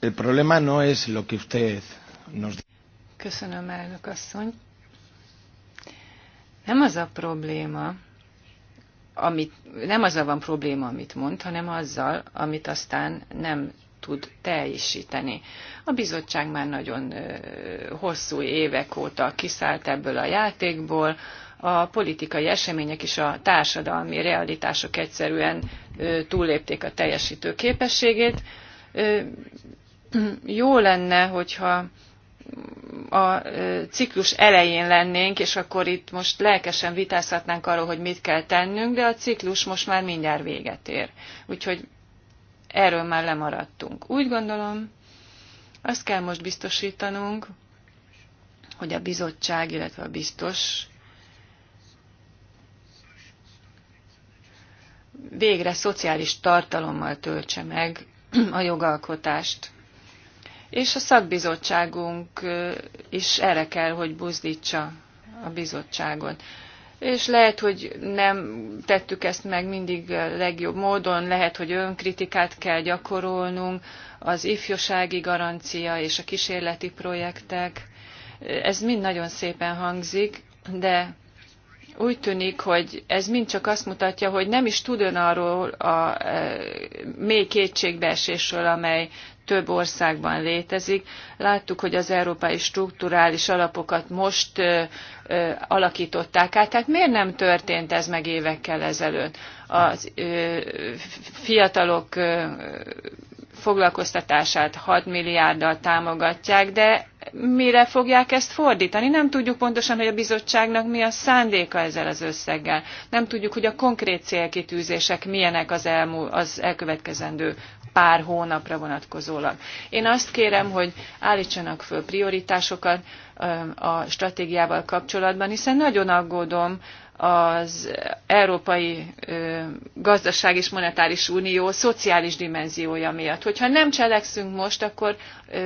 [SPEAKER 6] el problema no es lo que usted nos...
[SPEAKER 4] Köszönöm, elnök asszony. Nem az a probléma, amit, nem azzal van probléma, amit mond, hanem azzal, amit aztán nem tud teljesíteni. A bizottság már nagyon hosszú évek óta kiszállt ebből a játékból, a politikai események és a társadalmi realitások egyszerűen túllépték a teljesítő képességét. Jó lenne, hogyha a ciklus elején lennénk, és akkor itt most lelkesen vitázhatnánk arról, hogy mit kell tennünk, de a ciklus most már mindjárt véget ér. Úgyhogy erről már lemaradtunk. Úgy gondolom, azt kell most biztosítanunk, hogy a bizottság, illetve a biztos végre szociális tartalommal töltse meg a jogalkotást. És a szakbizottságunk is erre kell, hogy buzdítsa a bizottságot és lehet, hogy nem tettük ezt meg mindig legjobb módon, lehet, hogy önkritikát kell gyakorolnunk, az ifjúsági garancia és a kísérleti projektek, ez mind nagyon szépen hangzik, de úgy tűnik, hogy ez mind csak azt mutatja, hogy nem is tud ön arról a e, mély kétségbeesésről, amely több országban létezik. Láttuk, hogy az európai strukturális alapokat most ö, ö, alakították át, tehát miért nem történt ez meg évekkel ezelőtt? A fiatalok ö, foglalkoztatását 6 milliárddal támogatják, de mire fogják ezt fordítani? Nem tudjuk pontosan, hogy a bizottságnak mi a szándéka ezzel az összeggel. Nem tudjuk, hogy a konkrét célkitűzések milyenek az, elmú, az elkövetkezendő pár hónapra vonatkozólag. Én azt kérem, hogy állítsanak föl prioritásokat a stratégiával kapcsolatban, hiszen nagyon aggódom az Európai Gazdaság és Monetáris Unió szociális dimenziója miatt. Hogyha nem cselekszünk most, akkor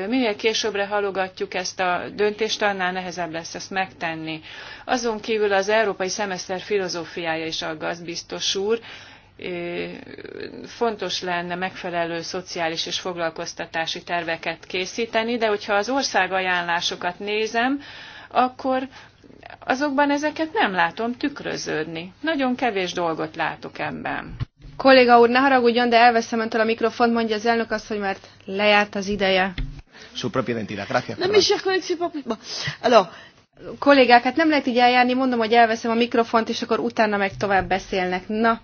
[SPEAKER 4] minél későbbre halogatjuk ezt a döntést, annál nehezebb lesz ezt megtenni. Azon kívül az Európai Szemeszter filozófiája is aggaszt, biztos úr, fontos lenne megfelelő szociális és foglalkoztatási terveket készíteni, de hogyha az országajánlásokat nézem, akkor azokban ezeket nem látom tükröződni. Nagyon kevés dolgot látok ebben.
[SPEAKER 3] Kolléga úr, ne haragudjon, de elveszem öntől a mikrofont, mondja az elnök azt, hogy mert lejárt az ideje.
[SPEAKER 6] Su propia identidad,
[SPEAKER 1] gracias. Nem
[SPEAKER 3] is Alors, kollégák, hát nem lehet így eljárni, mondom, hogy elveszem a mikrofont, és akkor utána meg tovább beszélnek. Na,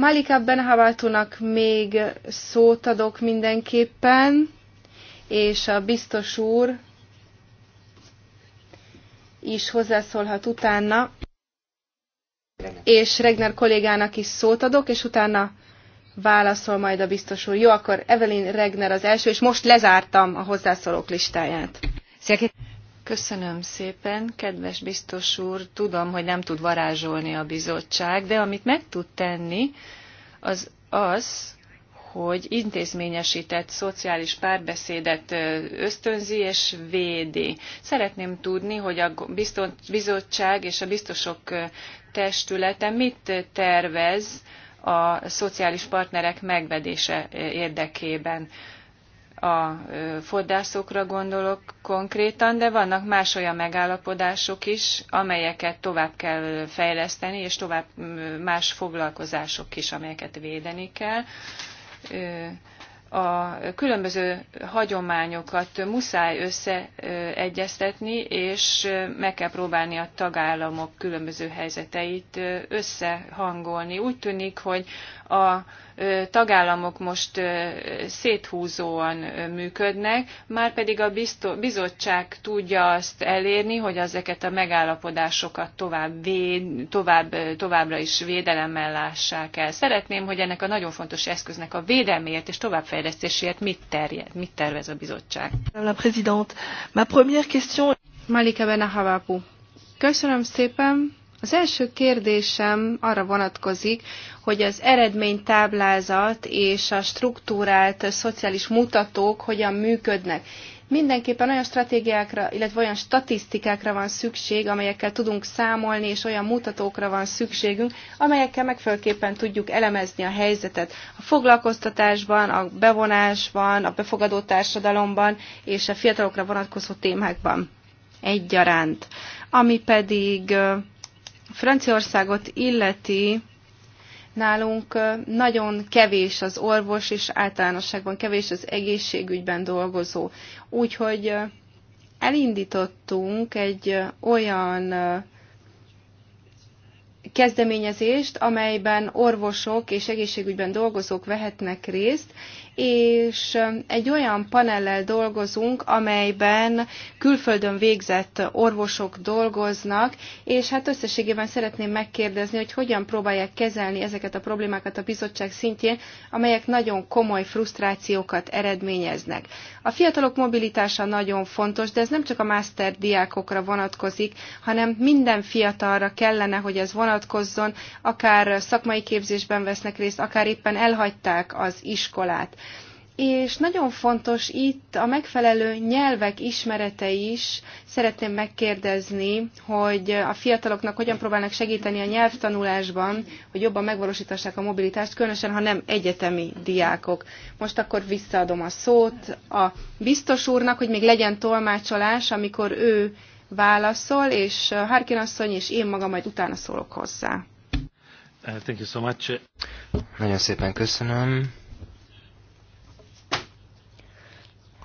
[SPEAKER 3] Malika Benhavatunak még szót adok mindenképpen, és a biztos úr is hozzászólhat utána, és Regner kollégának is szót adok, és utána válaszol majd a biztos úr. Jó, akkor Evelyn Regner az első, és most lezártam a
[SPEAKER 4] hozzászólók listáját. Köszönöm szépen, kedves biztos úr, tudom, hogy nem tud varázsolni a bizottság, de amit meg tud tenni, az az, hogy intézményesített szociális párbeszédet ösztönzi és védi. Szeretném tudni, hogy a bizottság és a biztosok testülete mit tervez a szociális partnerek megvedése érdekében a fordászokra gondolok konkrétan, de vannak más olyan megállapodások is, amelyeket tovább kell fejleszteni, és tovább más foglalkozások is, amelyeket védeni kell. A különböző hagyományokat muszáj összeegyeztetni, és meg kell próbálni a tagállamok különböző helyzeteit összehangolni. Úgy tűnik, hogy a tagállamok most széthúzóan működnek, már pedig a bizottság tudja azt elérni, hogy ezeket a megállapodásokat tovább véd, tovább, továbbra is védelemmel lássák el. Szeretném, hogy ennek a nagyon fontos eszköznek a védelméért és továbbfejlesztéséért mit, terjed, mit tervez a bizottság.
[SPEAKER 3] La présidente, ma première question... Malika Benahavapu. Köszönöm szépen. Az első kérdésem arra vonatkozik, hogy az eredménytáblázat és a struktúrált szociális mutatók hogyan működnek. Mindenképpen olyan stratégiákra, illetve olyan statisztikákra van szükség, amelyekkel tudunk számolni, és olyan mutatókra van szükségünk, amelyekkel megfelelőképpen tudjuk elemezni a helyzetet a foglalkoztatásban, a bevonásban, a befogadó társadalomban és a fiatalokra vonatkozó témákban egyaránt. Ami pedig Franciaországot illeti, nálunk nagyon kevés az orvos, és általánosságban kevés az egészségügyben dolgozó. Úgyhogy elindítottunk egy olyan kezdeményezést, amelyben orvosok és egészségügyben dolgozók vehetnek részt, és egy olyan panellel dolgozunk, amelyben külföldön végzett orvosok dolgoznak, és hát összességében szeretném megkérdezni, hogy hogyan próbálják kezelni ezeket a problémákat a bizottság szintjén, amelyek nagyon komoly frusztrációkat eredményeznek. A fiatalok mobilitása nagyon fontos, de ez nem csak a master diákokra vonatkozik, hanem minden fiatalra kellene, hogy ez vonatkozzon, akár szakmai képzésben vesznek részt, akár éppen elhagyták az iskolát és nagyon fontos itt a megfelelő nyelvek ismerete is. Szeretném megkérdezni, hogy a fiataloknak hogyan próbálnak segíteni a nyelvtanulásban, hogy jobban megvalósítassák a mobilitást, különösen, ha nem egyetemi diákok. Most akkor visszaadom a szót a biztos úrnak, hogy még legyen tolmácsolás, amikor ő válaszol, és Harkin asszony és én magam majd utána szólok hozzá.
[SPEAKER 5] Uh, thank you so much. Nagyon
[SPEAKER 2] szépen köszönöm.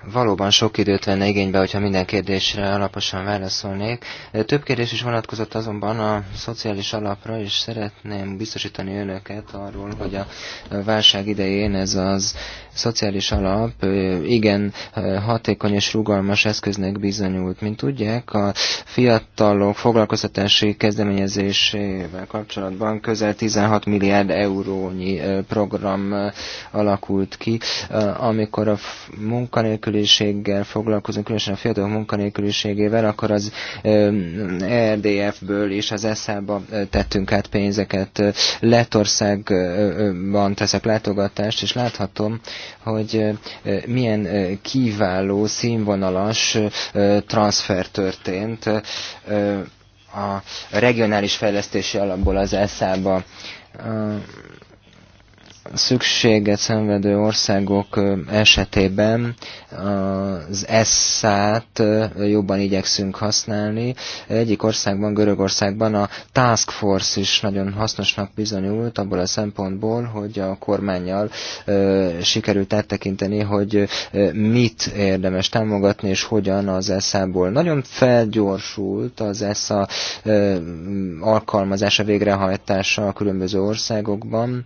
[SPEAKER 2] valóban sok időt venne igénybe, hogyha minden kérdésre alaposan válaszolnék. Több kérdés is vonatkozott azonban a szociális alapra, és szeretném biztosítani önöket arról, hogy a válság idején ez az szociális alap igen hatékony és rugalmas eszköznek bizonyult. Mint tudják, a fiatalok foglalkoztatási kezdeményezésével kapcsolatban közel 16 milliárd eurónyi program alakult ki, amikor a munkanélküliséggel foglalkozunk, különösen a fiatalok munkanélküliségével, akkor az ERDF-ből és az sz ba tettünk át pénzeket. Lettországban teszek látogatást, és láthatom, hogy milyen kiváló, színvonalas transfer történt a regionális fejlesztési alapból az ESZÁ-ba szükséget szenvedő országok esetében az ESZ-át jobban igyekszünk használni. Egyik országban, Görögországban a Task Force is nagyon hasznosnak bizonyult abból a szempontból, hogy a kormányjal sikerült áttekinteni, hogy mit érdemes támogatni és hogyan az ESZ-ból. Nagyon felgyorsult az ESZ alkalmazása, végrehajtása a különböző országokban.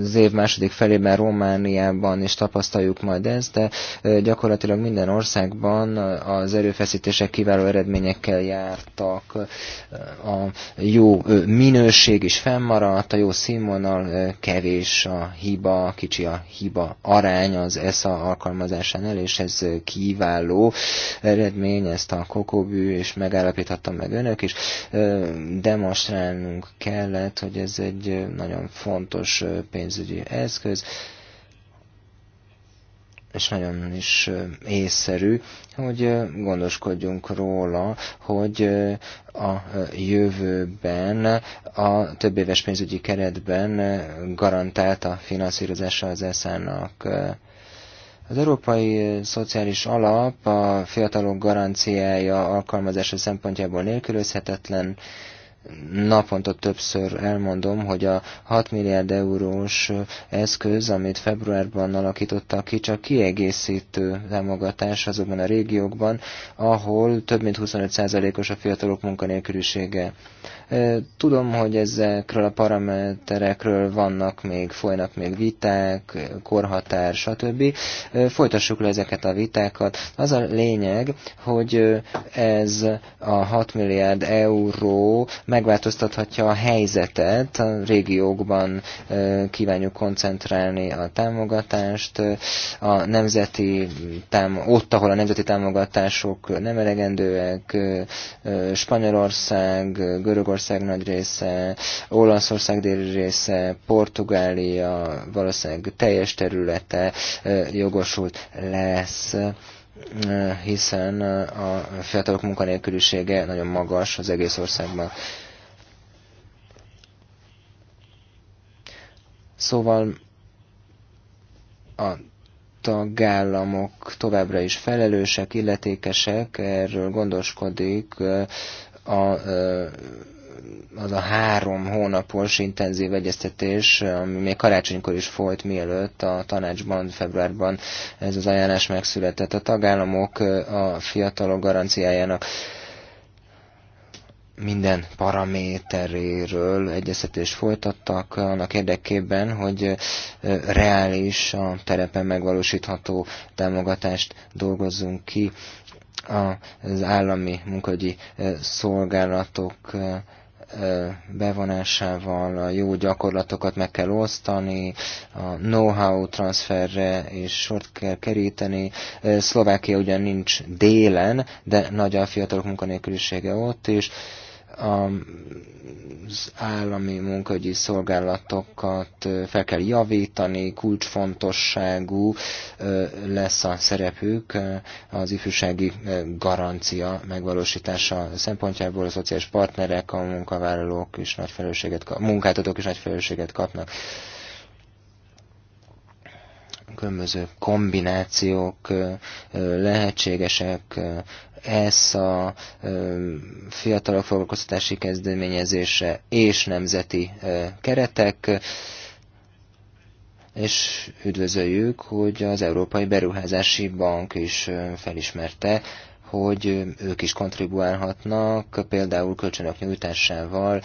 [SPEAKER 2] az év második felében Romániában is tapasztaljuk majd ezt, de gyakorlatilag minden országban az erőfeszítések kiváló eredményekkel jártak, a jó minőség is fennmaradt, a jó színvonal kevés a hiba, kicsi a hiba arány az ESA alkalmazásánál, és ez kiváló eredmény, ezt a kokobű, és megállapíthattam meg önök is, demonstrálnunk kellett, hogy ez egy nagyon fontos pénz pénzügyi eszköz, és nagyon is észszerű, hogy gondoskodjunk róla, hogy a jövőben, a több éves pénzügyi keretben garantált a finanszírozása az eszának. Az Európai Szociális Alap a fiatalok garanciája alkalmazása szempontjából nélkülözhetetlen, naponta többször elmondom, hogy a 6 milliárd eurós eszköz, amit februárban alakítottak ki, csak kiegészítő támogatás azokban a régiókban, ahol több mint 25%-os a fiatalok munkanélkülisége. Tudom, hogy ezekről a paraméterekről vannak még, folynak még viták, korhatár, stb. Folytassuk le ezeket a vitákat. Az a lényeg, hogy ez a 6 milliárd euró megváltoztathatja a helyzetet, a régiókban kívánjuk koncentrálni a támogatást, a nemzeti tám- ott, ahol a nemzeti támogatások nem elegendőek, Spanyolország, Görögország, Spanyolország nagy része, Olaszország déli része, Portugália valószínűleg teljes területe jogosult lesz hiszen a fiatalok munkanélkülisége nagyon magas az egész országban. Szóval a tagállamok továbbra is felelősek, illetékesek, erről gondoskodik a az a három hónapos intenzív egyeztetés, ami még karácsonykor is folyt, mielőtt a tanácsban, februárban ez az ajánlás megszületett. A tagállamok a fiatalok garanciájának minden paraméteréről egyeztetést folytattak annak érdekében, hogy reális a terepen megvalósítható támogatást dolgozzunk ki az állami munkahogyi szolgálatok bevonásával a jó gyakorlatokat meg kell osztani, a know-how transferre és sort kell keríteni. Szlovákia ugyan nincs délen, de nagy a fiatalok munkanélkülisége ott is. És az állami munkahogyi szolgálatokat fel kell javítani, kulcsfontosságú lesz a szerepük az ifjúsági garancia megvalósítása szempontjából a szociális partnerek, a munkavállalók is nagy felelősséget, a munkáltatók is nagy felelősséget kapnak különböző kombinációk lehetségesek, ez a fiatalok foglalkoztatási kezdeményezése és nemzeti keretek, és üdvözöljük, hogy az Európai Beruházási Bank is felismerte, hogy ők is kontribuálhatnak, például kölcsönök nyújtásával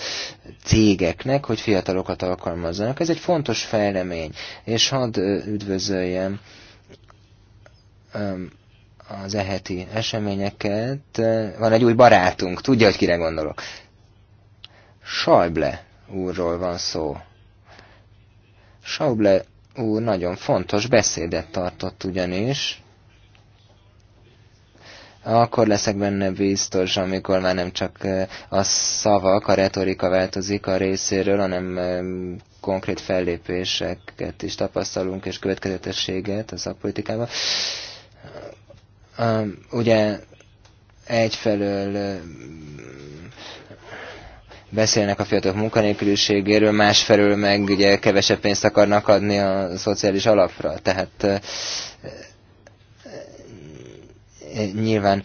[SPEAKER 2] cégeknek, hogy fiatalokat alkalmazzanak. Ez egy fontos fejlemény, és hadd üdvözöljem az eheti eseményeket. Van egy új barátunk, tudja, hogy kire gondolok. Schäuble úrról van szó. Schäuble úr nagyon fontos beszédet tartott ugyanis. Akkor leszek benne biztos, amikor már nem csak eh, a szavak, a retorika változik a részéről, hanem konkrét fellépéseket is tapasztalunk, és következetességet a szakpolitikában. Ugye egyfelől beszélnek a fiatalok munkanélküliségéről, másfelől meg ugye kevesebb pénzt akarnak adni a szociális alapra. Tehát nyilván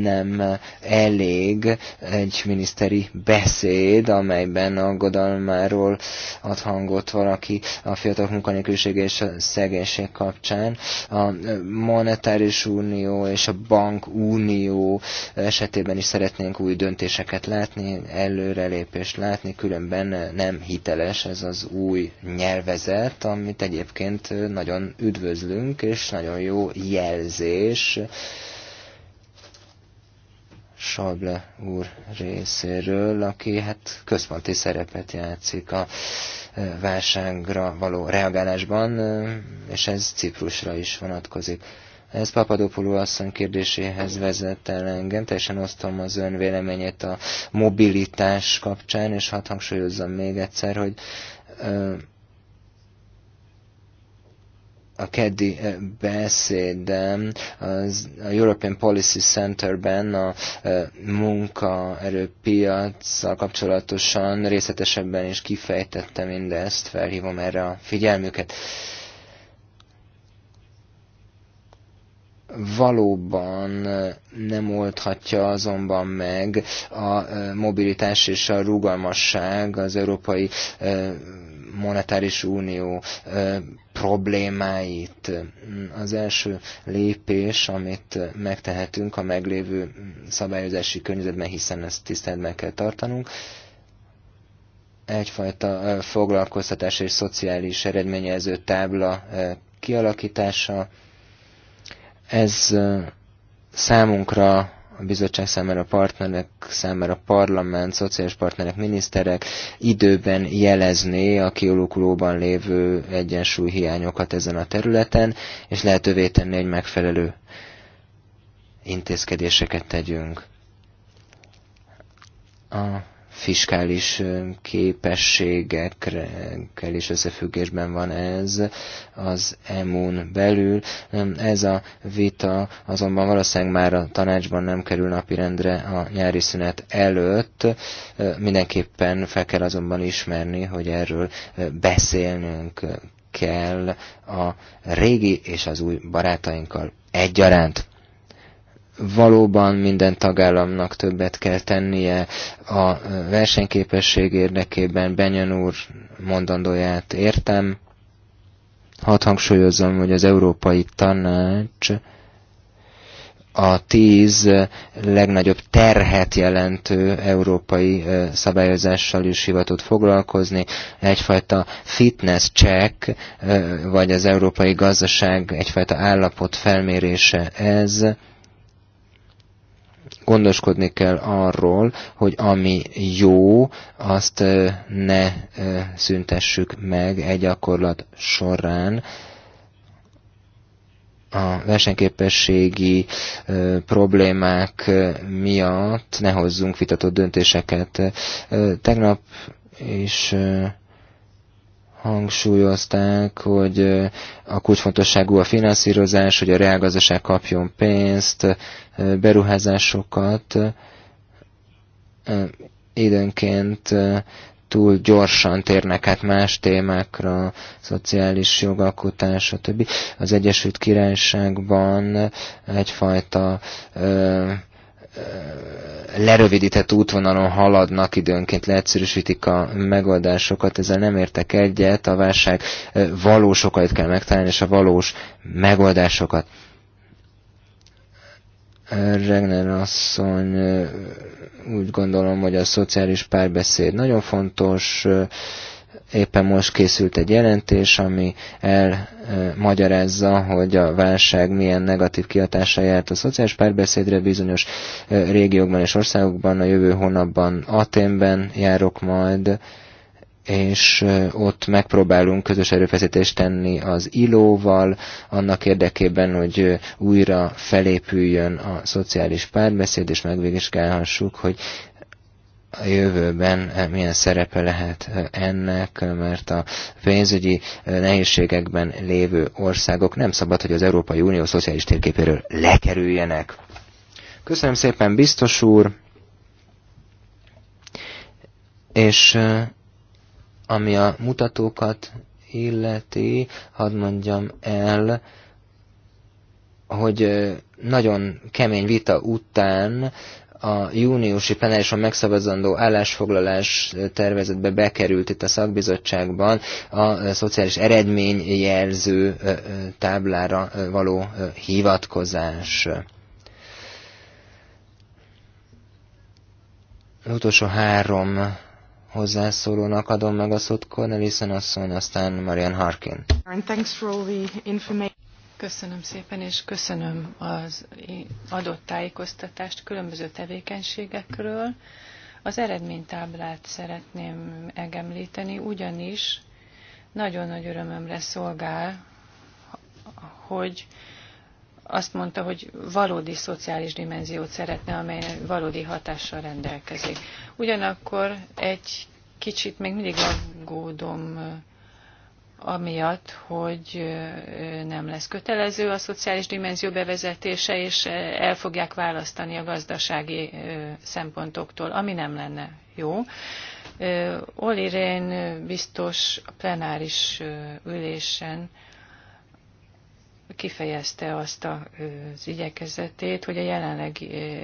[SPEAKER 2] nem elég egy miniszteri beszéd, amelyben aggodalmáról ad hangot valaki a fiatalok munkanélkülsége és a szegénység kapcsán. A monetáris unió és a bankunió esetében is szeretnénk új döntéseket látni, előrelépést látni, különben nem hiteles ez az új nyelvezet, amit egyébként nagyon üdvözlünk, és nagyon jó jelzés Sable úr részéről, aki hát központi szerepet játszik a e, válságra való reagálásban, e, és ez Ciprusra is vonatkozik. Ez Papadopoulou asszony kérdéséhez vezet el engem, teljesen osztom az ön véleményét a mobilitás kapcsán, és hadd hangsúlyozzam még egyszer, hogy e, a keddi eh, beszédem az a European Policy Centerben a eh, munkaerőpiacsal kapcsolatosan részletesebben is kifejtettem mindezt, felhívom erre a figyelmüket. valóban eh, nem oldhatja azonban meg a mobilitás és a rugalmasság az európai monetáris unió problémáit. Az első lépés, amit megtehetünk a meglévő szabályozási környezetben, hiszen ezt tiszteletben kell tartanunk, egyfajta foglalkoztatás és szociális eredményező tábla kialakítása. Ez számunkra a bizottság számára, a partnerek számára, a parlament, szociális partnerek, miniszterek időben jelezné a kialakulóban lévő egyensúlyhiányokat ezen a területen, és lehetővé tenni, hogy megfelelő intézkedéseket tegyünk. A fiskális képességekkel is összefüggésben van ez az EMU-n belül. Ez a vita azonban valószínűleg már a tanácsban nem kerül napirendre a nyári szünet előtt. Mindenképpen fel kell azonban ismerni, hogy erről beszélnünk kell a régi és az új barátainkkal egyaránt valóban minden tagállamnak többet kell tennie a versenyképesség érdekében. Benyan úr mondandóját értem. Hadd hangsúlyozom, hogy az Európai Tanács a tíz legnagyobb terhet jelentő európai szabályozással is hivatott foglalkozni, egyfajta fitness check, vagy az európai gazdaság egyfajta állapot felmérése ez, gondoskodni kell arról, hogy ami jó, azt ne szüntessük meg egy gyakorlat során, a versenyképességi problémák miatt ne hozzunk vitatott döntéseket. tegnap is hangsúlyozták, hogy a kulcsfontosságú a finanszírozás, hogy a reálgazdaság kapjon pénzt, beruházásokat. Időnként túl gyorsan térnek át más témákra, szociális jogalkotás, stb. Az Egyesült Királyságban egyfajta ö, lerövidített útvonalon haladnak, időnként leegyszerűsítik a megoldásokat, ezzel nem értek egyet, a válság valós okait kell megtalálni, és a valós megoldásokat. Regner asszony, úgy gondolom, hogy a szociális párbeszéd nagyon fontos, Éppen most készült egy jelentés, ami elmagyarázza, hogy a válság milyen negatív kihatása járt a szociális párbeszédre bizonyos régiókban és országokban. A jövő hónapban Aténben járok majd, és ott megpróbálunk közös erőfeszítést tenni az ilóval, annak érdekében, hogy újra felépüljön a szociális párbeszéd, és megvizsgálhassuk, hogy a jövőben eh, milyen szerepe lehet eh, ennek, eh, mert a pénzügyi nehézségekben lévő országok nem szabad, hogy az Európai Unió szociális térképéről lekerüljenek. Köszönöm szépen, biztos úr! És ami a mutatókat illeti, hadd mondjam el, hogy nagyon kemény vita után a júniusi penálisan megszavazandó állásfoglalás tervezetbe bekerült itt a szakbizottságban a szociális eredményjelző táblára való hivatkozás. Az utolsó három hozzászólónak adom meg a szót Cornelison asszony, aztán Marian Harkin.
[SPEAKER 4] Köszönöm szépen, és köszönöm az adott tájékoztatást különböző tevékenységekről. Az eredménytáblát szeretném megemlíteni, ugyanis nagyon nagy örömömre szolgál, hogy azt mondta, hogy valódi szociális dimenziót szeretne, amely valódi hatással rendelkezik. Ugyanakkor egy kicsit még mindig aggódom amiatt, hogy nem lesz kötelező a szociális dimenzió bevezetése, és el fogják választani a gazdasági szempontoktól, ami nem lenne jó. Oli Rén biztos a plenáris ülésen kifejezte azt az igyekezetét, hogy a jelenleg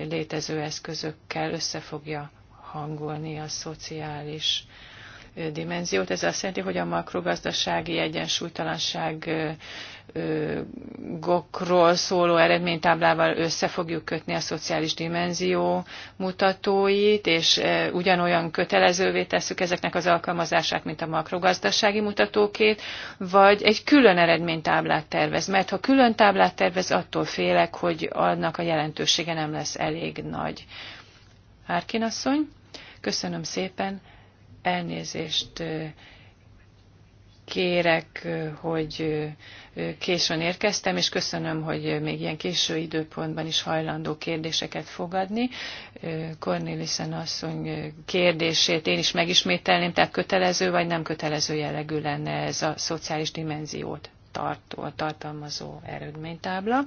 [SPEAKER 4] létező eszközökkel összefogja hangolni a szociális dimenziót. Ez azt jelenti, hogy a makrogazdasági egyensúlytalanság gokról szóló eredménytáblával össze fogjuk kötni a szociális dimenzió mutatóit, és ugyanolyan kötelezővé tesszük ezeknek az alkalmazását, mint a makrogazdasági mutatókét, vagy egy külön eredménytáblát tervez. Mert ha külön táblát tervez, attól félek, hogy annak a jelentősége nem lesz elég nagy. Árkin asszony, köszönöm szépen. Elnézést kérek, hogy későn érkeztem, és köszönöm, hogy még ilyen késő időpontban is hajlandó kérdéseket fogadni. Cornélisen asszony kérdését én is megismételném, tehát kötelező vagy nem kötelező jellegű lenne ez a szociális dimenziót tartó, tartalmazó eredménytábla.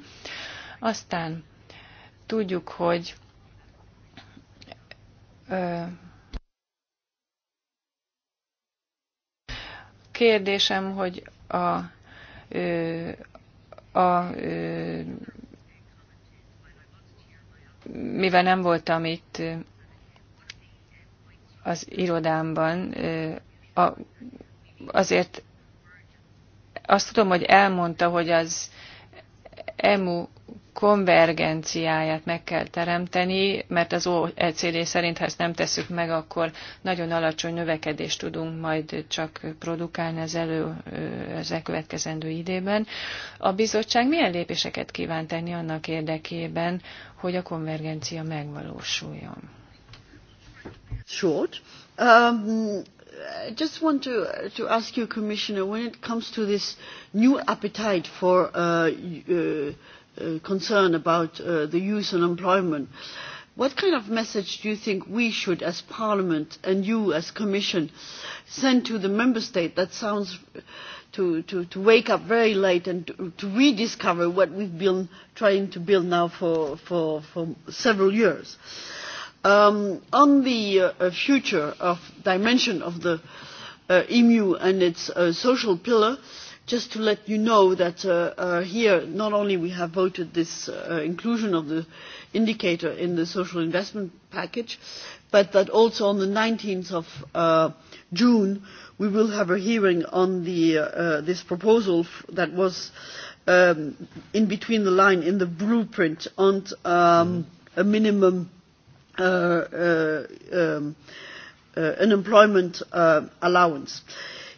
[SPEAKER 4] Aztán tudjuk, hogy kérdésem, hogy a, a, a mivel nem voltam itt az irodámban, a, azért azt tudom, hogy elmondta, hogy az EMU konvergenciáját meg kell teremteni, mert az OECD szerint, ha ezt nem tesszük meg, akkor nagyon alacsony növekedést tudunk majd csak produkálni az, elő, az elkövetkezendő idében. A bizottság milyen lépéseket kíván tenni annak érdekében, hogy a konvergencia megvalósuljon?
[SPEAKER 1] Short. Um, I just want to, to ask you, Commissioner, when it comes to this new appetite for uh, uh, Uh, concern about uh, the youth unemployment. What kind of message do you think we should, as Parliament and you as Commission, send to the Member State? That sounds to, to, to wake up very late and to, to rediscover what we've been trying to build now for, for, for several years. Um, on the uh, uh future of dimension of the uh, EMU and its uh, social pillar, uh, just to let you know that uh, uh, here not only we have voted this uh, inclusion of the indicator in the social investment package, but that also on the 19th of uh, June we will have a hearing on the, uh, uh this proposal that was um, in between the line in the blueprint on um, a minimum uh, uh, um, uh, unemployment uh, allowance. Uh,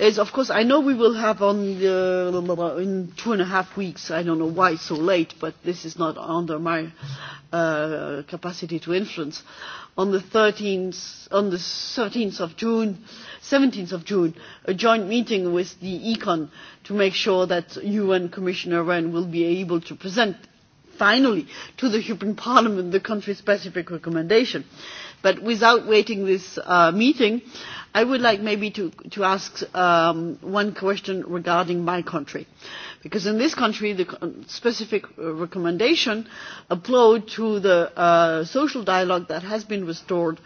[SPEAKER 1] is of course I know we will have on uh, in two and a half weeks I don't know why so late but this is not under my uh, capacity to influence on the 13th on the 13th of June 17th of June a joint meeting with the econ to make sure that UN Commissioner Wren will be able to present finally to the European Parliament the country specific recommendation uh, But without waiting this uh, meeting, I would like maybe to, to ask um, one question regarding my country. Because in this country, the specific uh, recommendation applied to the uh, social dialogue that has been restored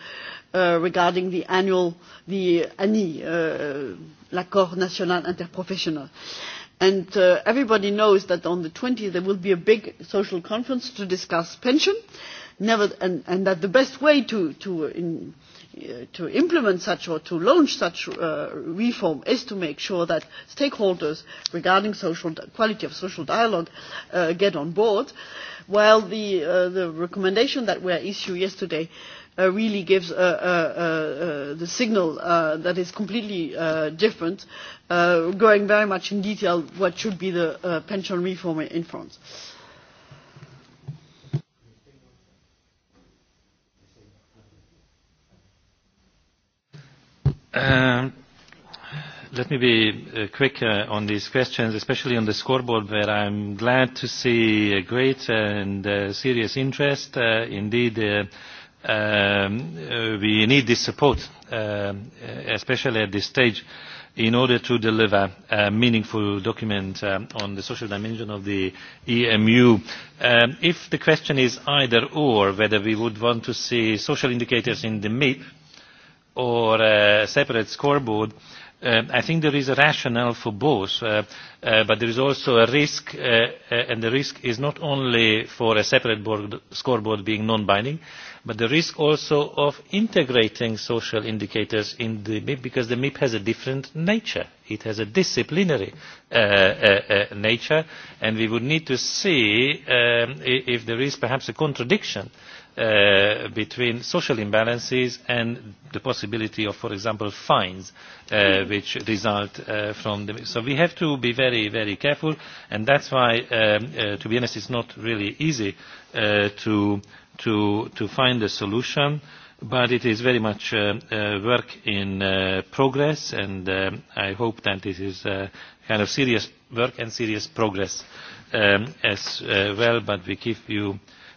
[SPEAKER 1] uh, regarding the annual, the uh, ANI, uh, l'accord national interprofessionnel and uh, everybody knows that on the 20th there will be a big social conference to discuss pension Never, and, and that the best way to, to, uh, in, uh, to implement such or to launch such uh, reform is to make sure that stakeholders regarding social quality of social dialogue uh, get on board while the, uh, the recommendation that we issued yesterday uh, really gives a, a, a, the signal uh, that is completely uh, different, uh, going very much in detail what should be the uh, pension reform in France.
[SPEAKER 5] Um, let me be uh, quick uh, on these questions, especially on the scoreboard, where I'm glad to see a great and uh, serious interest. Uh, indeed, uh, um, uh, we need this support, um, uh, especially at this stage, in order to deliver a meaningful document um, on the social dimension of the emu. Um, if the question is either or whether we would want to see social indicators in the mip or a separate scoreboard Uh, I think there is a rationale for both, uh, uh, but there is also a risk, uh, uh, and the risk is not only for a separate board, scoreboard being non-binding, but the risk also of integrating social indicators in the MIP, because the MIP has a different nature. It has a disciplinary uh, uh, uh, nature, and we would need to see um, if there is perhaps a contradiction uh, Uh, between social imbalances and the possibility of, for example, fines uh, which result uh, from them. So we have to be very, very careful, and that's why, um, uh, to be honest, it's not really easy uh, to, to, to find a solution, but it is very much uh, uh, work in uh, progress, and um, I hope that this is uh, kind of serious work and serious progress um, as uh, well, but we give you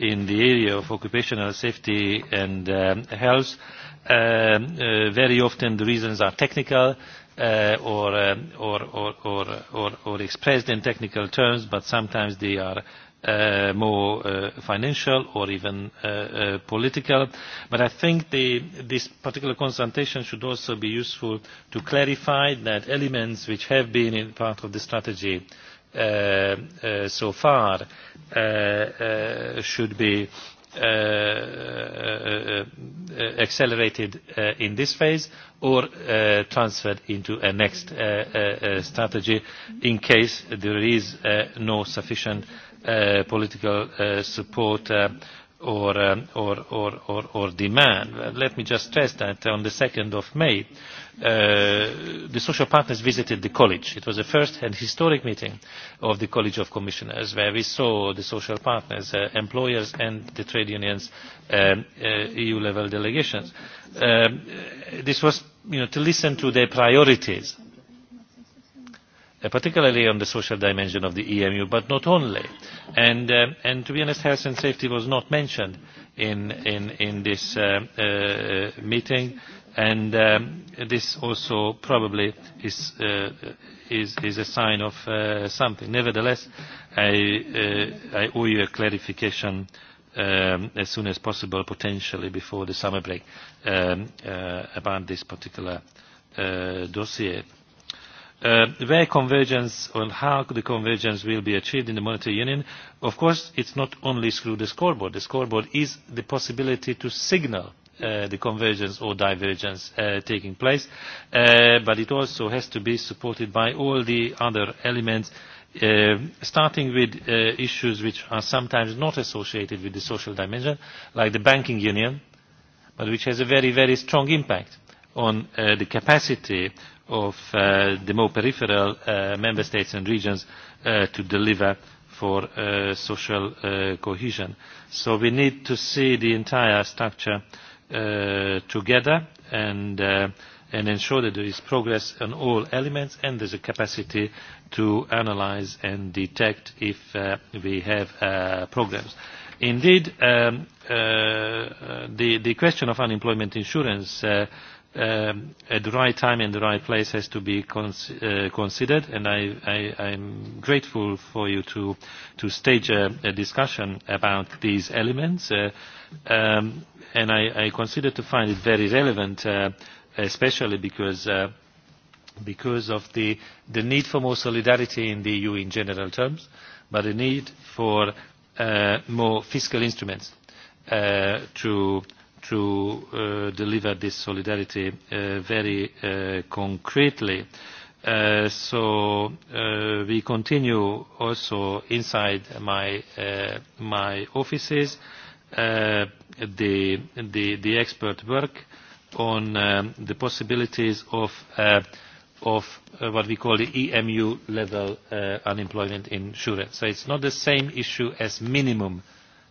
[SPEAKER 5] in the area of occupational safety and um, health, Uh, uh, very often the reasons are technical uh, or, um, or, or, or, or, or expressed in technical terms, but sometimes they are uh, more uh, financial or even uh, uh, political. But I think the, this particular consultation should also be useful to clarify that elements which have been in part of the strategy uh, Uh, uh, so far uh, should be accelerated in this phase or transferred into a next strategy in case there is no sufficient political support or, um, or, or, or, or demand. Uh, Let me just stress that on the 2nd of May, uh, the social partners visited the college. It was the first and historic meeting of the College of Commissioners where we saw the social partners, uh, employers and the trade unions, um, uh, EU-level delegations. Um, this was you know, to listen to their priorities Uh, particularly on the social dimension of the emu but not only and, um, and to be honest health and safety was not mentioned in, in, in this uh, uh, meeting and um, this also probably is, uh, is, is a sign of uh, something. nevertheless I, uh, I owe you a clarification um, as soon as possible potentially before the summer break um, uh, about this particular uh, dossier. Uh, where convergence or how the convergence will be achieved in the monetary union of course it is not only through the scoreboard the scoreboard is the possibility to signal uh, the convergence or divergence uh, taking place uh, but it also has to be supported by all the other elements uh, starting with uh, issues which are sometimes not associated with the social dimension like the banking union but which has a very very strong impact on the capacity of uh, the more peripheral uh, member states and regions uh, to deliver for uh, social uh, cohesion. So we need to see the entire structure uh, together and, uh, and ensure that there is progress on all elements and there's a capacity to analyse and detect if uh, we have uh, problems. Indeed, um, uh, the, the question of unemployment insurance uh, uh, at the right time and the right place has to be cons uh, considered and I, I, I'm grateful for you to, to stage a, a discussion about these elements uh, um, and I, I consider to find it very relevant uh, especially because uh, because of the, the need for more solidarity in the EU in general terms, but the need for uh, more fiscal instruments uh, to to uh, deliver this solidarity uh, very uh, concretely. Uh, so uh, we continue also inside my, uh, my offices uh, the, the, the expert work on um, the possibilities of, uh, of uh, what we call the EMU level uh, unemployment insurance. So it's not the same issue as minimum uh,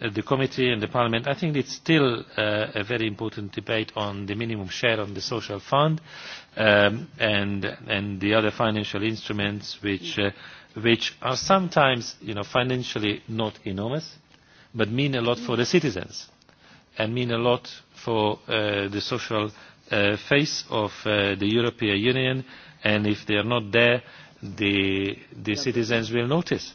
[SPEAKER 5] Uh, the committee and parliament i think it is still uh, a very important debate on the minimum share on the social fund um, and, the other financial instruments uh, which, are sometimes you know, financially not enormous but mean a lot for the citizens and mean a lot for the social face of the european union and if they are not there the citizens will notice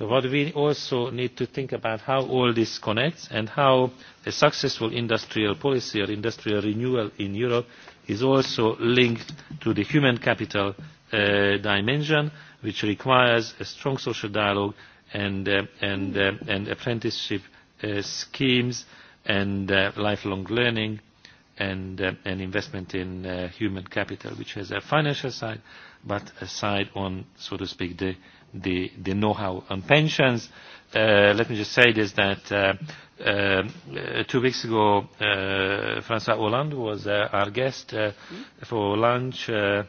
[SPEAKER 5] so what we also need to think about is how all this connects and how a successful industrial policy or industrial renewal in europe is also linked to the human capital uh, dimension which requires a strong social dialogue and, uh, uh, apprenticeship schemes and lifelong learning and, and investment in human capital which has a financial side but a side on so to speak the the, the know-how on pensions. Uh, let me just say this, that uh, uh, two weeks ago, uh, François Hollande was uh, our guest uh, for lunch uh,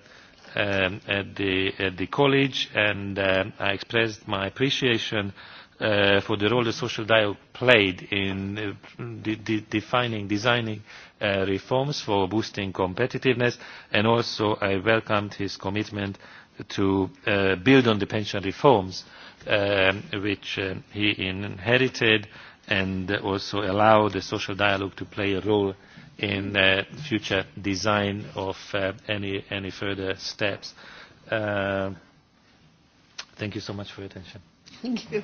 [SPEAKER 5] um, at, the, at the college, and uh, I expressed my appreciation uh, for the role the social dialogue played in uh, de de defining, designing uh, reforms for boosting competitiveness, and also I welcomed his commitment uh, to uh, build on the pension reforms um, which uh, he inherited and also allow the social dialogue to play a role in uh, future design of uh, any, any further steps. Uh, thank you so much for your attention.
[SPEAKER 1] Thank you.